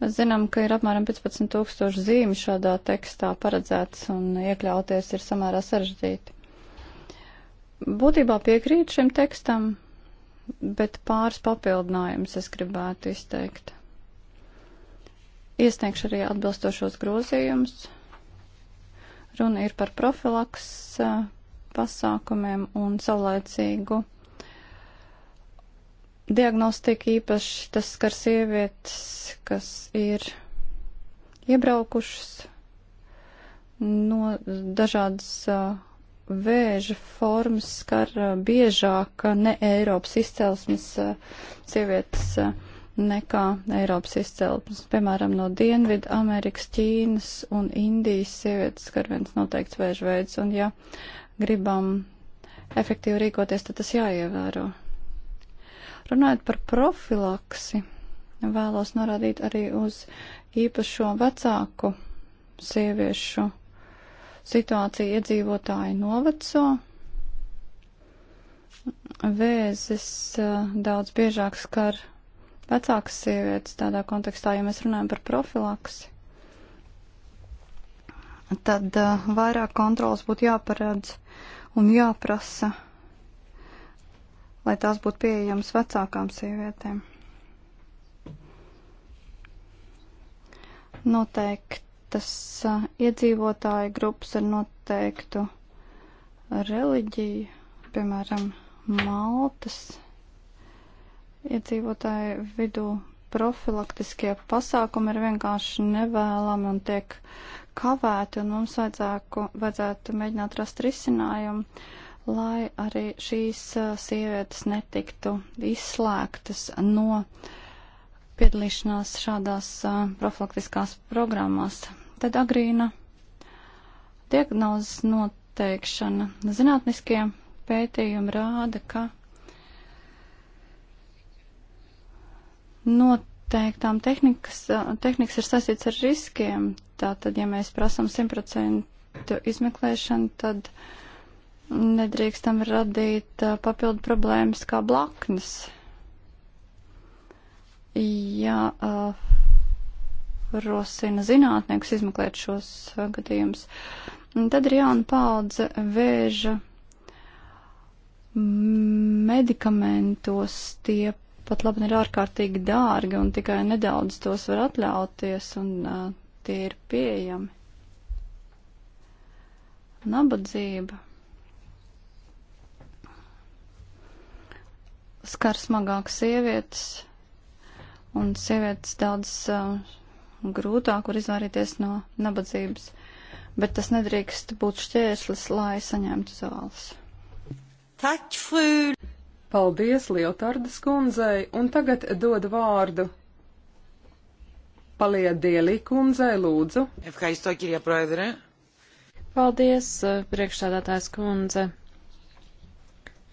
Mēs zinām, ka ir apmēram 15 tūkstoši zīmi šādā tekstā paredzēts un iekļauties ir samērā sarežģīti. Būtībā piekrīt šim tekstam, bet pāris papildinājumus es gribētu izteikt. Iesniegšu arī atbilstošos grozījumus. Runa ir par profilaks eh, pasākumiem un saulēcīgu diagnostika īpaši tas skar sievietes, kas ir iebraukušas no dažādas uh, vēža formas skar biežāk ne Eiropas izcelsmes sievietes nekā Eiropas izcelsmes. Piemēram, no Dienvidu Amerikas, Ķīnas un Indijas sievietes skar viens noteikts vēža veids, un ja gribam efektīvi rīkoties, tad tas jāievēro. Runājot par profilaksi, vēlos norādīt arī uz īpašo vecāku sieviešu situāciju iedzīvotāju noveco. Vēzis eh, daudz biežāk skar vecākas sievietes tādā kontekstā, ja mēs runājam par profilaksi. Tad uh, vairāk kontrols būtu jāparedz un jāprasa lai tās būtu pieejamas vecākām sievietēm. Noteiktas iedzīvotāju grupas ar noteiktu reliģiju, piemēram, Maltas iedzīvotāju vidū profilaktiskie pasākumi ir vienkārši nevēlami un tiek kavēti, un mums vajadzētu, vajadzētu mēģināt rast risinājumu lai arī šīs uh, sievietes netiktu izslēgtas no piedalīšanās šādās uh, profilaktiskās programmās. Tad agrīna diagnozes noteikšana. Zinātniskie pētījumi rāda, ka noteiktām tehnikas, uh, tehnikas ir saistīts ar riskiem. Tātad, ja mēs prasam 100% izmeklēšanu, tad uh, nedrīkstam radīt papildu problēmas kā blaknes. Jā, rosina zinātniekus izmeklēt šos gadījumus. Tad ir jauna paudze vēža medikamentos, tie pat labi ir ārkārtīgi dārgi un tikai nedaudz tos var atļauties un uh, tie ir pieejami. Nabadzība skar smagāk sievietes, un sievietes daudz uh, grūtāk var izvairīties no nabadzības, bet tas nedrīkst būt šķērslis, lai saņemtu zāles. Paldies Liotardas kundzei, un tagad dodu vārdu Paliedielī kundzei, lūdzu. Paldies, uh, priekšsādātājs kundze.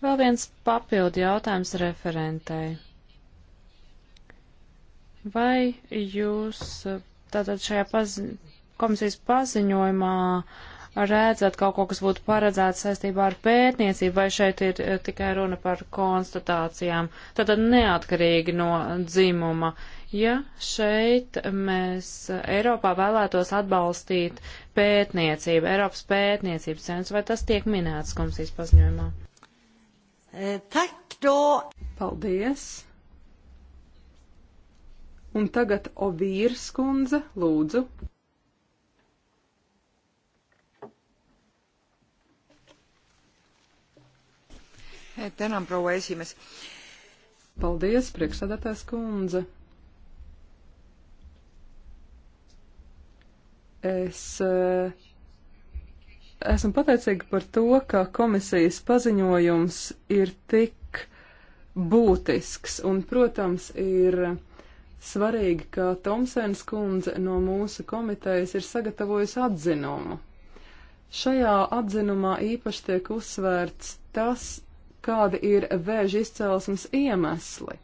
Vēl viens papildu jautājums referentei. Vai jūs tātad šajā pazi komisijas paziņojumā redzat kaut ko, kas būtu paredzēts saistībā ar pētniecību, vai šeit ir eh, tikai runa par konstatācijām, tātad neatkarīgi no dzimuma. Ja šeit mēs Eiropā vēlētos atbalstīt pētniecību, Eiropas pētniecības centrs, vai tas tiek minēts komisijas paziņojumā? Eh, tak, do. Paldies! Un tagad Ovīrs kundze, lūdzu. Eh, tänan, proua esimees. Paldies, priekšsēdētājs kundze. Es uh, Esmu pateicīga par to, ka komisijas paziņojums ir tik būtisks un, protams, ir svarīgi, ka Tomsēns kundze no mūsu komitejas ir sagatavojusi atzinumu. Šajā atzinumā īpaši tiek uzsvērts tas, kādi ir vēža izcelsmes iemesli.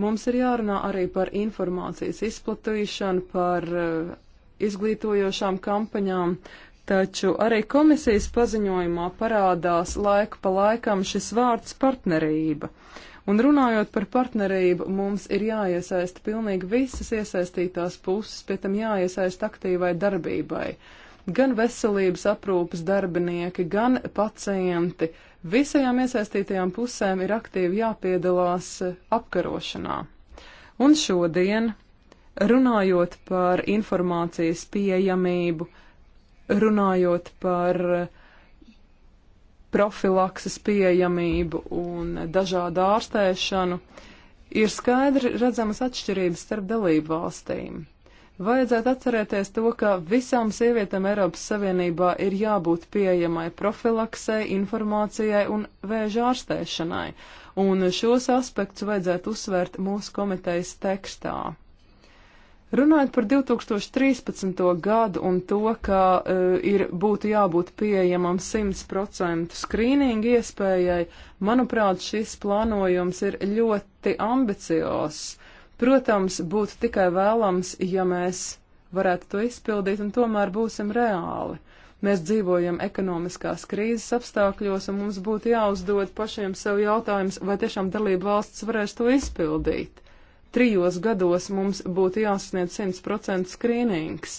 Mums ir jārunā arī par informācijas izplatīšanu, par eh, izglītojošām kampaņām, Taču arī komisijas paziņojumā parādās laika pa laikam šis vārds partnerība. Un runājot par partnerību, mums ir jāiesaista pilnīgi visas iesaistītās puses, pie tam jāiesaista aktīvai darbībai. Gan veselības aprūpas darbinieki, gan pacienti. Visajām iesaistītajām pusēm ir aktīvi jāpiedalās eh, apkarošanā. Un šodien, runājot par informācijas pieejamību, runājot par profilakses pieejamību un dažādu ārstēšanu, ir skaidri redzamas atšķirības starp dalību valstīm. Vajadzētu atcerēties to, ka visām sievietēm Eiropas Savienībā ir jābūt pieejamai profilaksei, informācijai un vēža ārstēšanai, un šos aspektus vajadzētu uzsvērt mūsu komitejas tekstā. Runājot par 2013. gadu un to, ka uh, ir būtu jābūt pieejamam 100% skrīningu iespējai, manuprāt, šis plānojums ir ļoti ambiciozs. Protams, būtu tikai vēlams, ja mēs varētu to izpildīt un tomēr būsim reāli. Mēs dzīvojam ekonomiskās krīzes apstākļos un mums būtu jāuzdod pašiem sev jautājums, vai tiešām dalība valsts varēs to izpildīt trijos gados mums būtu jāsasniedz 100% skrīnings.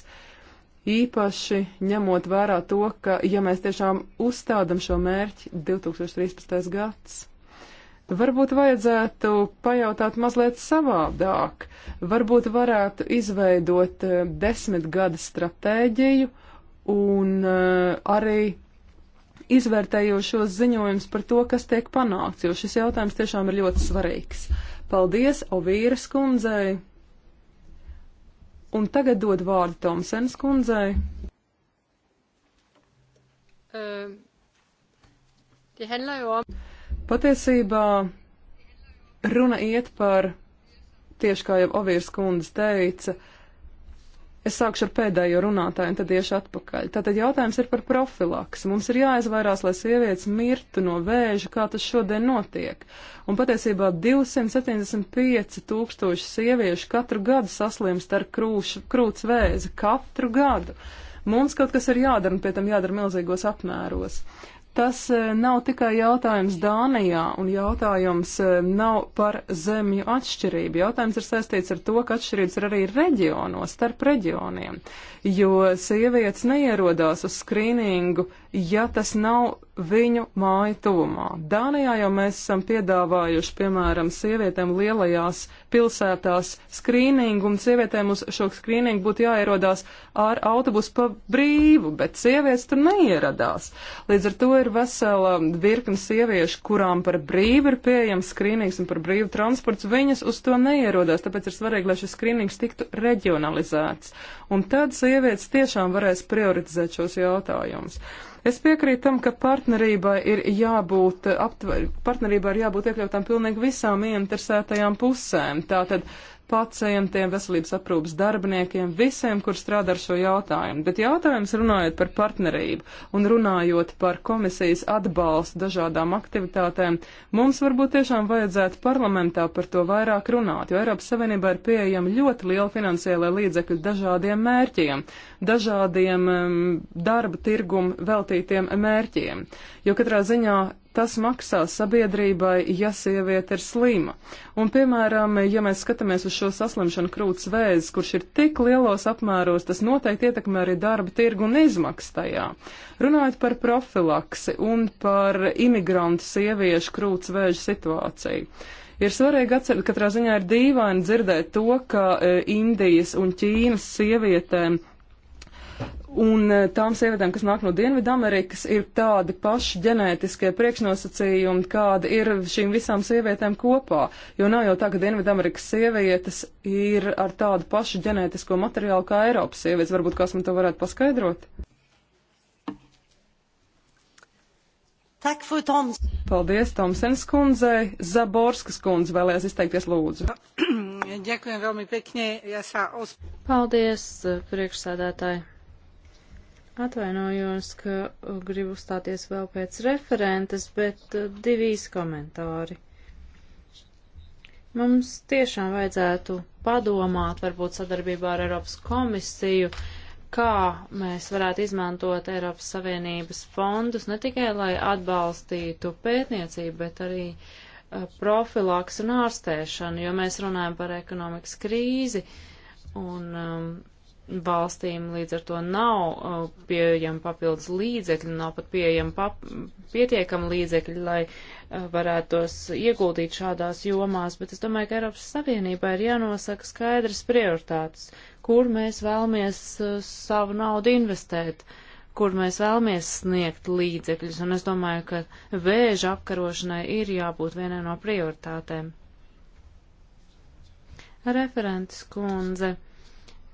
Īpaši ņemot vērā to, ka ja mēs tiešām uzstādam šo mērķi 2013. gads. Varbūt vajadzētu pajautāt mazliet savādāk. Varbūt varētu izveidot eh, desmit gada stratēģiju un eh, arī izvērtējošos ziņojums par to, kas tiek panākts, jo šis jautājums tiešām ir ļoti svarīgs. Paldies Ovīras kundzei! Un tagad dod vārdu Tomsens kundzei. Patiesībā runa iet par, tieši kā jau Ovīras kundze teica, uh, Es sākšu ar pēdējo runātāju un tad iešu atpakaļ. Tātad jautājums ir par profilaksu. Mums ir jāizvairās, lai sievietes mirtu no vēža, kā tas šodien notiek. Un patiesībā 275 tūkstoši sieviešu katru gadu saslimst ar krūš, krūts vēzi. Katru gadu! Mums kaut kas ir jādara un pie tam jādara milzīgos apmēros. Tas e, nav tikai jautājums Dānijā, un jautājums e, nav par zemju atšķirību. Jautājums ir saistīts ar to, ka atšķirības ir arī reģionos, starp reģioniem, jo sievietes neierodās uz skrīningu ja tas nav viņu māju tuvumā. Dānijā jau mēs esam piedāvājuši, piemēram, sievietēm lielajās pilsētās skrīningu, un sievietēm uz šo skrīningu būtu jāierodās ar autobusu pa brīvu, bet sievietes tur neieradās. Līdz ar to ir vesela virkni sieviešu, kurām par brīvu ir pieejams skrīnings un par brīvu transports, viņas uz to neierodās, tāpēc ir svarīgi, lai šis skrīnings tiktu reģionalizēts. Un tad sievietes tiešām varēs prioritizēt šos jautājumus. Es piekrītu tam, ka partnerībai ir jābūt, aptver, partnerībai ir jābūt iekļautām pilnīgi visām ieinteresētajām pusēm. Tātad pacientiem, veselības aprūpas darbiniekiem, visiem, kur strādā ar šo jautājumu. Bet jautājums runājot par partnerību un runājot par komisijas atbalstu dažādām aktivitātēm, mums varbūt tiešām vajadzētu parlamentā par to vairāk runāt, jo Eiropas Savienībā ir pieejama ļoti liela finansiālā līdzekļa dažādiem mērķiem, dažādiem um, darba tirgumu veltītiem mērķiem. Jo katrā ziņā tas maksā sabiedrībai, ja sieviete ir slima. Un, piemēram, ja mēs skatāmies uz šo saslimšanu krūts vēzi, kurš ir tik lielos apmēros, tas noteikti ietekmē arī darba tirgu un izmaksas tajā. Runājot par profilaksi un par imigrantu sieviešu krūts vēža situāciju. Ir svarīgi atcerēt, katrā ziņā ir dīvaini dzirdēt to, ka e, Indijas un Ķīnas sievietēm Un eh, tām sievietēm, kas nāk no Dienvidamerikas, ir tādi paši ģenētiskie priekšnosacījumi, kāda ir šīm visām sievietēm kopā. Jo nav jau tā, ka Dienvidamerikas sievietes ir ar tādu pašu ģenētisko materiālu kā Eiropas sievietes. Varbūt kāds man to varētu paskaidrot? Tak, fu, Toms. Paldies, Tomsens kundzei. Zaborskas kundze vēlējās izteikties lūdzu. Ďakujem veľmi pekne. Ja sa os... Paldies, priekšsēdētāji. Atvainojos, ka gribu uzstāties vēl pēc referentes, bet uh, divi īsi komentāri. Mums tiešām vajadzētu padomāt, varbūt sadarbībā ar Eiropas komisiju, kā mēs varētu izmantot Eiropas Savienības fondus ne tikai, lai atbalstītu pētniecību, bet arī uh, profilaks un ārstēšanu, jo mēs runājam par ekonomikas krīzi. Un, um, valstīm līdz ar to nav uh, pieejama papildus līdzekļi, nav pat pieejama pap pietiekama līdzekļi, lai uh, varētu tos ieguldīt šādās jomās, bet es domāju, ka Eiropas Savienībā ir jānosaka skaidrs prioritātes, kur mēs vēlamies uh, savu naudu investēt, kur mēs vēlamies sniegt līdzekļus, un es domāju, ka vēža apkarošanai ir jābūt vienai no prioritātēm. Referents kundze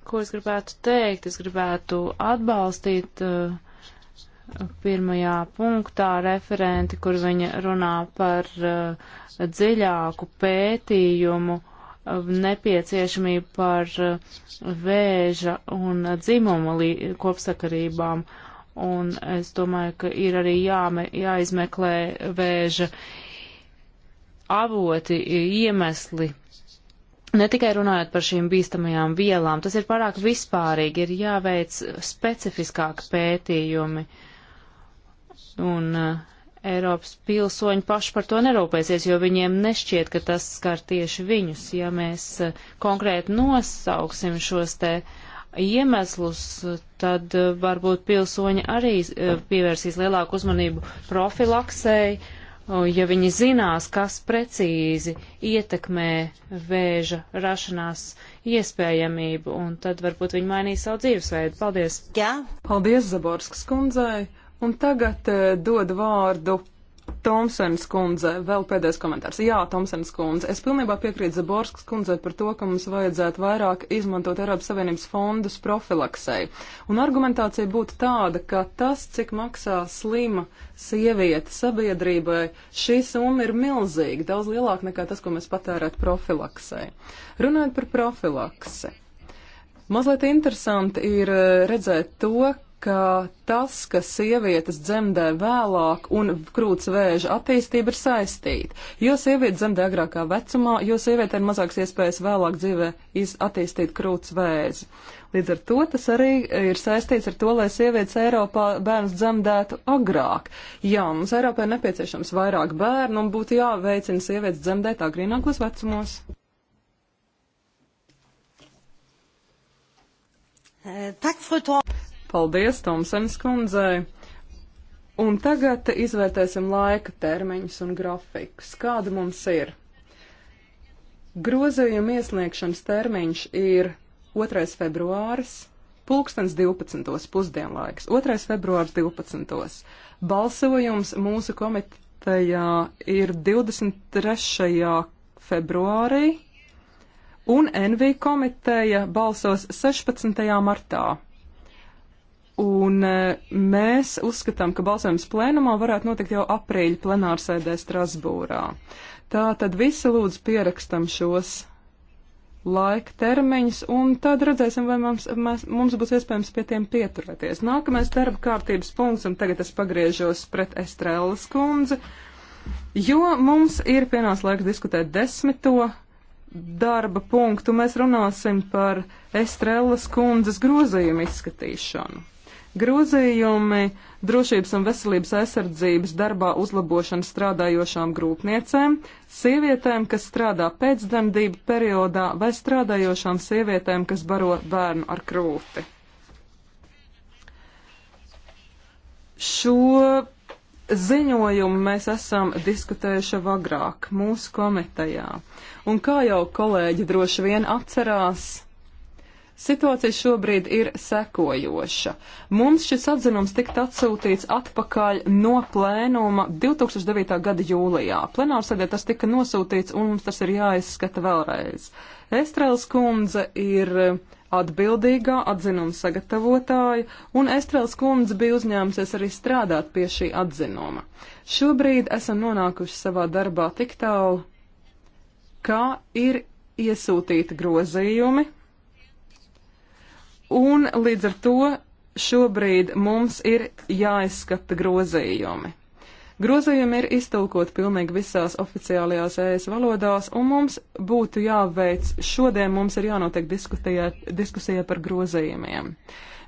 Ko es gribētu teikt? Es gribētu atbalstīt uh, pirmajā punktā referenti, kur viņa runā par uh, dziļāku pētījumu uh, nepieciešamību par uh, vēža un dzimuma kopsakarībām. Un es domāju, ka ir arī jāme, jāizmeklē vēža avoti, iemesli, Ne tikai runājot par šīm bīstamajām vielām, tas ir pārāk vispārīgi, ir jāveic specifiskāk pētījumi. Un uh, Eiropas pilsoņi paši par to nerūpēsies, jo viņiem nešķiet, ka tas skar tieši viņus. Ja mēs eh, konkrēti nosauksim šos te iemeslus, tad eh, varbūt pilsoņi arī pievērsīs lielāku uzmanību profilaksēji ja viņi zinās, kas precīzi ietekmē vēža rašanās iespējamību, un tad varbūt viņi mainīs savu dzīvesveidu. Paldies! Jā! Paldies Zaborskas kundzei! Un tagad eh, dod vārdu Tomsens kundze, vēl pēdējais komentārs. Jā, Tomsens kundze, es pilnībā piekrītu Zaborskas kundzei par to, ka mums vajadzētu vairāk izmantot Eiropas Savienības fondus profilaksei. Un argumentācija būtu tāda, ka tas, cik maksā slima sieviete sabiedrībai, šī summa ir milzīga, daudz lielāka nekā tas, ko mēs patērētu profilaksei. Runājot par profilaksi. Mazliet interesanti ir eh, redzēt to, ka tas, ka sievietes dzemdē vēlāk un krūts vēža attīstība ir saistīta. Jo sieviete dzemdē agrākā vecumā, jo sieviete ir mazāks iespējas vēlāk dzīvē attīstīt krūts vēzi. Līdz ar to tas arī ir saistīts ar to, lai sievietes Eiropā bērns dzemdētu agrāk. Jā, mums Eiropā ir nepieciešams vairāk bērnu un būtu jāveicina sievietes dzemdēt agrīnākos vecumos. Eh, tak, fru Paldies Tomsenes kundzei! Un tagad izvērtēsim laika termiņus un grafikus. Kāda mums ir? Grozījuma iesniegšanas termiņš ir 2. februāris, pulkstens 12. pusdienlaiks, 2. februārs 12. Balsojums mūsu komitejā ir 23. februārī, un NV komiteja balsos 16. martā. Un e, mēs uzskatām, ka balsojums plēnumā varētu notikt jau aprīļa plenārsēdē Strasbūrā. Tā tad visi lūdzu pierakstam šos laika termiņus, un tad redzēsim, vai mums, mēs, mums būs iespējams pie tiem pieturēties. Nākamais darba kārtības punkts, un tagad es pagriežos pret Estrēlas kundzi, jo mums ir pienācis laiks diskutēt desmito darba punktu. Mēs runāsim par Estrēlas kundzes grozījumu izskatīšanu. Grozījumi drošības un veselības aizsardzības darbā uzlabošana strādājošām grūtniecēm, sievietēm, kas strādā pēcdzemdību periodā vai strādājošām sievietēm, kas baro bērnu ar krūti. Šo ziņojumu mēs esam diskutējuši agrāk mūsu komitejā. Un kā jau kolēģi droši vien atcerās, Situācija šobrīd ir sekojoša. Mums šis atzinums tika atsūtīts atpakaļ no plēnuma 2009. gada jūlijā. Plenārsēdē tas tika nosūtīts un mums tas ir jāizskata vēlreiz. Estrēls kundze ir atbildīgā atzinuma sagatavotāja, un Estrēls kundze bija uzņēmusies arī strādāt pie šī atzinuma. Šobrīd esam nonākuši savā darbā tik tālu, ka ir iesūtīti grozījumi Un līdz ar to šobrīd mums ir jāizskata grozījumi. Grozījumi ir iztulkot pilnīgi visās oficiālajās ES valodās, un mums būtu jāveic, šodien mums ir jānotiek diskusija par grozījumiem.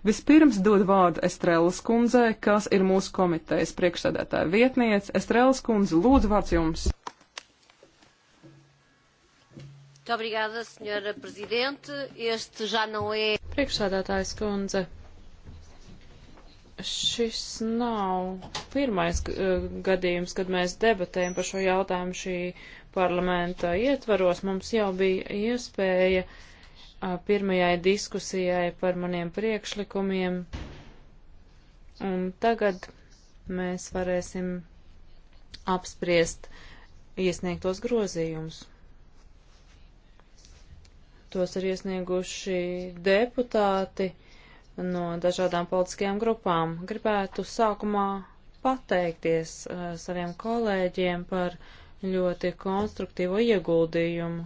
Vispirms dod vārdu Estrēlas kundzei, kas ir mūsu komitejas priekšsēdētāja vietniece. Estrēlas kundze, lūdzu vārds jums! Muito obrigada, Sra. Presidente. Este já não é. Priekšsādātājs kundze. Šis nav pirmais eh, gadījums, kad mēs debatējam par šo jautājumu šī parlamenta ietvaros. Mums jau bija iespēja pirmajai diskusijai par maniem priekšlikumiem. Un tagad mēs varēsim apspriest iesniegtos grozījumus. Tos ir iesnieguši deputāti no dažādām politiskajām grupām. Gribētu sākumā pateikties uh, saviem kolēģiem par ļoti konstruktīvo ieguldījumu.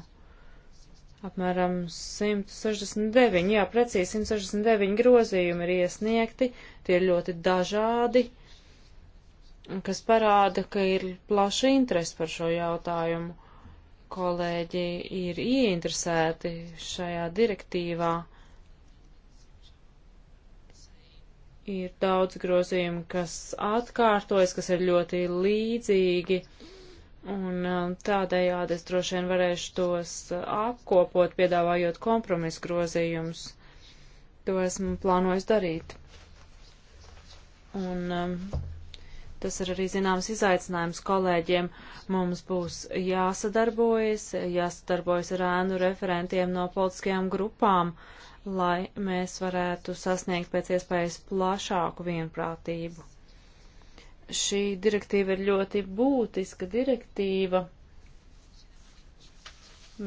Apmēram 169, jā, precīzi 169 grozījumi ir iesniegti, tie ir ļoti dažādi, kas parāda, ka ir plaša interese par šo jautājumu kolēģi ir ieinteresēti šajā direktīvā. Ir daudz grozījumu, kas atkārtojas, kas ir ļoti līdzīgi, un um, tādējādi es droši vien varēšu tos apkopot, piedāvājot kompromisu grozījumus. To esmu plānojis darīt. Un um, Tas ir arī zināms izaicinājums kolēģiem. Mums būs jāsadarbojas, jāsadarbojas ar ēnu referentiem no politiskajām grupām, lai mēs varētu sasniegt pēc iespējas plašāku vienprātību. Šī direktīva ir ļoti būtiska direktīva.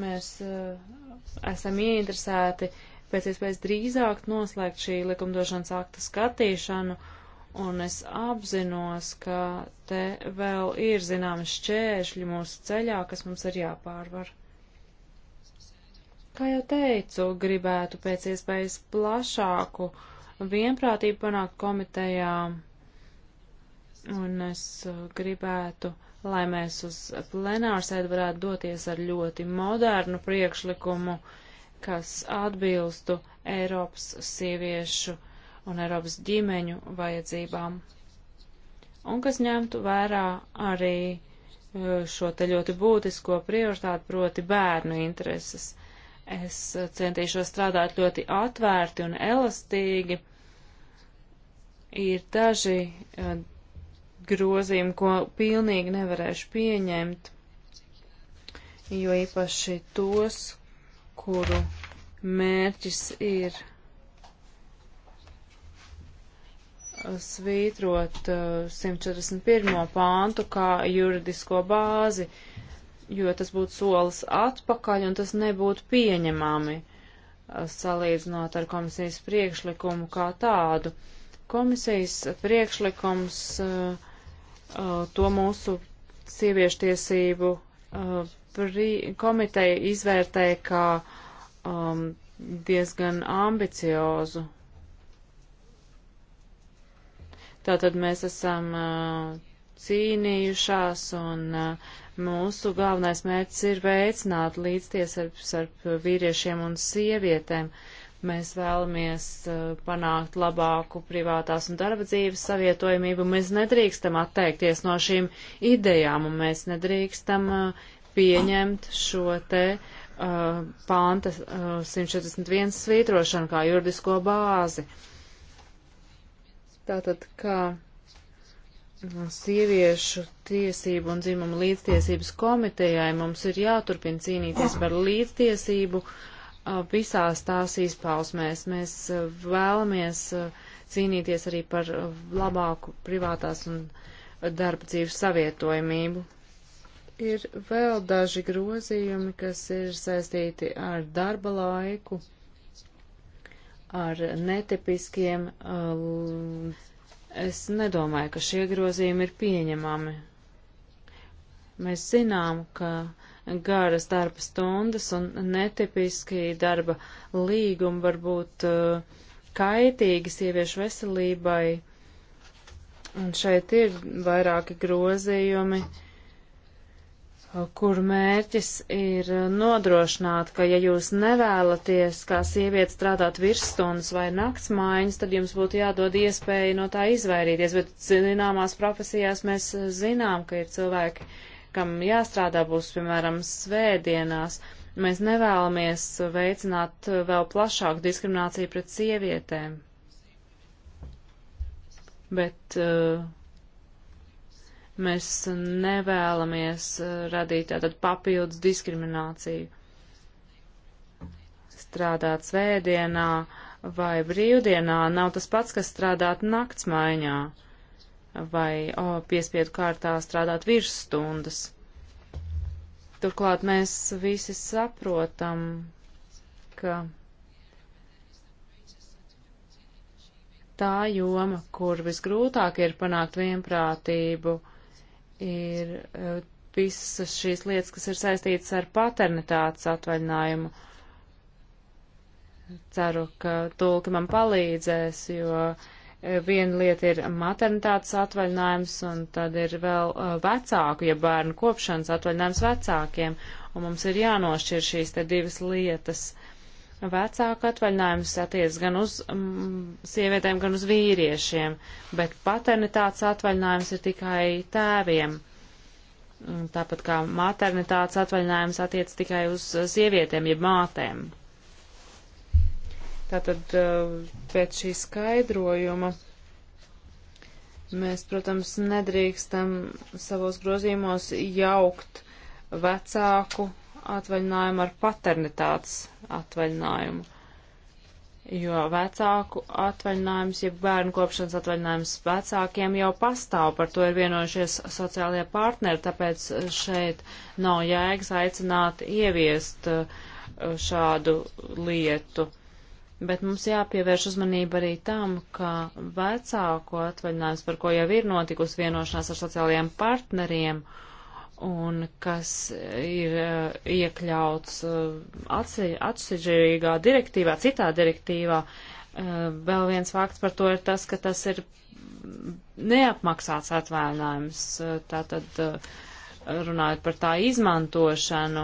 Mēs uh, esam ieinteresēti pēc iespējas drīzāk noslēgt šī likumdošanas akta skatīšanu. Uh, un es apzinos, ka te vēl ir zināmas šķēršļi mūsu ceļā, kas mums ir jāpārvar. Kā jau teicu, gribētu pēc iespējas plašāku vienprātību panākt komitejā, un es gribētu, lai mēs uz plenārsēdu varētu doties ar ļoti modernu priekšlikumu, kas atbilstu Eiropas sieviešu uh, un Eiropas ģimeņu vajadzībām, un kas ņemtu vērā arī uh, šo te ļoti būtisko prioritāti, proti bērnu intereses. Es uh, centīšos strādāt ļoti atvērti un elastīgi. Ir daži uh, grozījumi, ko pilnīgi nevarēšu pieņemt, jo īpaši tos, kuru mērķis ir svītrot 141. Uh, pāntu kā juridisko bāzi, jo tas būtu solis atpakaļ un tas nebūtu pieņemami uh, salīdzinot ar komisijas priekšlikumu kā tādu. Komisijas priekšlikums uh, to mūsu sieviešu tiesību komiteja izvērtēja kā um, diezgan ambiciozu Tātad mēs esam cīnījušās un mūsu galvenais mērķis ir veicināt līdztiesības starp vīriešiem un sievietēm. Mēs vēlamies panākt labāku privātās un darba dzīves savietojamību. Mēs nedrīkstam atteikties no šīm idejām un mēs nedrīkstam pieņemt šo te uh, pānta uh, 141 svītrošanu kā juridisko bāzi. Uh, Tātad, kā sieviešu tiesību un dzimumu līdztiesības komitejai mums ir jāturpina cīnīties par līdztiesību visās tās izpausmēs. Mēs vēlamies cīnīties arī par labāku privātās un darba dzīves savietojamību. Ir vēl daži grozījumi, kas ir saistīti ar darba laiku ar netipiskiem, um, es nedomāju, ka šie grozījumi ir pieņemami. Mēs zinām, ka garas darba stundas un netipiski darba līgumi var būt uh, kaitīgi sieviešu veselībai, un šeit ir vairāki grozījumi. Uh, kur mērķis ir nodrošināt, ka ja jūs nevēlaties kā sieviete strādāt virsstundas vai naktsmaiņas, tad jums būtu jādod iespēja no tā izvairīties, bet zināmās profesijās mēs zinām, ka ir cilvēki, kam jāstrādā būs, piemēram, svētdienās. Mēs nevēlamies veicināt vēl plašāku diskrimināciju pret sievietēm. Bet uh, Mēs nevēlamies uh, radīt tātad papildus diskrimināciju. Strādāt svētdienā vai brīvdienā nav tas pats, kas strādāt naktsmaiņā vai o, piespiedu kārtā strādāt virsstundas. Turklāt mēs visi saprotam, ka tā joma, kur visgrūtāk ir panākt vienprātību ir eh, visas šīs lietas, kas ir saistītas ar paternitātes atvaļinājumu. Ceru, ka tulki man palīdzēs, jo eh, viena lieta ir maternitātes atvaļinājums, un tad ir vēl eh, vecāku, ja bērnu kopšanas atvaļinājums vecākiem, un mums ir jānošķir šīs te divas lietas. Uh, Vecāka atvaļinājums attiec gan uz mm, sievietēm, gan uz vīriešiem, bet paternitātes atvaļinājums ir tikai tēviem. Mm, tāpat kā maternitātes atvaļinājums attiec tikai uz eh, sievietēm, jeb mātēm. Tātad eh, pēc šī skaidrojuma mēs, protams, nedrīkstam savos grozījumos jaukt vecāku atvaļinājumu ar paternitātes atvaļinājumu. Jo vecāku atvaļinājums, ja bērnu kopšanas atvaļinājums vecākiem jau pastāv, par to ir vienojušies sociālajie partneri, tāpēc šeit nav jēgas aicināt ieviest uh, šādu lietu. Bet mums jāpievērš uzmanība arī tam, ka vecāku atvaļinājums, par ko jau ir notikusi vienošanās ar sociālajiem partneriem, uh, un kas ir eh, iekļauts eh, atsežģīgā direktīvā, citā direktīvā. Eh, vēl viens fakts par to ir tas, ka tas ir neapmaksāts atvēlinājums. Tātad runājot par tā izmantošanu,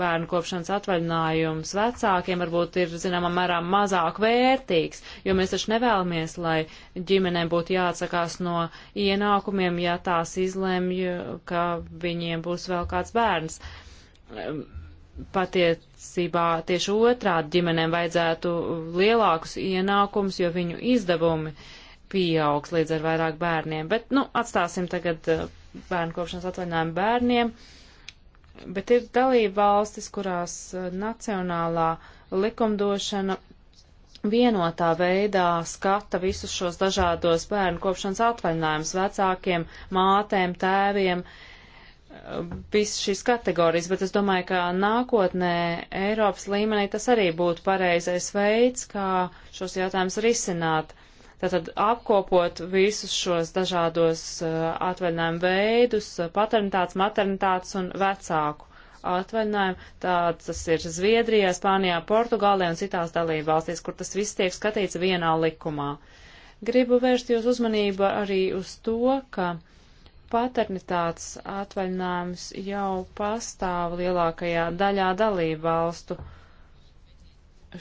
bērnu kopšanas atvaļinājums vecākiem varbūt ir, zināmā mērā, mazāk vērtīgs, jo mēs taču nevēlamies, lai ģimenēm būtu jāatsakās no ienākumiem, ja tās izlemj, ka viņiem būs vēl kāds bērns. Ehm, Patiesībā tieši otrādi ģimenēm vajadzētu lielākus ienākumus, jo viņu izdevumi pieaugs līdz ar vairāk bērniem. Bet, nu, atstāsim tagad eh, bērnu kopšanas atvaļinājumu bērniem, bet ir dalība valstis, kurās eh, nacionālā likumdošana vienotā veidā skata visus šos dažādos bērnu kopšanas atvaļinājumus vecākiem, mātēm, tēviem, eh, visas šīs kategorijas, bet es domāju, ka nākotnē Eiropas līmenī tas arī būtu pareizais veids, kā šos jautājumus risināt. Uh, Tātad apkopot visus šos dažādos eh, atvaļinājumu veidus, eh, paternitātes, maternitātes un vecāku atvaļinājumu. Tāds tas ir Zviedrijā, Spānijā, Portugālē un citās dalību valstīs, kur tas viss tiek skatīts vienā likumā. Gribu vērst jūs uzmanību arī uz to, ka paternitātes atvaļinājums jau pastāv lielākajā daļā dalību valstu. Uh,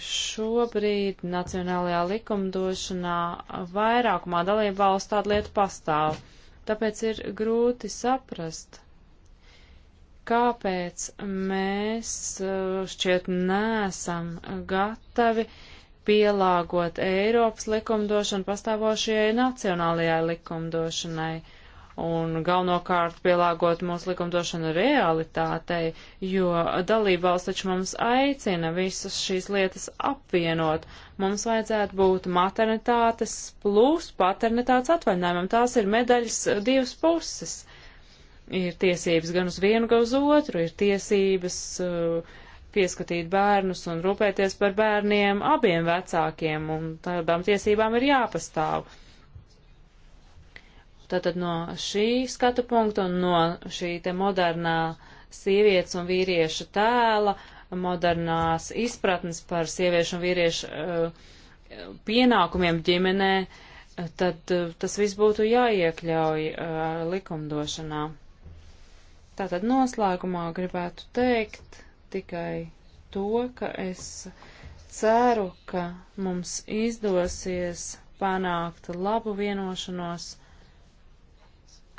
Šobrīd nacionālajā likumdošanā vairākumā dalību valsts tāda lieta pastāv, tāpēc ir grūti saprast, kāpēc mēs e, šķiet nesam gatavi pielāgot Eiropas likumdošanu pastāvošajai nacionālajai likumdošanai un galvenokārt pielāgot mūsu likumdošanu realitātei, jo dalībvalsts taču mums aicina visas šīs lietas apvienot. Mums vajadzētu būt maternitātes plus paternitātes atvaļinājumam. Tās ir medaļas divas puses. Ir tiesības gan uz vienu, gan uz otru, ir tiesības uh, pieskatīt bērnus un rūpēties par bērniem abiem vecākiem, un tādām tiesībām ir jāpastāv. Uh, Tātad no šī skatu punkta un no šī te modernā sievietes un vīrieša tēla, modernās izpratnes par sieviešu un vīriešu uh, pienākumiem ģimenē, eh, tad uh, tas viss būtu jāiekļauj uh, likumdošanā. Tātad noslēgumā gribētu teikt tikai to, ka es ceru, ka mums izdosies panākt labu vienošanos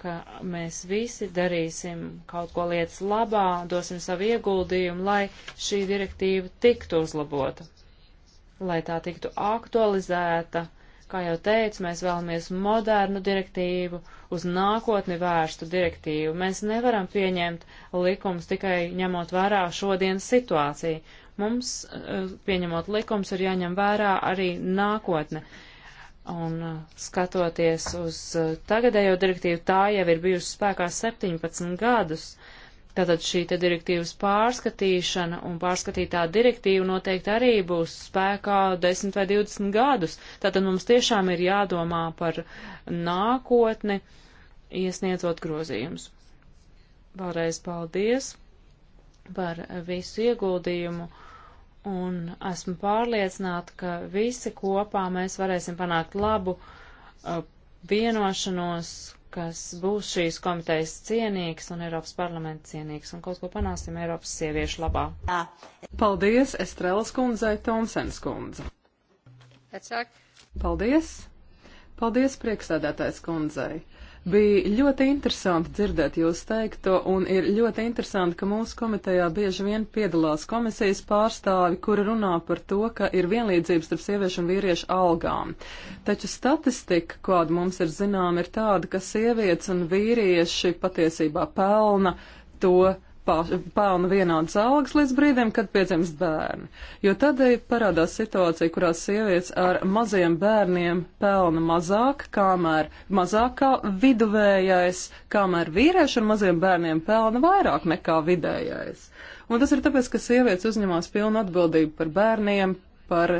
ka mēs visi darīsim kaut ko lietas labā, dosim savu ieguldījumu, lai šī direktīva tiktu uzlabota, lai tā tiktu aktualizēta. Kā jau teicu, mēs vēlamies modernu direktīvu, uz nākotni vērstu direktīvu. Mēs nevaram pieņemt likums tikai ņemot vērā šodienas situāciju. Mums, eh, pieņemot likums, ir jāņem vērā arī nākotne. Uh, Un uh, skatoties uz uh, tagadējo direktīvu, tā jau ir bijusi spēkā 17 gadus. Tātad šī te direktīvas pārskatīšana un pārskatītā direktīva noteikti arī būs spēkā 10 vai 20 gadus. Tātad mums tiešām ir jādomā par nākotni, iesniedzot grozījumus. Vēlreiz paldies par visu ieguldījumu un esmu pārliecināta, ka visi kopā mēs varēsim panākt labu uh, vienošanos, kas būs šīs komitejas cienīgs un Eiropas parlamenta cienīgs, un kaut ko panāsim Eiropas sieviešu labā. Paldies, Estrelas kundzei, Tomsens kundze. Paldies! Paldies, prieksēdētājs kundzei! Bija ļoti interesanti dzirdēt jūs teikto, un ir ļoti interesanti, ka mūsu komitejā bieži vien piedalās komisijas pārstāvi, kuri runā par to, ka ir vienlīdzības starp sieviešu un vīriešu algām. Taču statistika, kāda mums ir zinām, ir tāda, ka sievietes un vīrieši patiesībā pelna to pelna vienādas algas līdz brīdim, kad piedzimst bērni. Jo tad parādās situācija, kurā sievietes ar maziem bērniem pelna mazāk, kamēr mazākā viduvējais, kamēr vīrieši ar maziem bērniem pelna vairāk nekā vidējais. Un tas ir tāpēc, ka sievietes uzņemās pilnu atbildību par bērniem, par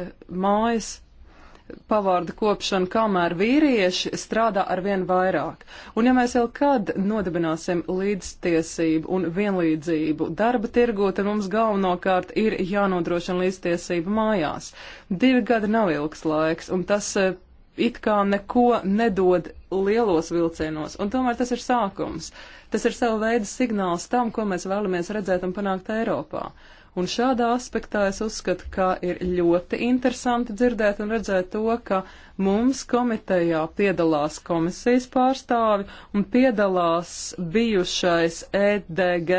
mājas pavārdu kopšanu, kamēr vīrieši strādā ar vien vairāk. Un ja mēs jau kad nodibināsim līdztiesību un vienlīdzību darba tirgu, tad mums galvenokārt ir jānodrošina līdztiesība mājās. Divi gadi nav ilgs laiks, un tas eh, it kā neko nedod lielos vilcienos, un tomēr tas ir sākums. Tas ir sava veida signāls tam, ko mēs vēlamies redzēt un panākt Eiropā. Un šādā aspektā es uzskatu, ka ir ļoti interesanti dzirdēt un redzēt to, ka mums komitejā piedalās komisijas pārstāvi un piedalās bijušais EDG,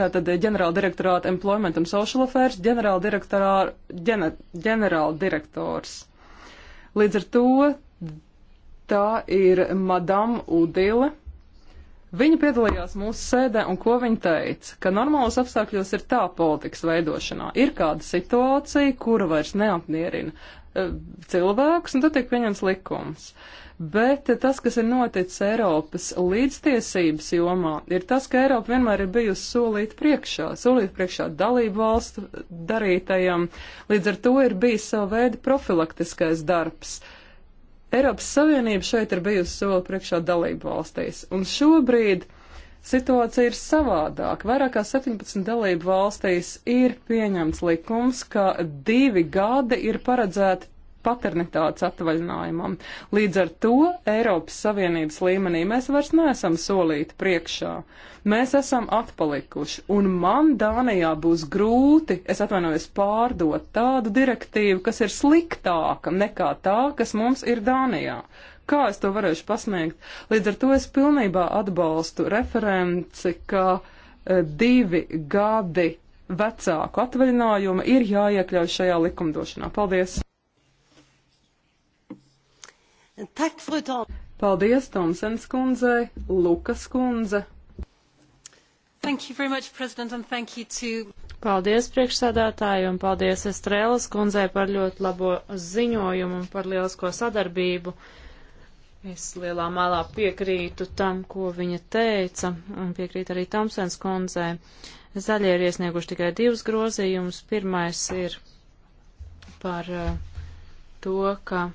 tātad ģenerāldirektorāta Employment and Social Affairs, ģenerāldirektors. Līdz ar to tā ir Madame Udile Viņa piedalījās mūsu sēdē, un ko viņa teica? Ka normālos apstākļos ir tā politikas veidošanā. Ir kāda situācija, kura vairs neapmierina e, cilvēkus, un tad tiek pieņems likums. Bet tas, kas ir noticis Eiropas līdztiesības jomā, ir tas, ka Eiropa vienmēr ir bijusi solīt priekšā, solīt priekšā dalību valstu darītajam. Līdz ar to ir bijis sava veida profilaktiskais darbs. Uh, Eiropas Savienība šeit ir bijusi soli priekšā dalību valstīs, un šobrīd situācija ir savādāka. Vairāk kā 17 dalību valstīs ir pieņemts likums, ka divi gadi ir paredzēti paternitātes atvaļinājumam. Līdz ar to Eiropas Savienības līmenī mēs vairs neesam solīti priekšā. Mēs esam atpalikuši, un man Dānijā būs grūti, es atvainojos, pārdot tādu direktīvu, kas ir sliktāka nekā tā, kas mums ir Dānijā. Kā es to varēšu pasniegt? Līdz ar to es pilnībā atbalstu referenci, ka e, divi gadi vecāku atvaļinājuma ir jāiekļauj šajā likumdošanā. Paldies! Paldies Tomsens kundzei, Lukas kundze. Much, paldies priekšsādātāju un paldies Estrēlas kundzei par ļoti labo ziņojumu un par lielisko sadarbību. Es lielā mērā piekrītu tam, ko viņa teica, un piekrītu arī Tomsens kundzei. Zaļie ir iesnieguši tikai divus grozījumus. Pirmais ir par eh, to, ka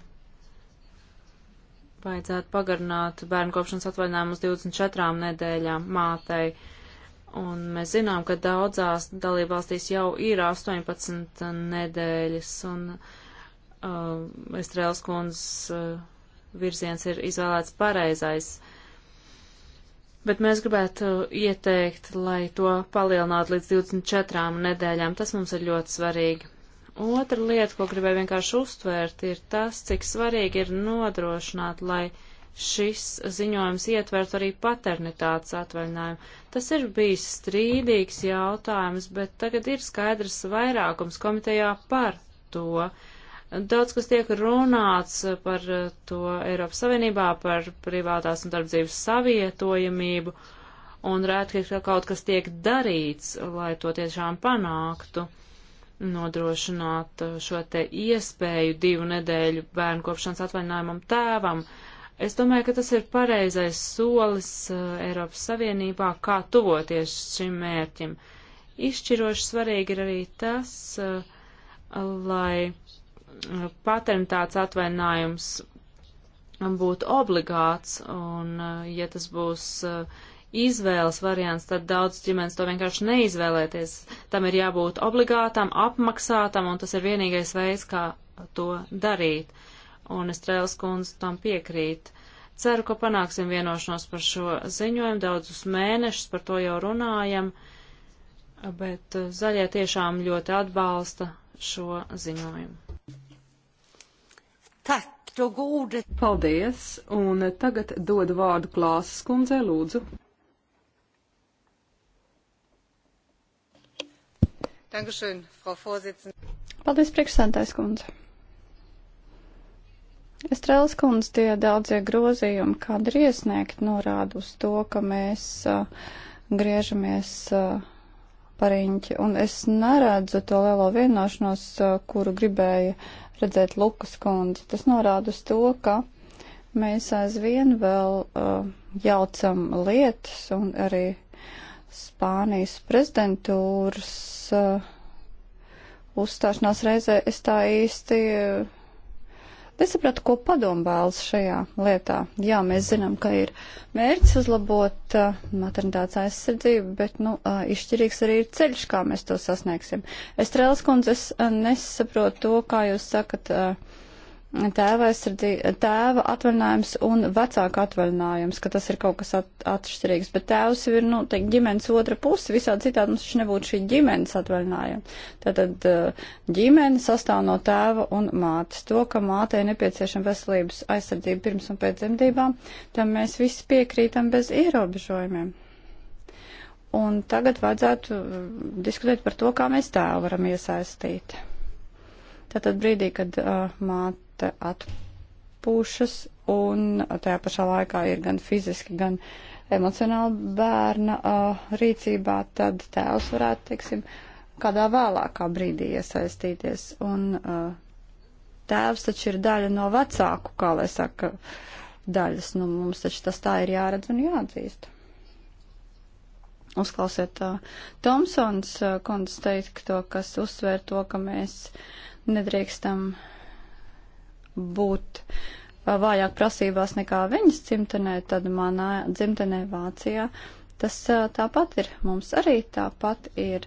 vajadzētu pagarināt bērnu kopšanas atvaļinājumu uz 24 nedēļām mātei. Un mēs zinām, ka daudzās dalībvalstīs jau ir 18 nedēļas, un uh, Estrēlas kundzes uh, virziens ir izvēlēts pareizais. Bet mēs gribētu ieteikt, lai to palielinātu līdz 24 nedēļām. Tas mums ir ļoti svarīgi. Otra lieta, ko gribēju vienkārši uztvērt, ir tas, cik svarīgi ir nodrošināt, lai šis ziņojums ietvert arī paternitātes atvaļinājumu. Tas ir bijis strīdīgs jautājums, bet tagad ir skaidrs vairākums komitejā par to. Daudz, kas tiek runāts par to Eiropas Savienībā, par privātās un darbdzības savietojamību, un rēt, ka kaut kas tiek darīts, lai to tiešām panāktu. Uh, nodrošināt uh, šo te iespēju divu nedēļu bērnu kopšanas atvaļinājumam tēvam. Es domāju, ka tas ir pareizais solis uh, Eiropas Savienībā, kā tuvoties šim mērķim. Izšķiroši svarīgi ir arī tas, uh, lai paternitātes atvaļinājums būtu obligāts, un ja tas būs uh, izvēles variants, tad daudz ģimenes to vienkārši neizvēlēties. Tam ir jābūt obligātam, apmaksātam, un tas ir vienīgais veids, kā to darīt. Un Estrēlas kundze tam piekrīt. Ceru, ka panāksim vienošanos par šo ziņojumu. Daudzus mēnešus par to jau runājam, bet eh, zaļie tiešām ļoti atbalsta šo ziņojumu. Tak, Paldies, un tagad dodu vārdu klāsas kundzei, lūdzu. Dankeschön, Frau Vorsitzende. Paldies, priekšsēdētājs kundze. Estrēlas kundze, tie daudzie grozījumi, kādi ir iesniegti, norāda uz to, ka mēs uh, griežamies uh, pariņķi, un es neredzu to lielo vienošanos, uh, kuru gribēja redzēt Lukas kundze. Tas norāda uz to, ka mēs aizvien vēl uh, jaucam lietas un arī Spānijas prezidentūras uh, uzstāšanās reizē es tā īsti uh, nesapratu, ko padomu vēlas šajā lietā. Jā, mēs zinām, ka ir mērķis uzlabot uh, maternitātes aizsardzību, bet, nu, izšķirīgs arī ir ceļš, kā mēs to sasniegsim. Estrēlas kundze, es nesaprotu to, kā jūs sakat. Uh, tēva, aizsardī, tēva atvaļinājums un vecāka atvaļinājums, ka tas ir kaut kas at, atšķirīgs. Bet tēvs ir, nu, teikt, ģimenes otra puse, visādi citādi mums taču nebūtu šī ģimenes atvaļinājuma. Tātad ģimene sastāv no tēva un mātes. To, ka mātei nepieciešama veselības aizsardzība pirms un pēc dzemdībām, tam mēs visi piekrītam bez ierobežojumiem. Un tagad vajadzētu diskutēt par to, kā mēs tēvu varam iesaistīt. Tātad brīdī, kad uh, māte atpūšas un tajā pašā laikā ir gan fiziski, gan emocionāli bērna uh, rīcībā, tad tēvs varētu, teiksim, kādā vēlākā brīdī iesaistīties. Un uh, tēvs taču ir daļa no vecāku, kā lai saka, daļas. Nu, mums taču tas tā ir jāredz un jāatzīst. Uzklausiet uh, Tomsons uh, kundze teikt to, kas uzsver to, ka mēs nedrīkstam būt vājāk prasībās nekā viņas dzimtenē, tad manā dzimtenē Vācijā tas tāpat ir. Mums arī tāpat ir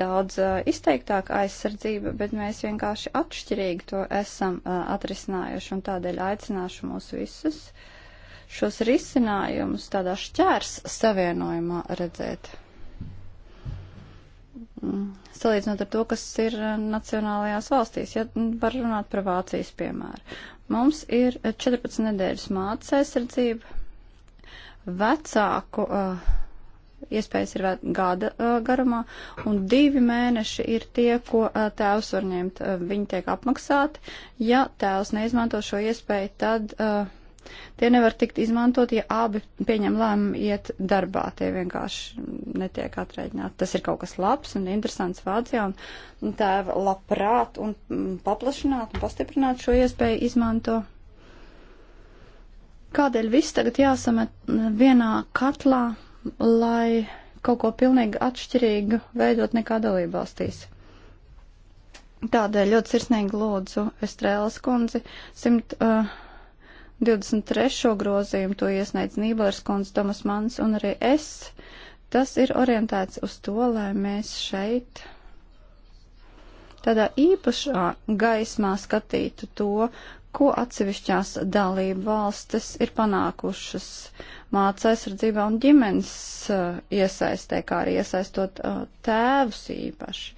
daudz izteiktāka aizsardzība, bet mēs vienkārši atšķirīgi to esam atrisinājuši un tādēļ aicināšu mūs visus šos risinājumus tādā šķērs savienojumā redzēt salīdzinot ar to, kas ir nacionālajās valstīs, ja var runāt par Vācijas piemēru. Mums ir 14 nedēļas mācas aizsardzība, vecāku uh, iespējas ir gada uh, garumā, un divi mēneši ir tie, ko uh, tēvs var ņemt. Uh, viņi tiek apmaksāti. Ja tēvs neizmanto šo iespēju, tad. Uh, Tie nevar tikt izmantot, ja abi pieņem lēmumu iet darbā. Tie vienkārši netiek atrēģināti. Tas ir kaut kas labs un interesants Vācijā, un tēva labprāt un mm, paplašināt un pastiprināt šo iespēju izmanto. Kādēļ viss tagad jāsamet vienā katlā, lai kaut ko pilnīgi atšķirīgu veidot nekā dalībvalstīs? Tādēļ ļoti sirsnīgi lūdzu Estrēlas kundzi simt, uh, 23. grozījumu to iesniedz Nīblers kundze, Tomas Mans un arī es. Tas ir orientēts uz to, lai mēs šeit tādā īpašā gaismā skatītu to, ko atsevišķās dalību valstis ir panākušas māca aizsardzībā un ģimenes uh, iesaistē, kā arī iesaistot uh, tēvus īpaši,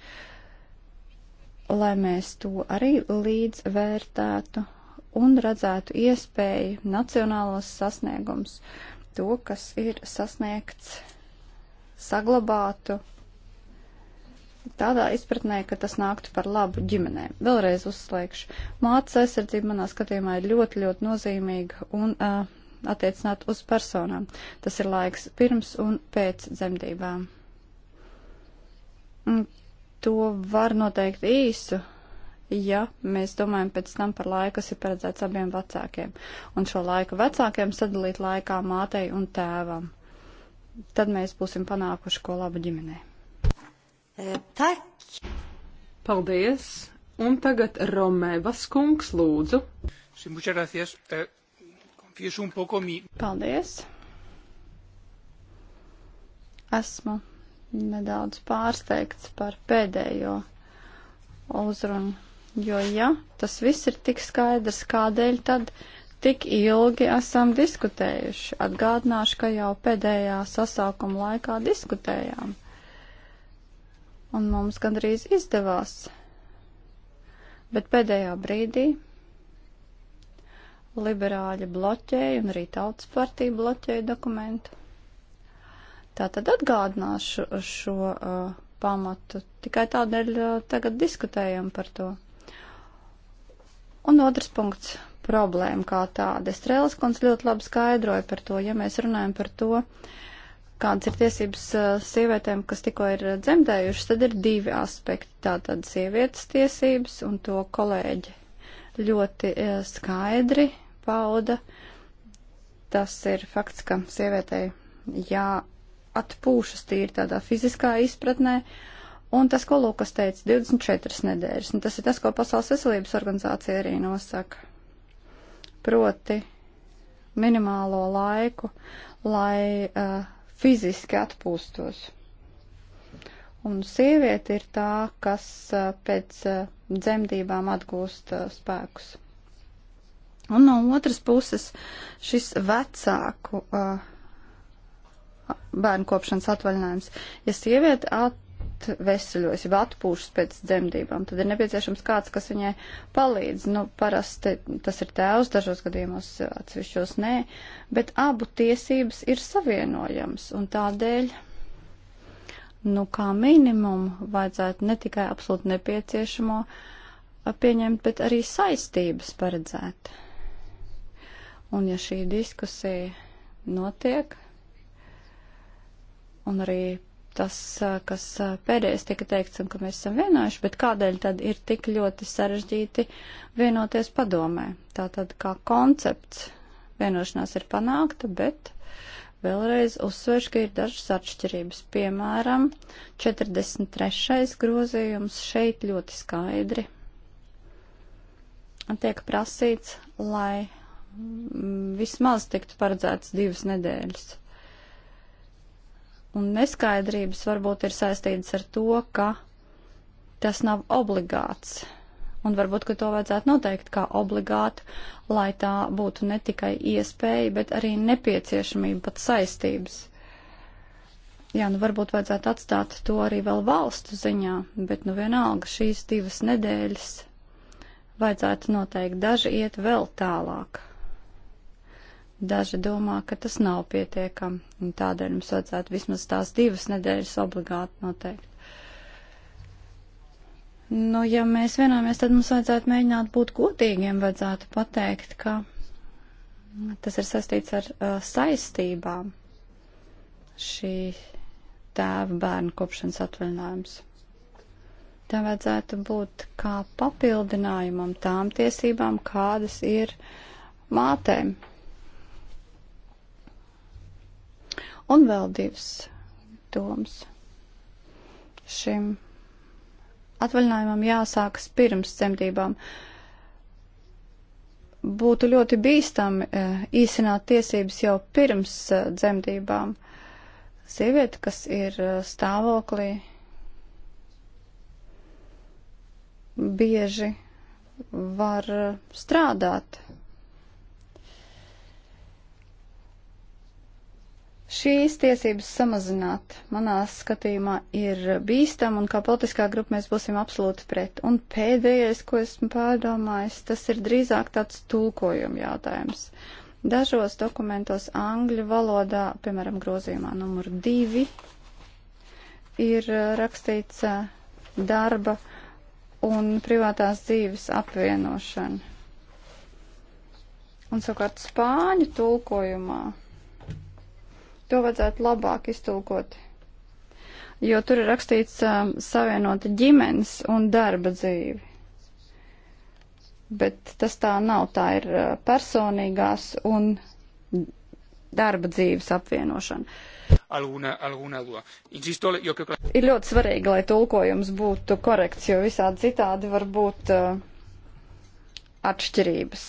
lai mēs to arī līdzvērtētu un redzētu iespēju nacionālos sasniegums, to, kas ir sasniegts, saglabātu tādā izpratnē, ka tas nāktu par labu ģimenēm. Vēlreiz uzslēgšu. Mātes aizsardzība manā skatījumā ir ļoti, ļoti nozīmīga un uh, attiecināt uz personām. Tas ir laiks pirms un pēc dzemdībām. Un to var noteikt īsu ja mēs domājam pēc tam par laiku, kas ir paredzēts abiem vecākiem, un šo laiku vecākiem sadalīt laikā mātei un tēvam. Tad mēs būsim panākuši ko labu ģimenei. E, tak. Paldies! Un tagad Romēvas kungs lūdzu. Eh, Paldies! Esmu nedaudz pārsteigts par pēdējo uzrunu Jo, ja tas viss ir tik skaidrs, kādēļ tad tik ilgi esam diskutējuši? Atgādināšu, ka jau pēdējā sasaukuma laikā diskutējām. Un mums gandrīz izdevās. Bet pēdējā brīdī liberāļi bloķēja un arī tautas partija bloķēja dokumentu. Tā tad atgādināšu šo uh, pamatu. Tikai tādēļ uh, tagad diskutējam par to. Un otrs punkts - problēma kā tāda. Strēlis kundze ļoti labi skaidroja par to, ja mēs runājam par to, kādas ir tiesības uh, sievietēm, kas tikko ir uh, dzemdējušas, tad ir divi aspekti. Tātad sievietes tiesības un to kolēģi ļoti uh, skaidri pauda. Tas ir fakts, ka sievietei jāatpūšas tīri tādā fiziskā izpratnē. Uh, Un tas, ko Lukas teica, 24 nedēļas, un tas ir tas, ko Pasaules veselības organizācija arī nosaka. Proti minimālo laiku, lai uh, fiziski atpūstos. Un sieviete ir tā, kas uh, pēc uh, dzemdībām atgūst uh, spēkus. Un no otras puses šis vecāku uh, bērnu kopšanas atvaļinājums. Ja sieviete at, ļoti veseļojas, jau atpūšas pēc dzemdībām, tad ir nepieciešams kāds, kas viņai palīdz. Nu, parasti tas ir tēvs, dažos gadījumos atsevišķos nē, bet abu tiesības ir savienojams, un tādēļ, nu, kā minimumu vajadzētu ne tikai absolūti nepieciešamo pieņemt, bet arī saistības paredzēt. Un ja šī diskusija notiek, un arī tas, kas pēdējais tika teikts un ka mēs esam vienojuši, bet kādēļ tad ir tik ļoti sarežģīti vienoties padomē? Tā tad kā koncepts vienošanās ir panākta, bet vēlreiz uzsverš, ka ir dažas atšķirības. Piemēram, 43. grozījums šeit ļoti skaidri tiek prasīts, lai mm, vismaz tiktu paredzētas divas nedēļas Un neskaidrības varbūt ir saistītas ar to, ka tas nav obligāts. Un varbūt, ka to vajadzētu noteikt kā obligātu, lai tā būtu ne tikai iespēja, bet arī nepieciešamība pat saistības. Jā, nu varbūt vajadzētu atstāt to arī vēl valstu ziņā, bet nu vienalga šīs divas nedēļas vajadzētu noteikti daži iet vēl tālāk. Daži domā, ka tas nav pietiekami, un tādēļ mums vajadzētu vismaz tās divas nedēļas obligāti noteikt. Nu, ja mēs vienojamies, tad mums vajadzētu mēģināt būt godīgiem, vajadzētu pateikt, ka tas ir saistīts ar uh, saistībām šī tēva bērnu kopšanas atvaļinājums. Tam vajadzētu būt kā papildinājumam tām tiesībām, kādas ir mātēm Un vēl divas domas. Šim atvaļinājumam jāsākas pirms cemtībām. Būtu ļoti bīstami e, īsināt tiesības jau pirms e, dzemdībām. Sieviete, kas ir e, stāvoklī, bieži var strādāt Šīs tiesības samazināt, manā skatījumā, ir bīstam, un kā politiskā grupa mēs būsim absolūti pret. Un pēdējais, ko esmu pārdomājis, tas ir drīzāk tāds tulkojuma jautājums. Dažos dokumentos angļu valodā, piemēram, grozījumā numur divi, ir uh, rakstīts uh, darba un privātās dzīves apvienošana. Un savukārt spāņu tulkojumā to vajadzētu labāk iztulkot, jo tur ir rakstīts um, savienota ģimenes un darba dzīvi. Bet tas tā nav, tā ir uh, personīgās un darba dzīves apvienošana. Alguna, alguna Insisto, jo... Ir ļoti svarīgi, lai tulkojums būtu korekts, jo visādi citādi var būt uh, atšķirības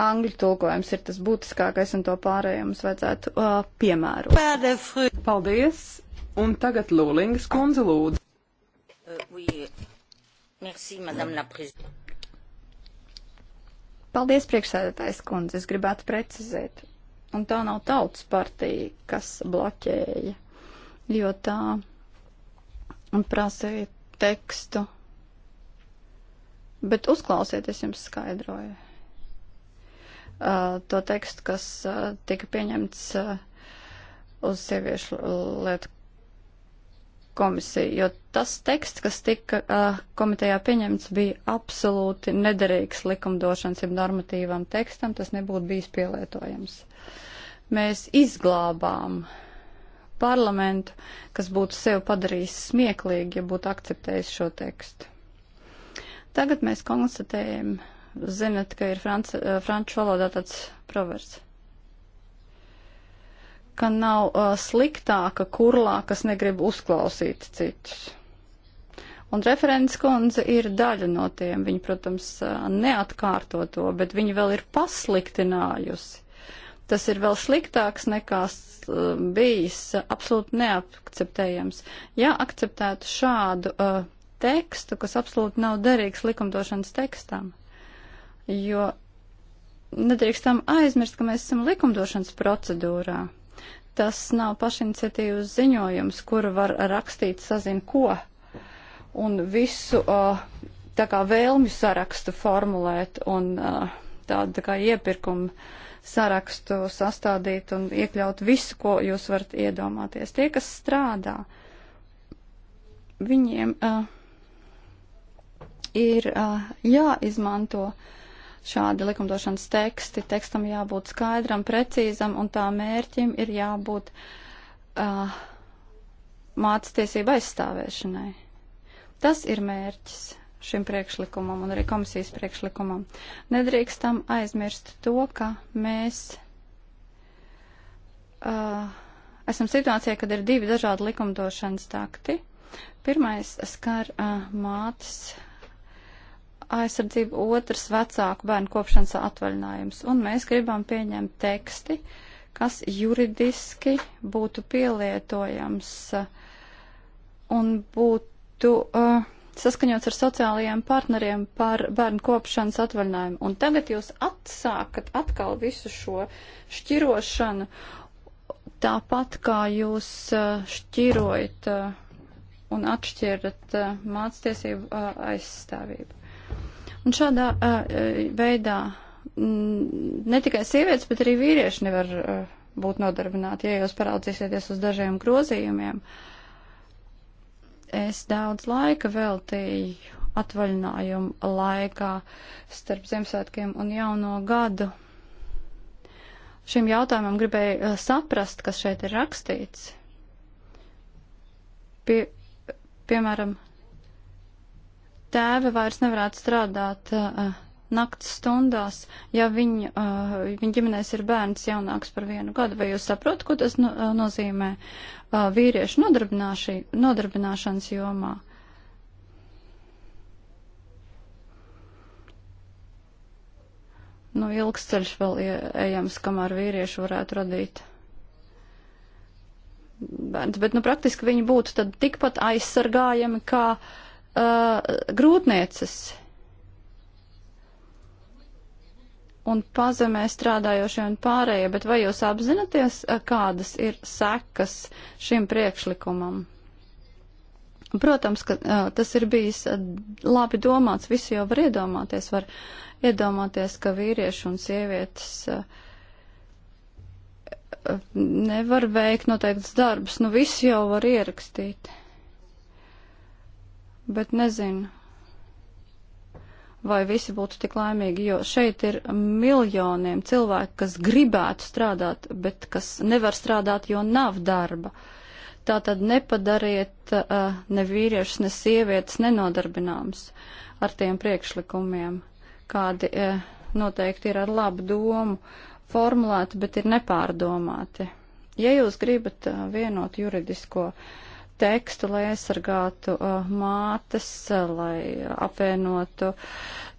angļu tulkojums ir tas būtiskākais, un to pārējo mums vajadzētu uh, piemērot. Paldies! Un tagad Lūlingas kundze lūdzu. Euh, Paldies, priekšsēdētājs kundze. Es gribētu precizēt. Un tā nav tautas partija, kas bloķēja, jo tā prasīja tekstu. Bet uzklausiet, es jums skaidroju. Uh, to tekstu, kas uh, tika pieņemts uh, uz sieviešu lietu komisiju, jo tas teksts, kas tika uh, komitejā pieņemts, bija absolūti nederīgs likumdošanas jeb normatīvam tekstam, tas nebūtu bijis pielietojams. Mēs izglābām parlamentu, kas būtu sev padarījis smieklīgi, ja būtu akceptējis šo tekstu. Tagad mēs konstatējam, uh, zinat, ka ir eh, franču franc valodā tāds proverts ka nav uh, sliktāka kurlā, kas negrib uzklausīt citus. Un referents kundze ir daļa no tiem. Viņa, protams, uh, neatkārto to, bet viņa vēl ir pasliktinājusi. Tas ir vēl sliktāks nekā uh, bijis, uh, absolūti neakceptējams. Ja akceptētu šādu uh, tekstu, kas absolūti nav derīgs likumdošanas tekstam, jo nedrīkstam aizmirst, ka mēs esam likumdošanas procedūrā. Tas nav pašiniciatīvas ziņojums, kuru var rakstīt sazin ko un visu uh, tā kā vēlmju sarakstu formulēt un uh, tādu tā kā iepirkumu sarakstu sastādīt un iekļaut visu, ko jūs varat iedomāties. Tie, kas strādā, viņiem uh, ir uh, jāizmanto uh, šādi likumdošanas teksti. Tekstam jābūt skaidram, precīzam un tā mērķim ir jābūt uh, mācas tiesība aizstāvēšanai. Tas ir mērķis šim priekšlikumam un arī komisijas priekšlikumam. Nedrīkstam aizmirst to, ka mēs uh, esam situācijā, kad ir divi dažādi likumdošanas takti. Pirmais skar uh, mātes aizsardzība, otrs vecāku bērnu kopšanas atvaļinājums. Un mēs gribam pieņemt teksti, kas juridiski būtu pielietojams uh, un būtu uh, saskaņots ar sociālajiem partneriem par bērnu kopšanas atvaļinājumu. Un tagad jūs atsākat atkal visu šo šķirošanu, tāpat kā jūs uh, šķirojat. Uh, un atšķirat uh, mācītiesību uh, aizstāvību. Un šādā uh, veidā ne tikai sievietes, bet arī vīrieši nevar uh, būt nodarbināti, ja jūs paraudzīsieties uz dažiem grozījumiem. Es daudz laika veltīju atvaļinājumu laikā starp Ziemassvētkiem un jauno gadu. Šim jautājumam gribēju saprast, kas šeit ir rakstīts. Pie, piemēram, tēvi vairs nevarētu strādāt uh, nakts stundās, ja viņa, uh, eh, viņa ģimenēs ir bērns jaunāks par vienu gadu. Vai jūs saprotat, ko tas no, eh, nozīmē uh, vīriešu nodarbināšanas jomā? Nu, ilgs ceļš vēl ejams, kamēr vīrieši varētu radīt bērns, bet, nu, praktiski viņi būtu tad tikpat aizsargājami kā uh, Uh, grūtnieces un pazemē strādājošie un pārējie, bet vai jūs apzināties, uh, kādas ir sekas šim priekšlikumam? Protams, ka uh, tas ir bijis uh, labi domāts, visi jau var iedomāties, var iedomāties, ka vīrieši un sievietes uh, nevar veikt noteikts darbus, nu visi jau var ierakstīt. Uh, bet nezinu, vai visi būtu tik laimīgi, jo šeit ir miljoniem cilvēku, kas gribētu strādāt, bet kas nevar strādāt, jo nav darba. Tā tad nepadariet uh, ne vīriešus, ne sievietes nenodarbināms ar tiem priekšlikumiem, kādi uh, noteikti ir ar labu domu formulēti, bet ir nepārdomāti. Ja jūs gribat uh, vienot juridisko uh, tekstu, lai aizsargātu uh, mātes, uh, lai apvienotu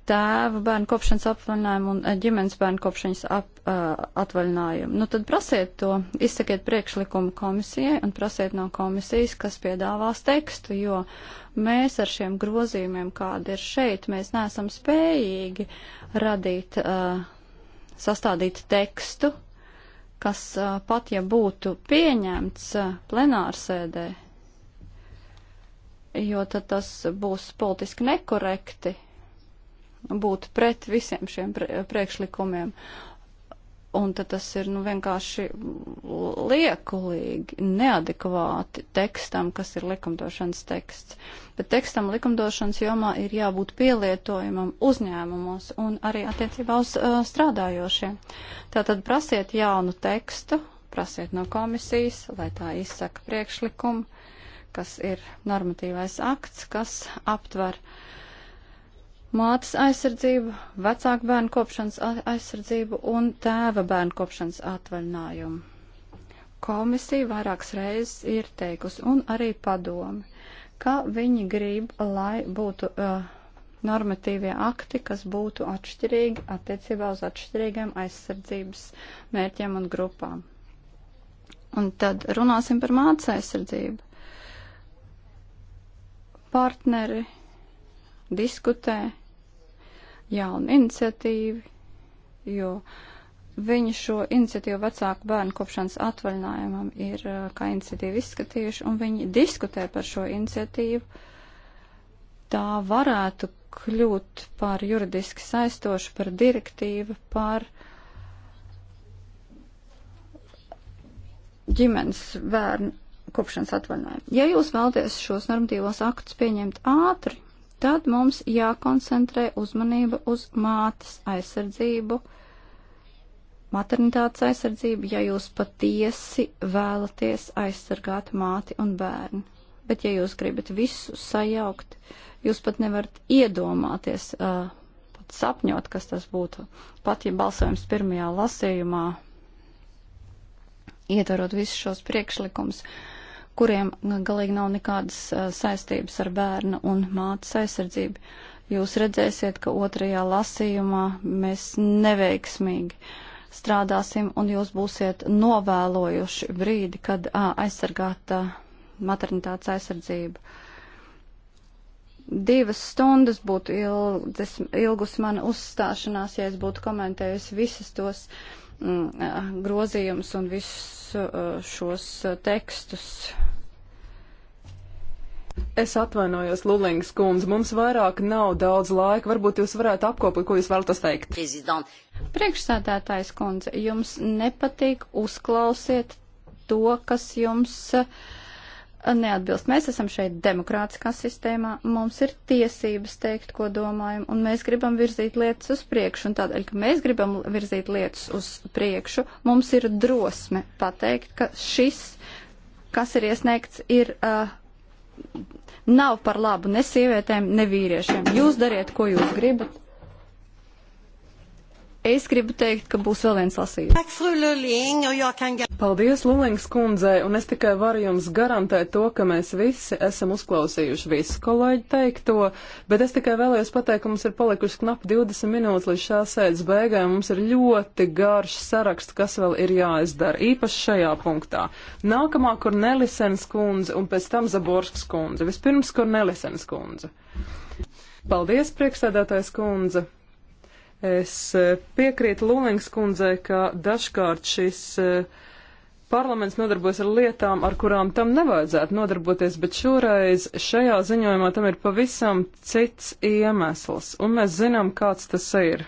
tēva bērnu kopšanas atvaļinājumu un uh, ģimenes bērnu kopšanas ap, uh, atvaļinājumu. Nu tad prasiet to, izsakiet priekšlikumu komisijai un prasiet no komisijas, kas piedāvās tekstu, jo mēs ar šiem grozījumiem, kādi ir šeit, mēs neesam spējīgi radīt, uh, sastādīt tekstu, kas uh, pat ja būtu pieņemts uh, plenārsēdē, jo tad tas būs politiski nekorekti būt pret visiem šiem priekšlikumiem. Un tad tas ir nu, vienkārši liekulīgi, neadekvāti tekstam, kas ir likumdošanas teksts. Bet tekstam likumdošanas jomā ir jābūt pielietojumam uzņēmumos un arī attiecībā uz uh, strādājošiem. Tātad prasiet jaunu tekstu, prasiet no komisijas, lai tā izsaka priekšlikumu kas ir normatīvais akts, kas aptver mātes aizsardzību, vecāku bērnu kopšanas aizsardzību un tēva bērnu kopšanas atvaļinājumu. Komisija vairākas reizes ir teikusi, un arī padomi, ka viņi grib, lai būtu uh, normatīvie akti, kas būtu atšķirīgi attiecībā uz atšķirīgiem aizsardzības mērķiem un grupām. Un tad runāsim par mātes aizsardzību partneri diskutē jaunu iniciatīvu, jo viņi šo iniciatīvu vecāku bērnu kopšanas atvaļinājumam ir uh, kā iniciatīvu izskatījuši, un viņi diskutē par šo iniciatīvu. Tā varētu kļūt par juridiski saistošu, par direktīvu, par ģimenes bērnu kopšanas atvaļinājumu. Ja jūs vēlaties šos normatīvos aktus pieņemt ātri, tad mums jākoncentrē uzmanība uz mātes aizsardzību, maternitātes aizsardzību, ja jūs patiesi vēlaties aizsargāt māti un bērnu. Bet ja jūs gribat visu sajaukt, jūs pat nevarat iedomāties, uh, pat sapņot, kas tas būtu. Pat ja balsojums pirmajā lasījumā ietverot visus šos priekšlikumus, kuriem galīgi nav nekādas saistības ar bērnu un mātes aizsardzību. Jūs redzēsiet, ka otrajā lasījumā mēs neveiksmīgi strādāsim un jūs būsiet novēlojuši brīdi, kad aizsargāta maternitātes aizsardzība. Divas stundas būtu ilgas, ilgus man uzstāšanās, ja es būtu komentējusi visus tos uh, Mm, eh, grozījumus un visus eh, šos eh, tekstus. Es atvainojos, Lulīngas kundze, mums vairāk nav daudz laika. Varbūt jūs varētu apkopot, ko jūs vēlaties teikt. Prezident. Priekšsēdētājs kundze, jums nepatīk, uzklausiet to, kas jums uh, neatbilst. Mēs esam šeit demokrātiskā sistēmā, mums ir tiesības teikt, ko domājam, un mēs gribam virzīt lietas uz priekšu. Un tādēļ, ka mēs gribam virzīt lietas uz priekšu, mums ir drosme pateikt, ka šis, kas ir iesniegts, ir. Uh, Nav par labu ne sievietēm, ne vīriešiem. Jūs dariet, ko jūs gribat, Es gribu teikt, ka būs vēl viens lasījums. Paldies, Lulings kundzei, un es tikai varu jums garantēt to, ka mēs visi esam uzklausījuši visu kolēģi teikto, bet es tikai vēlējos pateikt, ka mums ir palikuši knap 20 minūtes līdz šā sēdes beigām. Mums ir ļoti garš saraksts, kas vēl ir jāizdara, īpaši šajā punktā. Nākamā Kornelisens kundze un pēc tam Zaborskas kundze. Vispirms Kornelisens kundze. Paldies, priekšsēdētājs kundze! Es eh, piekrītu Lulings kundzei, ka dažkārt šis eh, parlaments nodarbojas ar lietām, ar kurām tam nevajadzētu nodarboties, bet šoreiz šajā ziņojumā tam ir pavisam cits iemesls, un mēs zinām, kāds tas ir.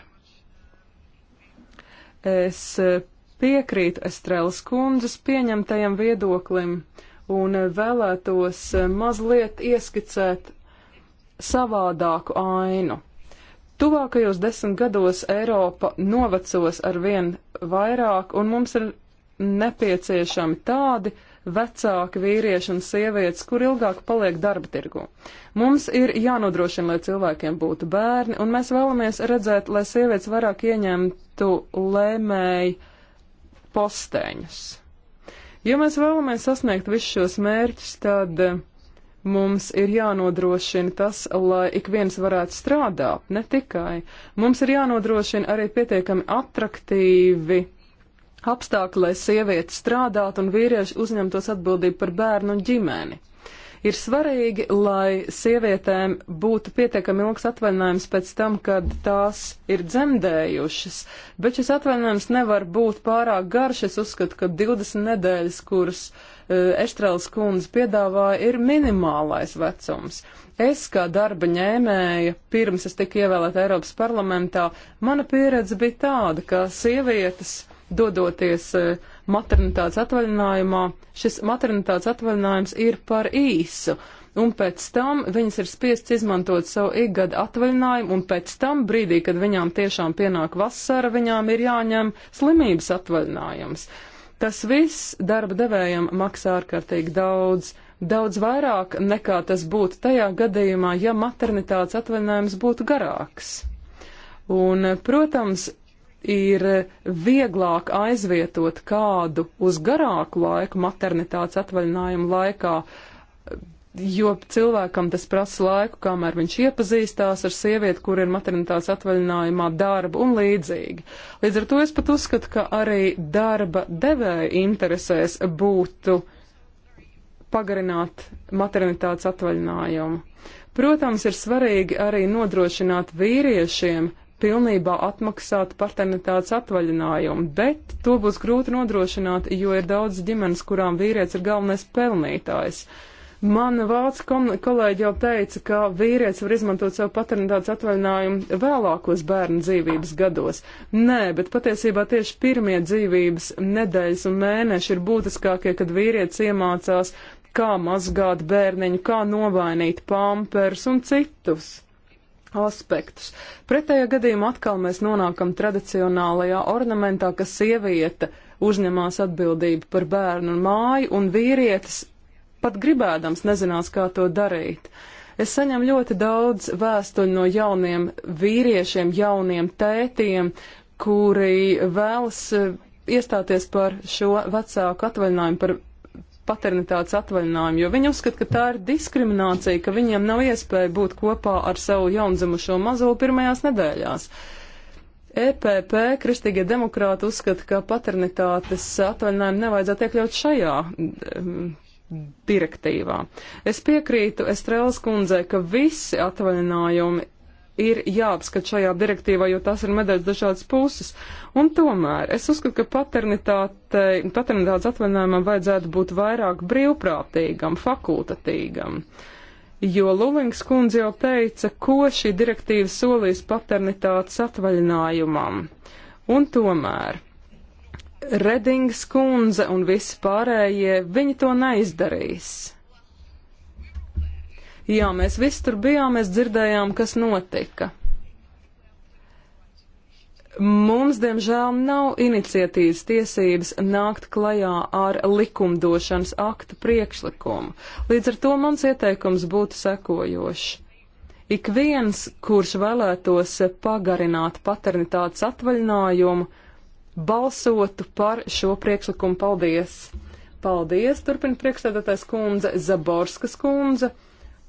Es eh, piekrītu Estrēlas kundzes pieņemtajam viedoklim un vēlētos mazliet ieskicēt savādāku ainu. Tuvākajos desmit gados Eiropa novecos ar vien vairāk, un mums ir nepieciešami tādi vecāki vīrieši un sievietes, kur ilgāk paliek darba tirgu. Mums ir jānodrošina, lai cilvēkiem būtu bērni, un mēs vēlamies redzēt, lai sievietes vairāk ieņemtu lēmēju posteņus. Ja mēs vēlamies sasniegt visus šos mērķus, tad uh, Mums ir jānodrošina tas, lai ik viens varētu strādāt, ne tikai. Mums ir jānodrošina arī pietiekami atraktīvi apstākļi, lai sievietes strādātu un vīrieši uzņemtos atbildību par bērnu un ģimeni ir svarīgi, lai sievietēm būtu pietiekami ilgs atvaļinājums pēc tam, kad tās ir dzemdējušas, bet šis atvaļinājums nevar būt pārāk garš. Es uzskatu, ka 20 nedēļas, kuras Eštrēls kundze piedāvāja, ir minimālais vecums. Es kā darba ņēmēja, pirms es tiku ievēlēta Eiropas parlamentā, mana pieredze bija tāda, ka sievietes dodoties maternitātes atvaļinājumā, šis maternitātes atvaļinājums ir par īsu un pēc tam viņas ir spiests izmantot savu ikgada atvaļinājumu, un pēc tam brīdī, kad viņām tiešām pienāk vasara, viņām ir jāņem slimības atvaļinājums. Tas viss darba devējam maksā ārkārtīgi daudz, daudz vairāk nekā tas būtu tajā gadījumā, ja maternitātes atvainājums būtu garāks. Un, protams, ir vieglāk aizvietot kādu uz garāku laiku maternitātes atvaļinājumu laikā, jo cilvēkam tas prasa laiku, kamēr viņš iepazīstās ar sievieti, kur ir maternitātes atvaļinājumā darba un līdzīgi. Līdz ar to es pat uzskatu, ka arī darba devēja interesēs būtu pagarināt maternitātes atvaļinājumu. Protams, ir svarīgi arī nodrošināt vīriešiem pilnībā atmaksāt paternitātes atvaļinājumu, bet to būs grūti nodrošināt, jo ir daudz ģimenes, kurām vīrietis ir galvenais pelnītājs. Uh, Mana vācu kolēģi jau teica, ka vīrietis var izmantot savu paternitātes atvaļinājumu vēlākos bērnu dzīvības gados. Nē, bet patiesībā tieši pirmie dzīvības nedēļas un mēneši ir būtiskākie, kad vīrietis iemācās, kā mazgāt bērniņu, kā novainīt pampers un citus aspektus. Pretējā gadījumā atkal mēs nonākam tradicionālajā ornamentā, ka sieviete uzņemās atbildību par bērnu un māju, un vīrietis pat gribēdams nezinās, kā to darīt. Es saņemu ļoti daudz vēstuļu no jauniem vīriešiem, jauniem tētiem, kuri vēlas eh, iestāties par šo vecāku atvaļinājumu, par paternitātes atvaļinājumu, jo viņi uzskata, ka tā ir diskriminācija, ka viņiem nav iespēja būt kopā ar savu jaundzimušo mazulu pirmajās nedēļās. EPP, Kristīgie demokrāti, uzskata, ka paternitātes atvaļinājumu nevajadzētu iekļaut šajā direktīvā. Es piekrītu Estrēlas kundzei, ka visi atvaļinājumi ir jāapskat šajā direktīvā, jo tās ir medaļas dažādas puses. Un tomēr es uzskatu, ka paternitātes atvaļinājumam vajadzētu būt vairāk brīvprātīgam, fakultatīgam. Jo Lulings kundze jau teica, ko šī direktīva solīs paternitātes atvaļinājumam. Un tomēr Redings kundze un visi pārējie, viņi to neizdarīs. Jā, mēs visi tur bijām, mēs dzirdējām, kas notika. Mums, diemžēl, nav iniciatīvas tiesības nākt klajā ar likumdošanas aktu priekšlikumu. Līdz ar to mans ieteikums būtu sekojošs. Ik viens, kurš vēlētos pagarināt paternitātes atvaļinājumu, balsotu par šo priekšlikumu. Paldies! Paldies, turpina priekšstādātais kundze Zaborskas kundze.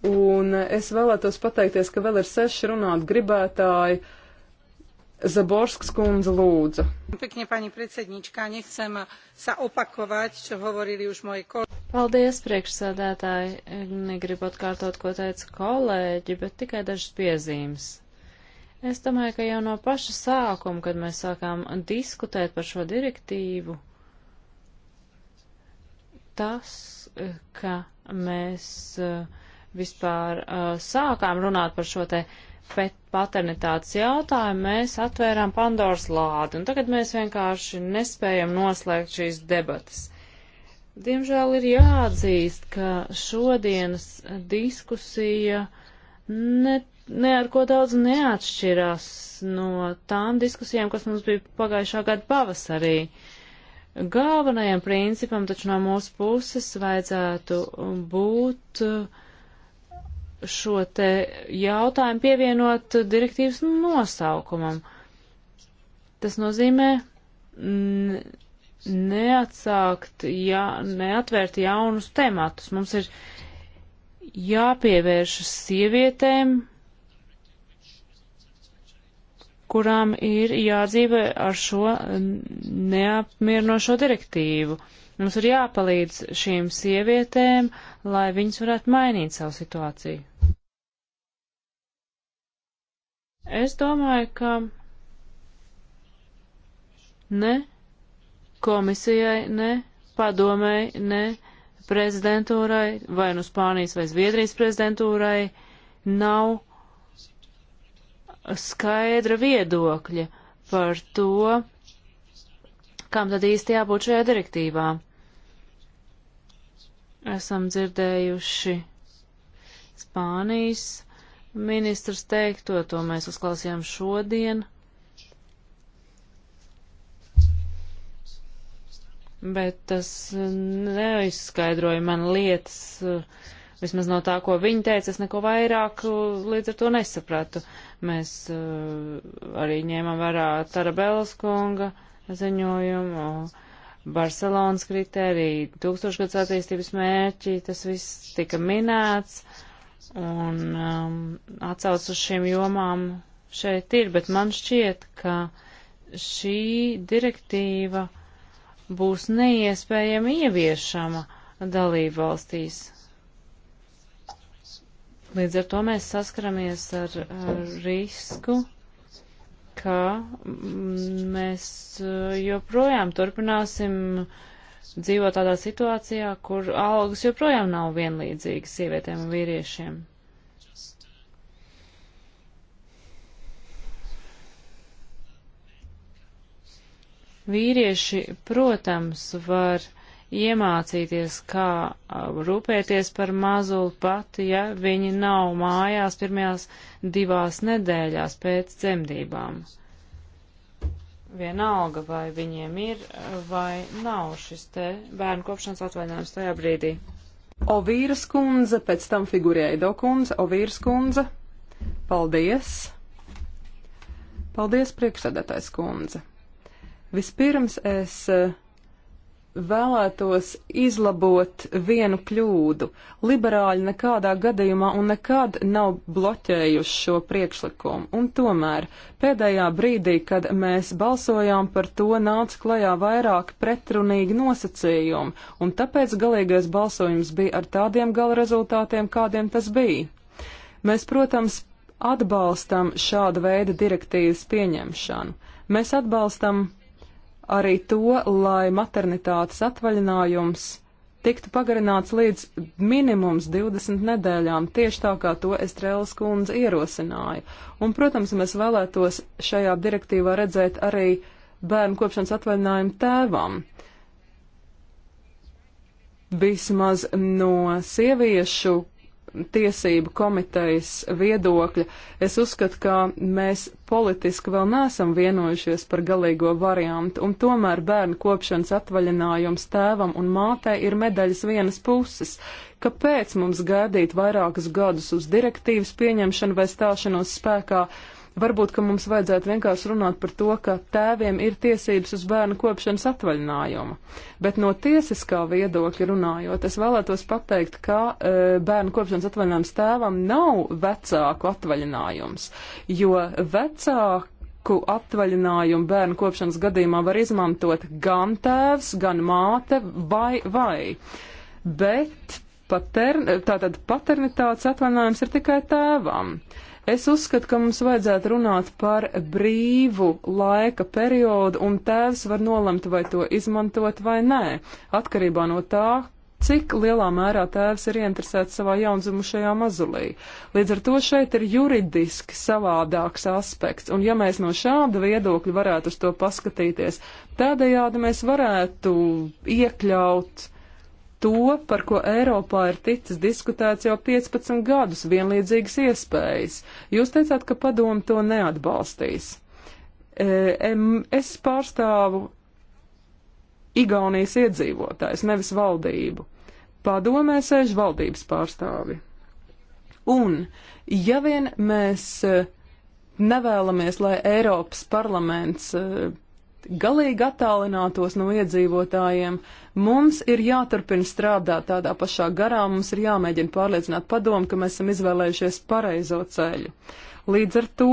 Un es vēlētos pateikties, ka vēl ir seši runāt gribētāji. Zaborskas kundze lūdzu. Pekņi, pani predsedničkā, nechcem sa opakovāt, čo hovorili už moji kolēģi. Paldies, priekšsādātāji. Negribu atkārtot, ko teica kolēģi, bet tikai dažas piezīmes. Es domāju, ka jau no paša sākuma, kad mēs sākām diskutēt par šo direktīvu, tas, ka mēs eh, vispār eh, sākām runāt par šo te paternitātes jautājumu, mēs atvērām Pandoras lādi, un tagad mēs vienkārši nespējam noslēgt šīs debatas. Diemžēl ir jāatzīst, ka šodienas diskusija ne ne ar ko daudz neatšķirās no tām diskusijām, kas mums bija pagājušā gada pavasarī. Galvenajam principam taču no mūsu puses vajadzētu būt šo te jautājumu pievienot direktīvas nosaukumam. Tas nozīmē neatsākt, ja, neatvērt jaunus tematus. Mums ir jāpievēršas sievietēm, kurām ir jādzīvē ar šo neapmierinošo direktīvu. Mums ir jāpalīdz šīm sievietēm, lai viņas varētu mainīt savu situāciju. Es domāju, ka ne komisijai, ne padomēji, ne prezidentūrai, vai nu Spānijas vai Zviedrijas prezidentūrai nav skaidra viedokļa par to, kam tad īsti jābūt šajā direktīvā. Esam dzirdējuši Spānijas ministrs teikto, to mēs uzklausījām šodien. Bet tas neizskaidroja man lietas, vismaz no tā, ko viņi teica, es neko vairāk uh, līdz ar to nesapratu. Uh, Mēs eh, arī ņēmām vērā Tarabēlas kunga ziņojumu, Barcelonas kritēriju, tūkstošgads attīstības mērķi, tas viss tika minēts un um, atsauc uz šīm jomām šeit ir, bet man šķiet, ka šī direktīva būs neiespējami ieviešama dalību valstīs. Līdz ar to mēs saskaramies ar, ar risku, ka mēs eh, joprojām turpināsim dzīvo tādā situācijā, kur algas joprojām nav vienlīdzīgas sievietēm un vīriešiem. Vīrieši, protams, var iemācīties, kā rūpēties par mazuli pat, ja viņi nav mājās pirmajās divās nedēļās pēc dzemdībām. Vienalga, vai viņiem ir vai nav šis te bērnu kopšanas atvaļinājums tajā brīdī. Ovīras kundze, pēc tam figurēja kundze, Ovīras kundze, paldies! Paldies, priekšsēdētājs kundze! Vispirms es uh, vēlētos izlabot vienu kļūdu. Liberāļi nekādā gadījumā un nekad nav bloķējuši šo priekšlikumu, un tomēr pēdējā brīdī, kad mēs balsojām par to, nāca klajā vairāk pretrunīgi nosacījumi, un tāpēc galīgais balsojums bija ar tādiem gala rezultātiem, kādiem tas bija. Mēs, protams, atbalstam šāda veida direktīvas pieņemšanu. Mēs atbalstam arī to, lai maternitātes atvaļinājums tiktu pagarināts līdz minimums 20 nedēļām, tieši tā kā to Estrēlas kundze ierosināja. Un, protams, mēs vēlētos šajā direktīvā redzēt arī bērnu kopšanas atvaļinājumu tēvam. Vismaz no sieviešu tiesību komitejas viedokļa, es uzskatu, ka mēs politiski vēl neesam vienojušies par galīgo variantu, un tomēr bērnu kopšanas atvaļinājums tēvam un mātei ir medaļas vienas puses. Kāpēc mums gaidīt vairākus gadus uz direktīvas pieņemšanu vai stāšanos spēkā? Varbūt, ka mums vajadzētu vienkārši runāt par to, ka tēviem ir tiesības uz bērnu kopšanas atvaļinājumu. Bet no tiesiskā viedokļa runājot, es vēlētos pateikt, ka e, bērnu kopšanas atvaļinājums tēvam nav vecāku atvaļinājums, jo vecāku Māku atvaļinājumu bērnu kopšanas gadījumā var izmantot gan tēvs, gan māte vai vai. Bet patern, tātad paternitātes atvaļinājums ir tikai tēvam. Uh, Es uzskatu, ka mums vajadzētu runāt par brīvu laika periodu, un tēvs var nolemt, vai to izmantot vai nē, atkarībā no tā, cik lielā mērā tēvs ir ieinteresēts savā jaundzimušajā mazulī. Līdz ar to šeit ir juridiski savādāks aspekts, un ja mēs no šāda viedokļa varētu uz to paskatīties, tādējādi mēs varētu iekļaut to, par ko Eiropā ir ticis diskutēts jau 15 gadus - vienlīdzīgas iespējas. Jūs teicāt, ka padomu to neatbalstīs. E, es pārstāvu Igaunijas iedzīvotājs, nevis valdību. Padomē sēž valdības pārstāvi. Un, ja vien mēs e, nevēlamies, lai Eiropas parlaments e, galīgi attālinātos no iedzīvotājiem. Mums ir jāturpina strādāt tādā pašā garā, mums ir jāmēģina pārliecināt padomu, ka mēs esam izvēlējušies pareizo ceļu. Līdz ar to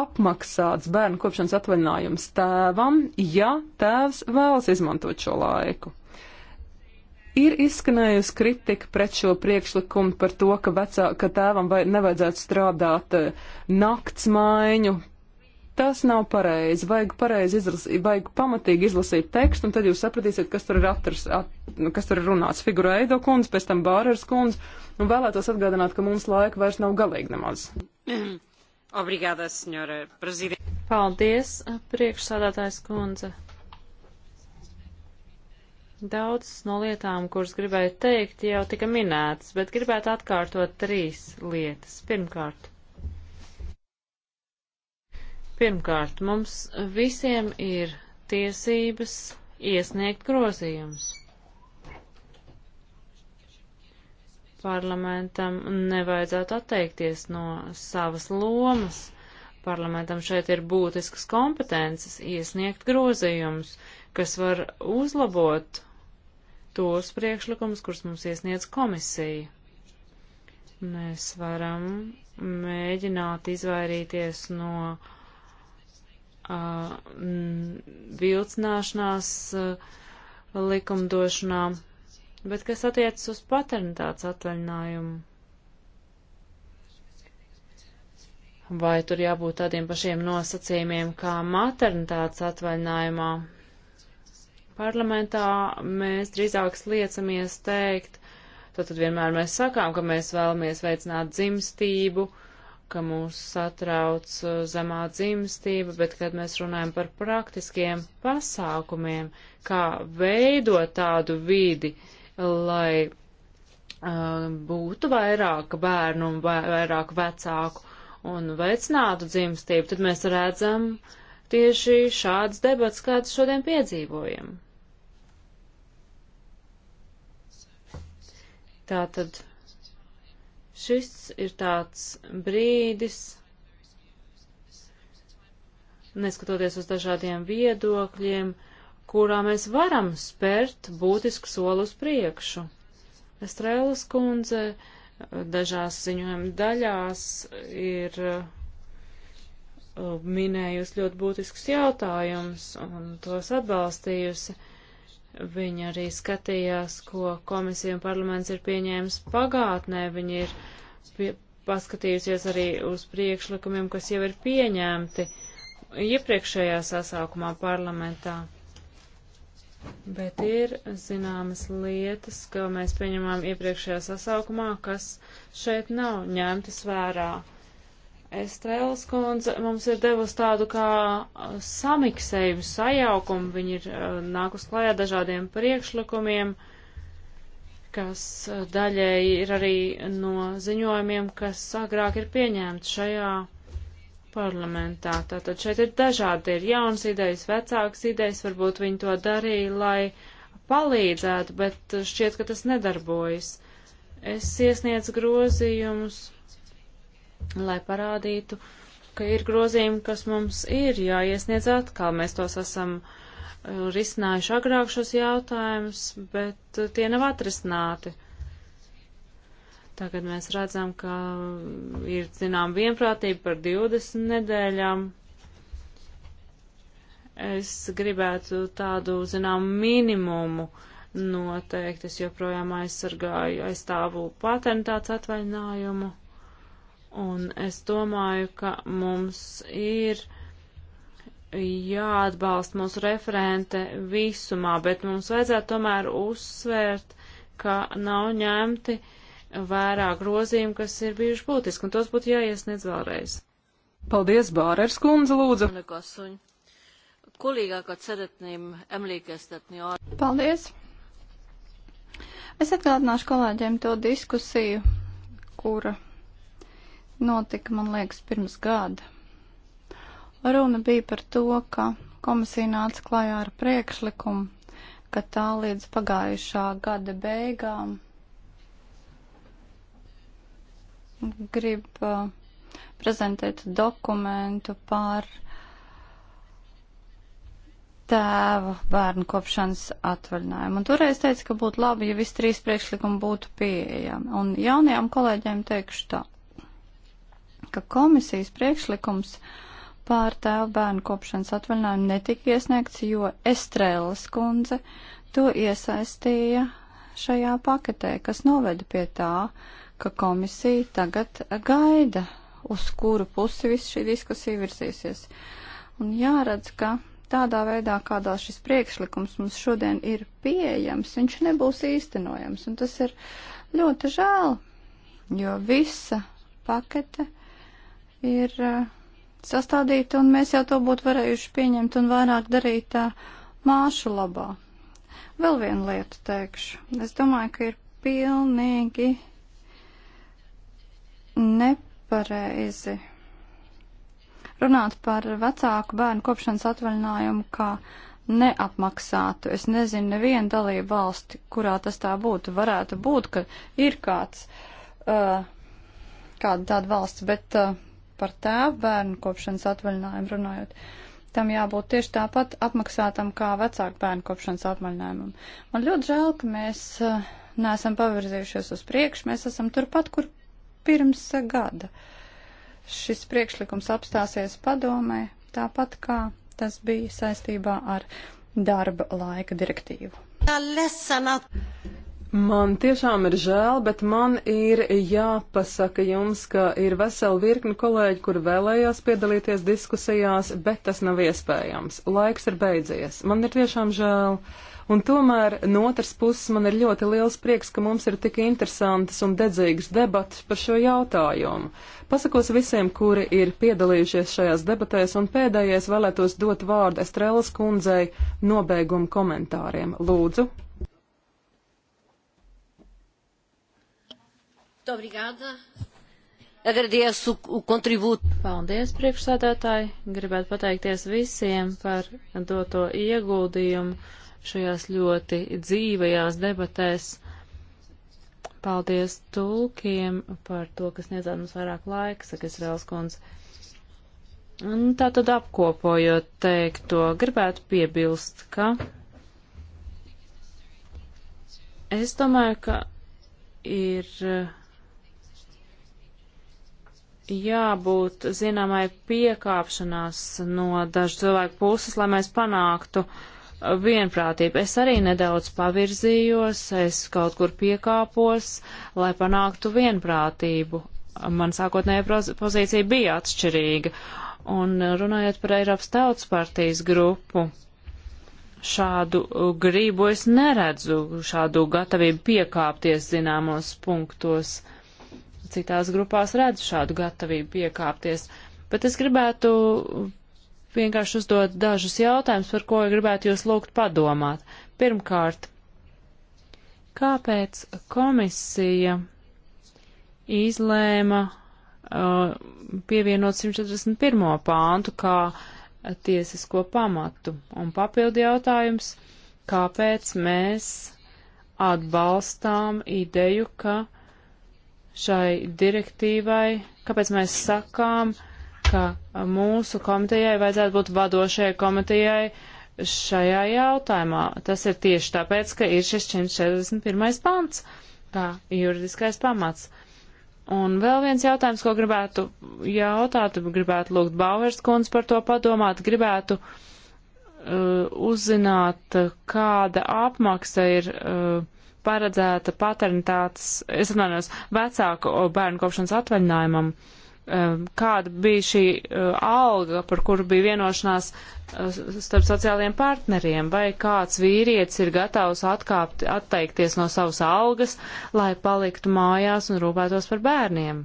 apmaksāts bērnu kopšanas atvaļinājums tēvam, ja tēvs vēlas izmantot šo laiku. Ir izskanējusi kritika pret šo priekšlikumu par to, ka, vecā, ka tēvam vai nevajadzētu strādāt eh, naktsmaiņu, Tas nav pareizi. Vajag, pareizi izlasīt, vajag pamatīgi izlasīt tekstu, un tad jūs sapratīsiet, kas tur ir, atras, at, kas tur ir runāts. Figura Eido kundze, pēc tam Bārers kundze, un vēlētos atgādināt, ka mums laika vairs nav galīgi nemaz. Obrigāda, senjora prezidenta. Paldies, priekšsādātājs kundze. Daudz no lietām, kuras gribēju teikt, jau tika minētas, bet gribētu atkārtot trīs lietas. Pirmkārt, Pirmkārt, mums visiem ir tiesības iesniegt grozījumus. Parlamentam nevajadzētu atteikties no savas lomas. Parlamentam šeit ir būtiskas kompetences iesniegt grozījumus, kas var uzlabot tos priekšlikumus, kurus mums iesniedz komisija. Mēs varam mēģināt izvairīties no uh, uh, vilcināšanās uh, likumdošanā, bet kas attiecas uz paternitātes atvaļinājumu. Vai tur jābūt tādiem pašiem nosacījumiem kā maternitātes atvaļinājumā? Parlamentā mēs drīzāk sliecamies teikt, tad, tad vienmēr mēs sakām, ka mēs vēlamies veicināt dzimstību, uh, ka mūs satrauc uh, zemā dzimstība, bet kad mēs runājam par praktiskiem pasākumiem, kā veidot tādu vidi, lai uh, būtu vairāk bērnu un vairāk vecāku un veicinātu dzimstību, tad mēs redzam tieši šādas debats, kādas šodien piedzīvojam. Tātad Šis ir tāds brīdis, neskatoties uz dažādiem viedokļiem, kurā mēs varam spērt būtisku soli uz priekšu. Estrēlas kundze dažās ziņojuma daļās ir uh, minējusi ļoti būtiskus jautājumus un tos atbalstījusi. Viņa arī skatījās, ko komisija un parlaments ir pieņēmis pagātnē. Viņa ir pie, paskatījusies arī uz priekšlikumiem, kas jau ir pieņemti iepriekšējā sasaukumā parlamentā. Bet ir zināmas lietas, ko mēs pieņemām iepriekšējā sasaukumā, kas šeit nav ņemtas vērā. Uh, Estrēlas kundze mums ir devusi tādu kā samiksējumu, sajaukumu. Viņi ir nākus klājā dažādiem priekšlikumiem, kas daļēji ir arī no ziņojumiem, kas agrāk ir pieņemti šajā parlamentā. Tātad šeit ir dažādi, ir jaunas idejas, vecākas idejas, varbūt viņi to darīja, lai palīdzētu, bet šķiet, ka tas nedarbojas. Es iesniedzu grozījumus lai parādītu, ka ir grozījumi, kas mums ir jāiesniedz atkal. Mēs tos esam uh, risinājuši agrāk šos jautājumus, bet uh, tie nav atrisināti. Tagad mēs redzam, ka ir, zinām, vienprātība par 20 nedēļām. Es gribētu tādu, zinām, minimumu noteikt. Es joprojām aizsargāju, aizstāvu patentāts atvaļinājumu. Un es domāju, ka mums ir jāatbalsta mūsu referente visumā, bet mums vajadzētu tomēr uzsvērt, ka nav ņemti vērā grozījumi, kas ir bijuši būtiski, un tos būtu jāiesniedz vēlreiz. Paldies, Bārers kundze, lūdzu. Kollégákat szeretném emlékeztetni arra. Paldies! Es atgādināšu kolēģiem to diskusiju, kura notika, man liekas, pirms gada. Runa bija par to, ka komisija nāca klājā ar priekšlikumu, ka tā līdz pagājušā gada beigām grib uh, prezentēt dokumentu par tēva bērnu kopšanas atvaļinājumu. Un toreiz teica, ka būtu labi, ja visi trīs priekšlikumi būtu pieejami. Un jaunajām kolēģiem teikšu tā ka komisijas priekšlikums pār tēvu bērnu kopšanas atvaļinājumu netika iesniegts, jo Estrēlas kundze to iesaistīja šajā paketē, kas noveda pie tā, ka komisija tagad gaida, uz kuru pusi viss šī diskusija virzīsies. Un jāredz, ka tādā veidā, kādā šis priekšlikums mums šodien ir pieejams, viņš nebūs īstenojams. Un tas ir ļoti žēl, jo visa pakete ir sastādīti, un mēs jau to būtu varējuši pieņemt un vairāk darīt tā māšu labā. Vēl vienu lietu teikšu. Es domāju, ka ir pilnīgi nepareizi runāt par vecāku bērnu kopšanas atvaļinājumu kā neapmaksātu. Es nezinu nevienu dalību valsti, kurā tas tā būtu. Varētu būt, ka ir kāds, uh, kāda tāda valsts, bet uh, par tēvu bērnu kopšanas atvaļinājumu runājot. Tam jābūt tieši tāpat apmaksātam kā vecāku bērnu kopšanas atvaļinājumam. Man ļoti žēl, ka mēs eh, neesam pavirzījušies uz priekšu, mēs esam turpat, kur pirms eh, gada. Šis priekšlikums apstāsies padomē, tāpat kā tas bija saistībā ar darba laika direktīvu. Tā lesanā. Man tiešām ir žēl, bet man ir jāpasaka jums, ka ir vesela virkni kolēģi, kur vēlējās piedalīties diskusijās, bet tas nav iespējams. Laiks ir beidzies. Man ir tiešām žēl. Un tomēr no otras puses man ir ļoti liels prieks, ka mums ir tik interesantas un dedzīgas debatas par šo jautājumu. Pasakos visiem, kuri ir piedalījušies šajās debatēs, un pēdējais vēlētos dot vārdu Estrelas kundzei nobeiguma komentāriem. Lūdzu! Muito obrigada. Agradeçu o contributo. Paldies, priekšsēdētāji. Gribētu pateikties visiem par doto ieguldījumu šajās ļoti dzīvajās debatēs. Paldies tulkiem par to, kas niedzēd mums vairāk laika, saka Izraels kundze. Un tā tad apkopojot teikto, gribētu piebilst, ka es domāju, ka ir jābūt zināmai piekāpšanās no dažu cilvēku puses, lai mēs panāktu uh, vienprātību. Es arī nedaudz pavirzījos, es kaut kur piekāpos, lai panāktu vienprātību. Man sākotnējā pozīcija bija atšķirīga. Un uh, runājot par Eiropas tautas partijas grupu, šādu uh, gribu es neredzu, šādu gatavību piekāpties zināmos punktos. Uh, citās grupās redzu šādu gatavību piekāpties. Bet es gribētu vienkārši uzdot dažus jautājumus, par ko gribētu jūs lūgt padomāt. Pirmkārt, kāpēc komisija izlēma uh, pievienot 141. pāntu kā tiesisko pamatu? Un papildi jautājums, kāpēc mēs atbalstām ideju, ka uh, šai direktīvai, kāpēc mēs sakām, ka mūsu komitejai vajadzētu būt vadošajai komitejai šajā jautājumā. Tas ir tieši tāpēc, ka ir šis 141. pants, kā juridiskais pamats. Un vēl viens jautājums, ko gribētu jautāt, gribētu lūgt Bauers kundz par to padomāt, gribētu uh, uzzināt, kāda apmaksa ir. Uh, paredzēta paternitātes, es runājos, vecāku bērnu kopšanas atvaļinājumam. Kāda bija šī e, alga, par kuru bija vienošanās e, starp sociālajiem partneriem, vai kāds vīrietis ir gatavs atkāpt, atteikties no savas algas, lai paliktu mājās un rūpētos par bērniem?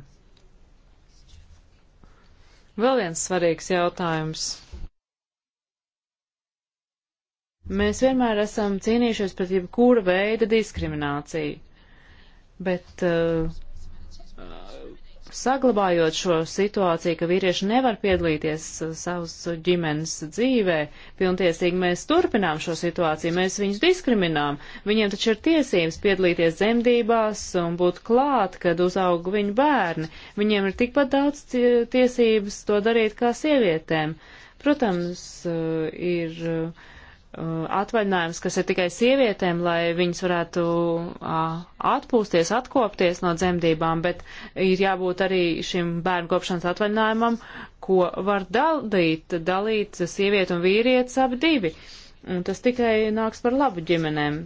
Vēl viens svarīgs jautājums Mēs vienmēr esam cīnījušies pret jebkura veida diskrimināciju, bet uh, saglabājot šo situāciju, ka vīrieši nevar piedalīties uh, savas ģimenes dzīvē, pilntiesīgi mēs turpinām šo situāciju, mēs viņus diskriminām. Viņiem taču ir tiesības piedalīties dzemdībās un būt klāt, kad uzaug viņu bērni. Viņiem ir tikpat daudz tiesības to darīt kā sievietēm. Protams, uh, ir. Uh, Uh, atvaļinājums, kas ir tikai sievietēm, lai viņas varētu uh, atpūsties, atkopties no dzemdībām, bet ir jābūt arī šim bērnu kopšanas atvaļinājumam, ko var dalīt, dalīt sievieti un vīrietis abi divi. Un tas tikai nāks par labu ģimenēm.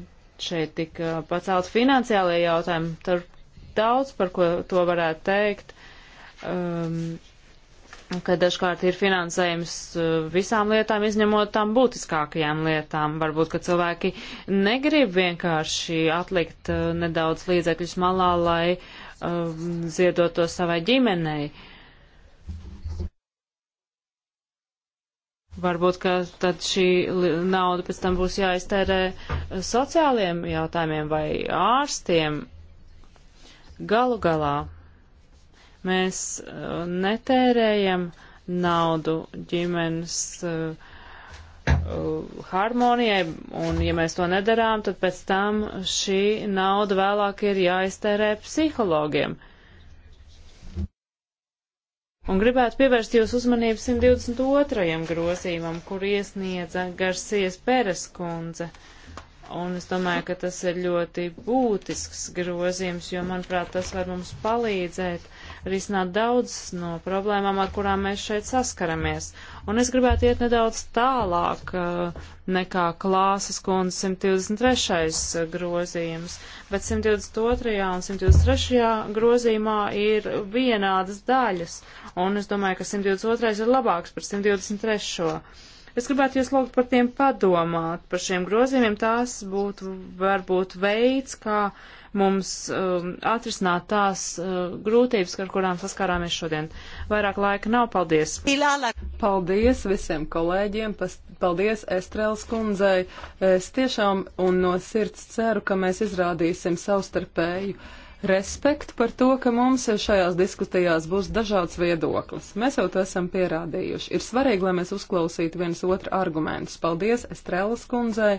Šeit tika pacelt finansiālajie jautājumi, tur daudz par ko to varētu teikt. Um, ka dažkārt ir finansējums uh, visām lietām, izņemot tām būtiskākajām lietām. Varbūt, ka cilvēki negrib vienkārši atlikt uh, nedaudz līdzekļus malā, lai uh, ziedot to savai ģimenei. Varbūt, ka tad šī nauda pēc tam būs jāiztērē uh, sociāliem jautājumiem vai ārstiem. Galu galā Mēs uh, netērējam naudu ģimenes uh, uh, harmonijai, un ja mēs to nedarām, tad pēc tam šī nauda vēlāk ir jāiztērē psihologiem. Un gribētu pievērst jūs uzmanību 122. grozījumam, kur iesniedza Garsies Peres kundze. Un es domāju, ka tas ir ļoti būtisks grozījums, jo, manuprāt, tas var mums palīdzēt uh, risināt daudz no problēmām, ar kurām mēs šeit saskaramies. Un es gribētu iet nedaudz tālāk eh, nekā klāsas kundze 123. Eh, grozījums, bet 122. un 123. grozījumā ir vienādas daļas, un es domāju, ka 122. ir labāks par 123. Es gribētu jūs lūgt par tiem padomāt, par šiem grozījumiem. Tās būtu varbūt veids, kā uh, mums um, atrisināt tās uh, grūtības, ar kurām saskārāmies šodien. Vairāk laika nav, paldies! Paldies visiem kolēģiem, paldies Estrēlas kundzei. Es tiešām un no sirds ceru, ka mēs izrādīsim savstarpēju respektu par to, ka mums šajās diskusijās būs dažāds viedoklis. Mēs jau to esam pierādījuši. Ir svarīgi, lai mēs uzklausītu viens otru argumentus. Paldies Estrēlas kundzei,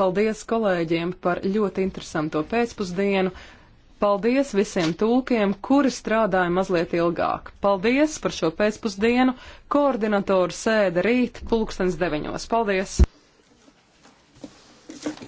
paldies kolēģiem par ļoti interesanto pēcpusdienu. Paldies visiem tulkiem, kuri strādāja mazliet ilgāk. Paldies par šo pēcpusdienu. Koordinatoru sēde rīt pulkstens deviņos. Paldies!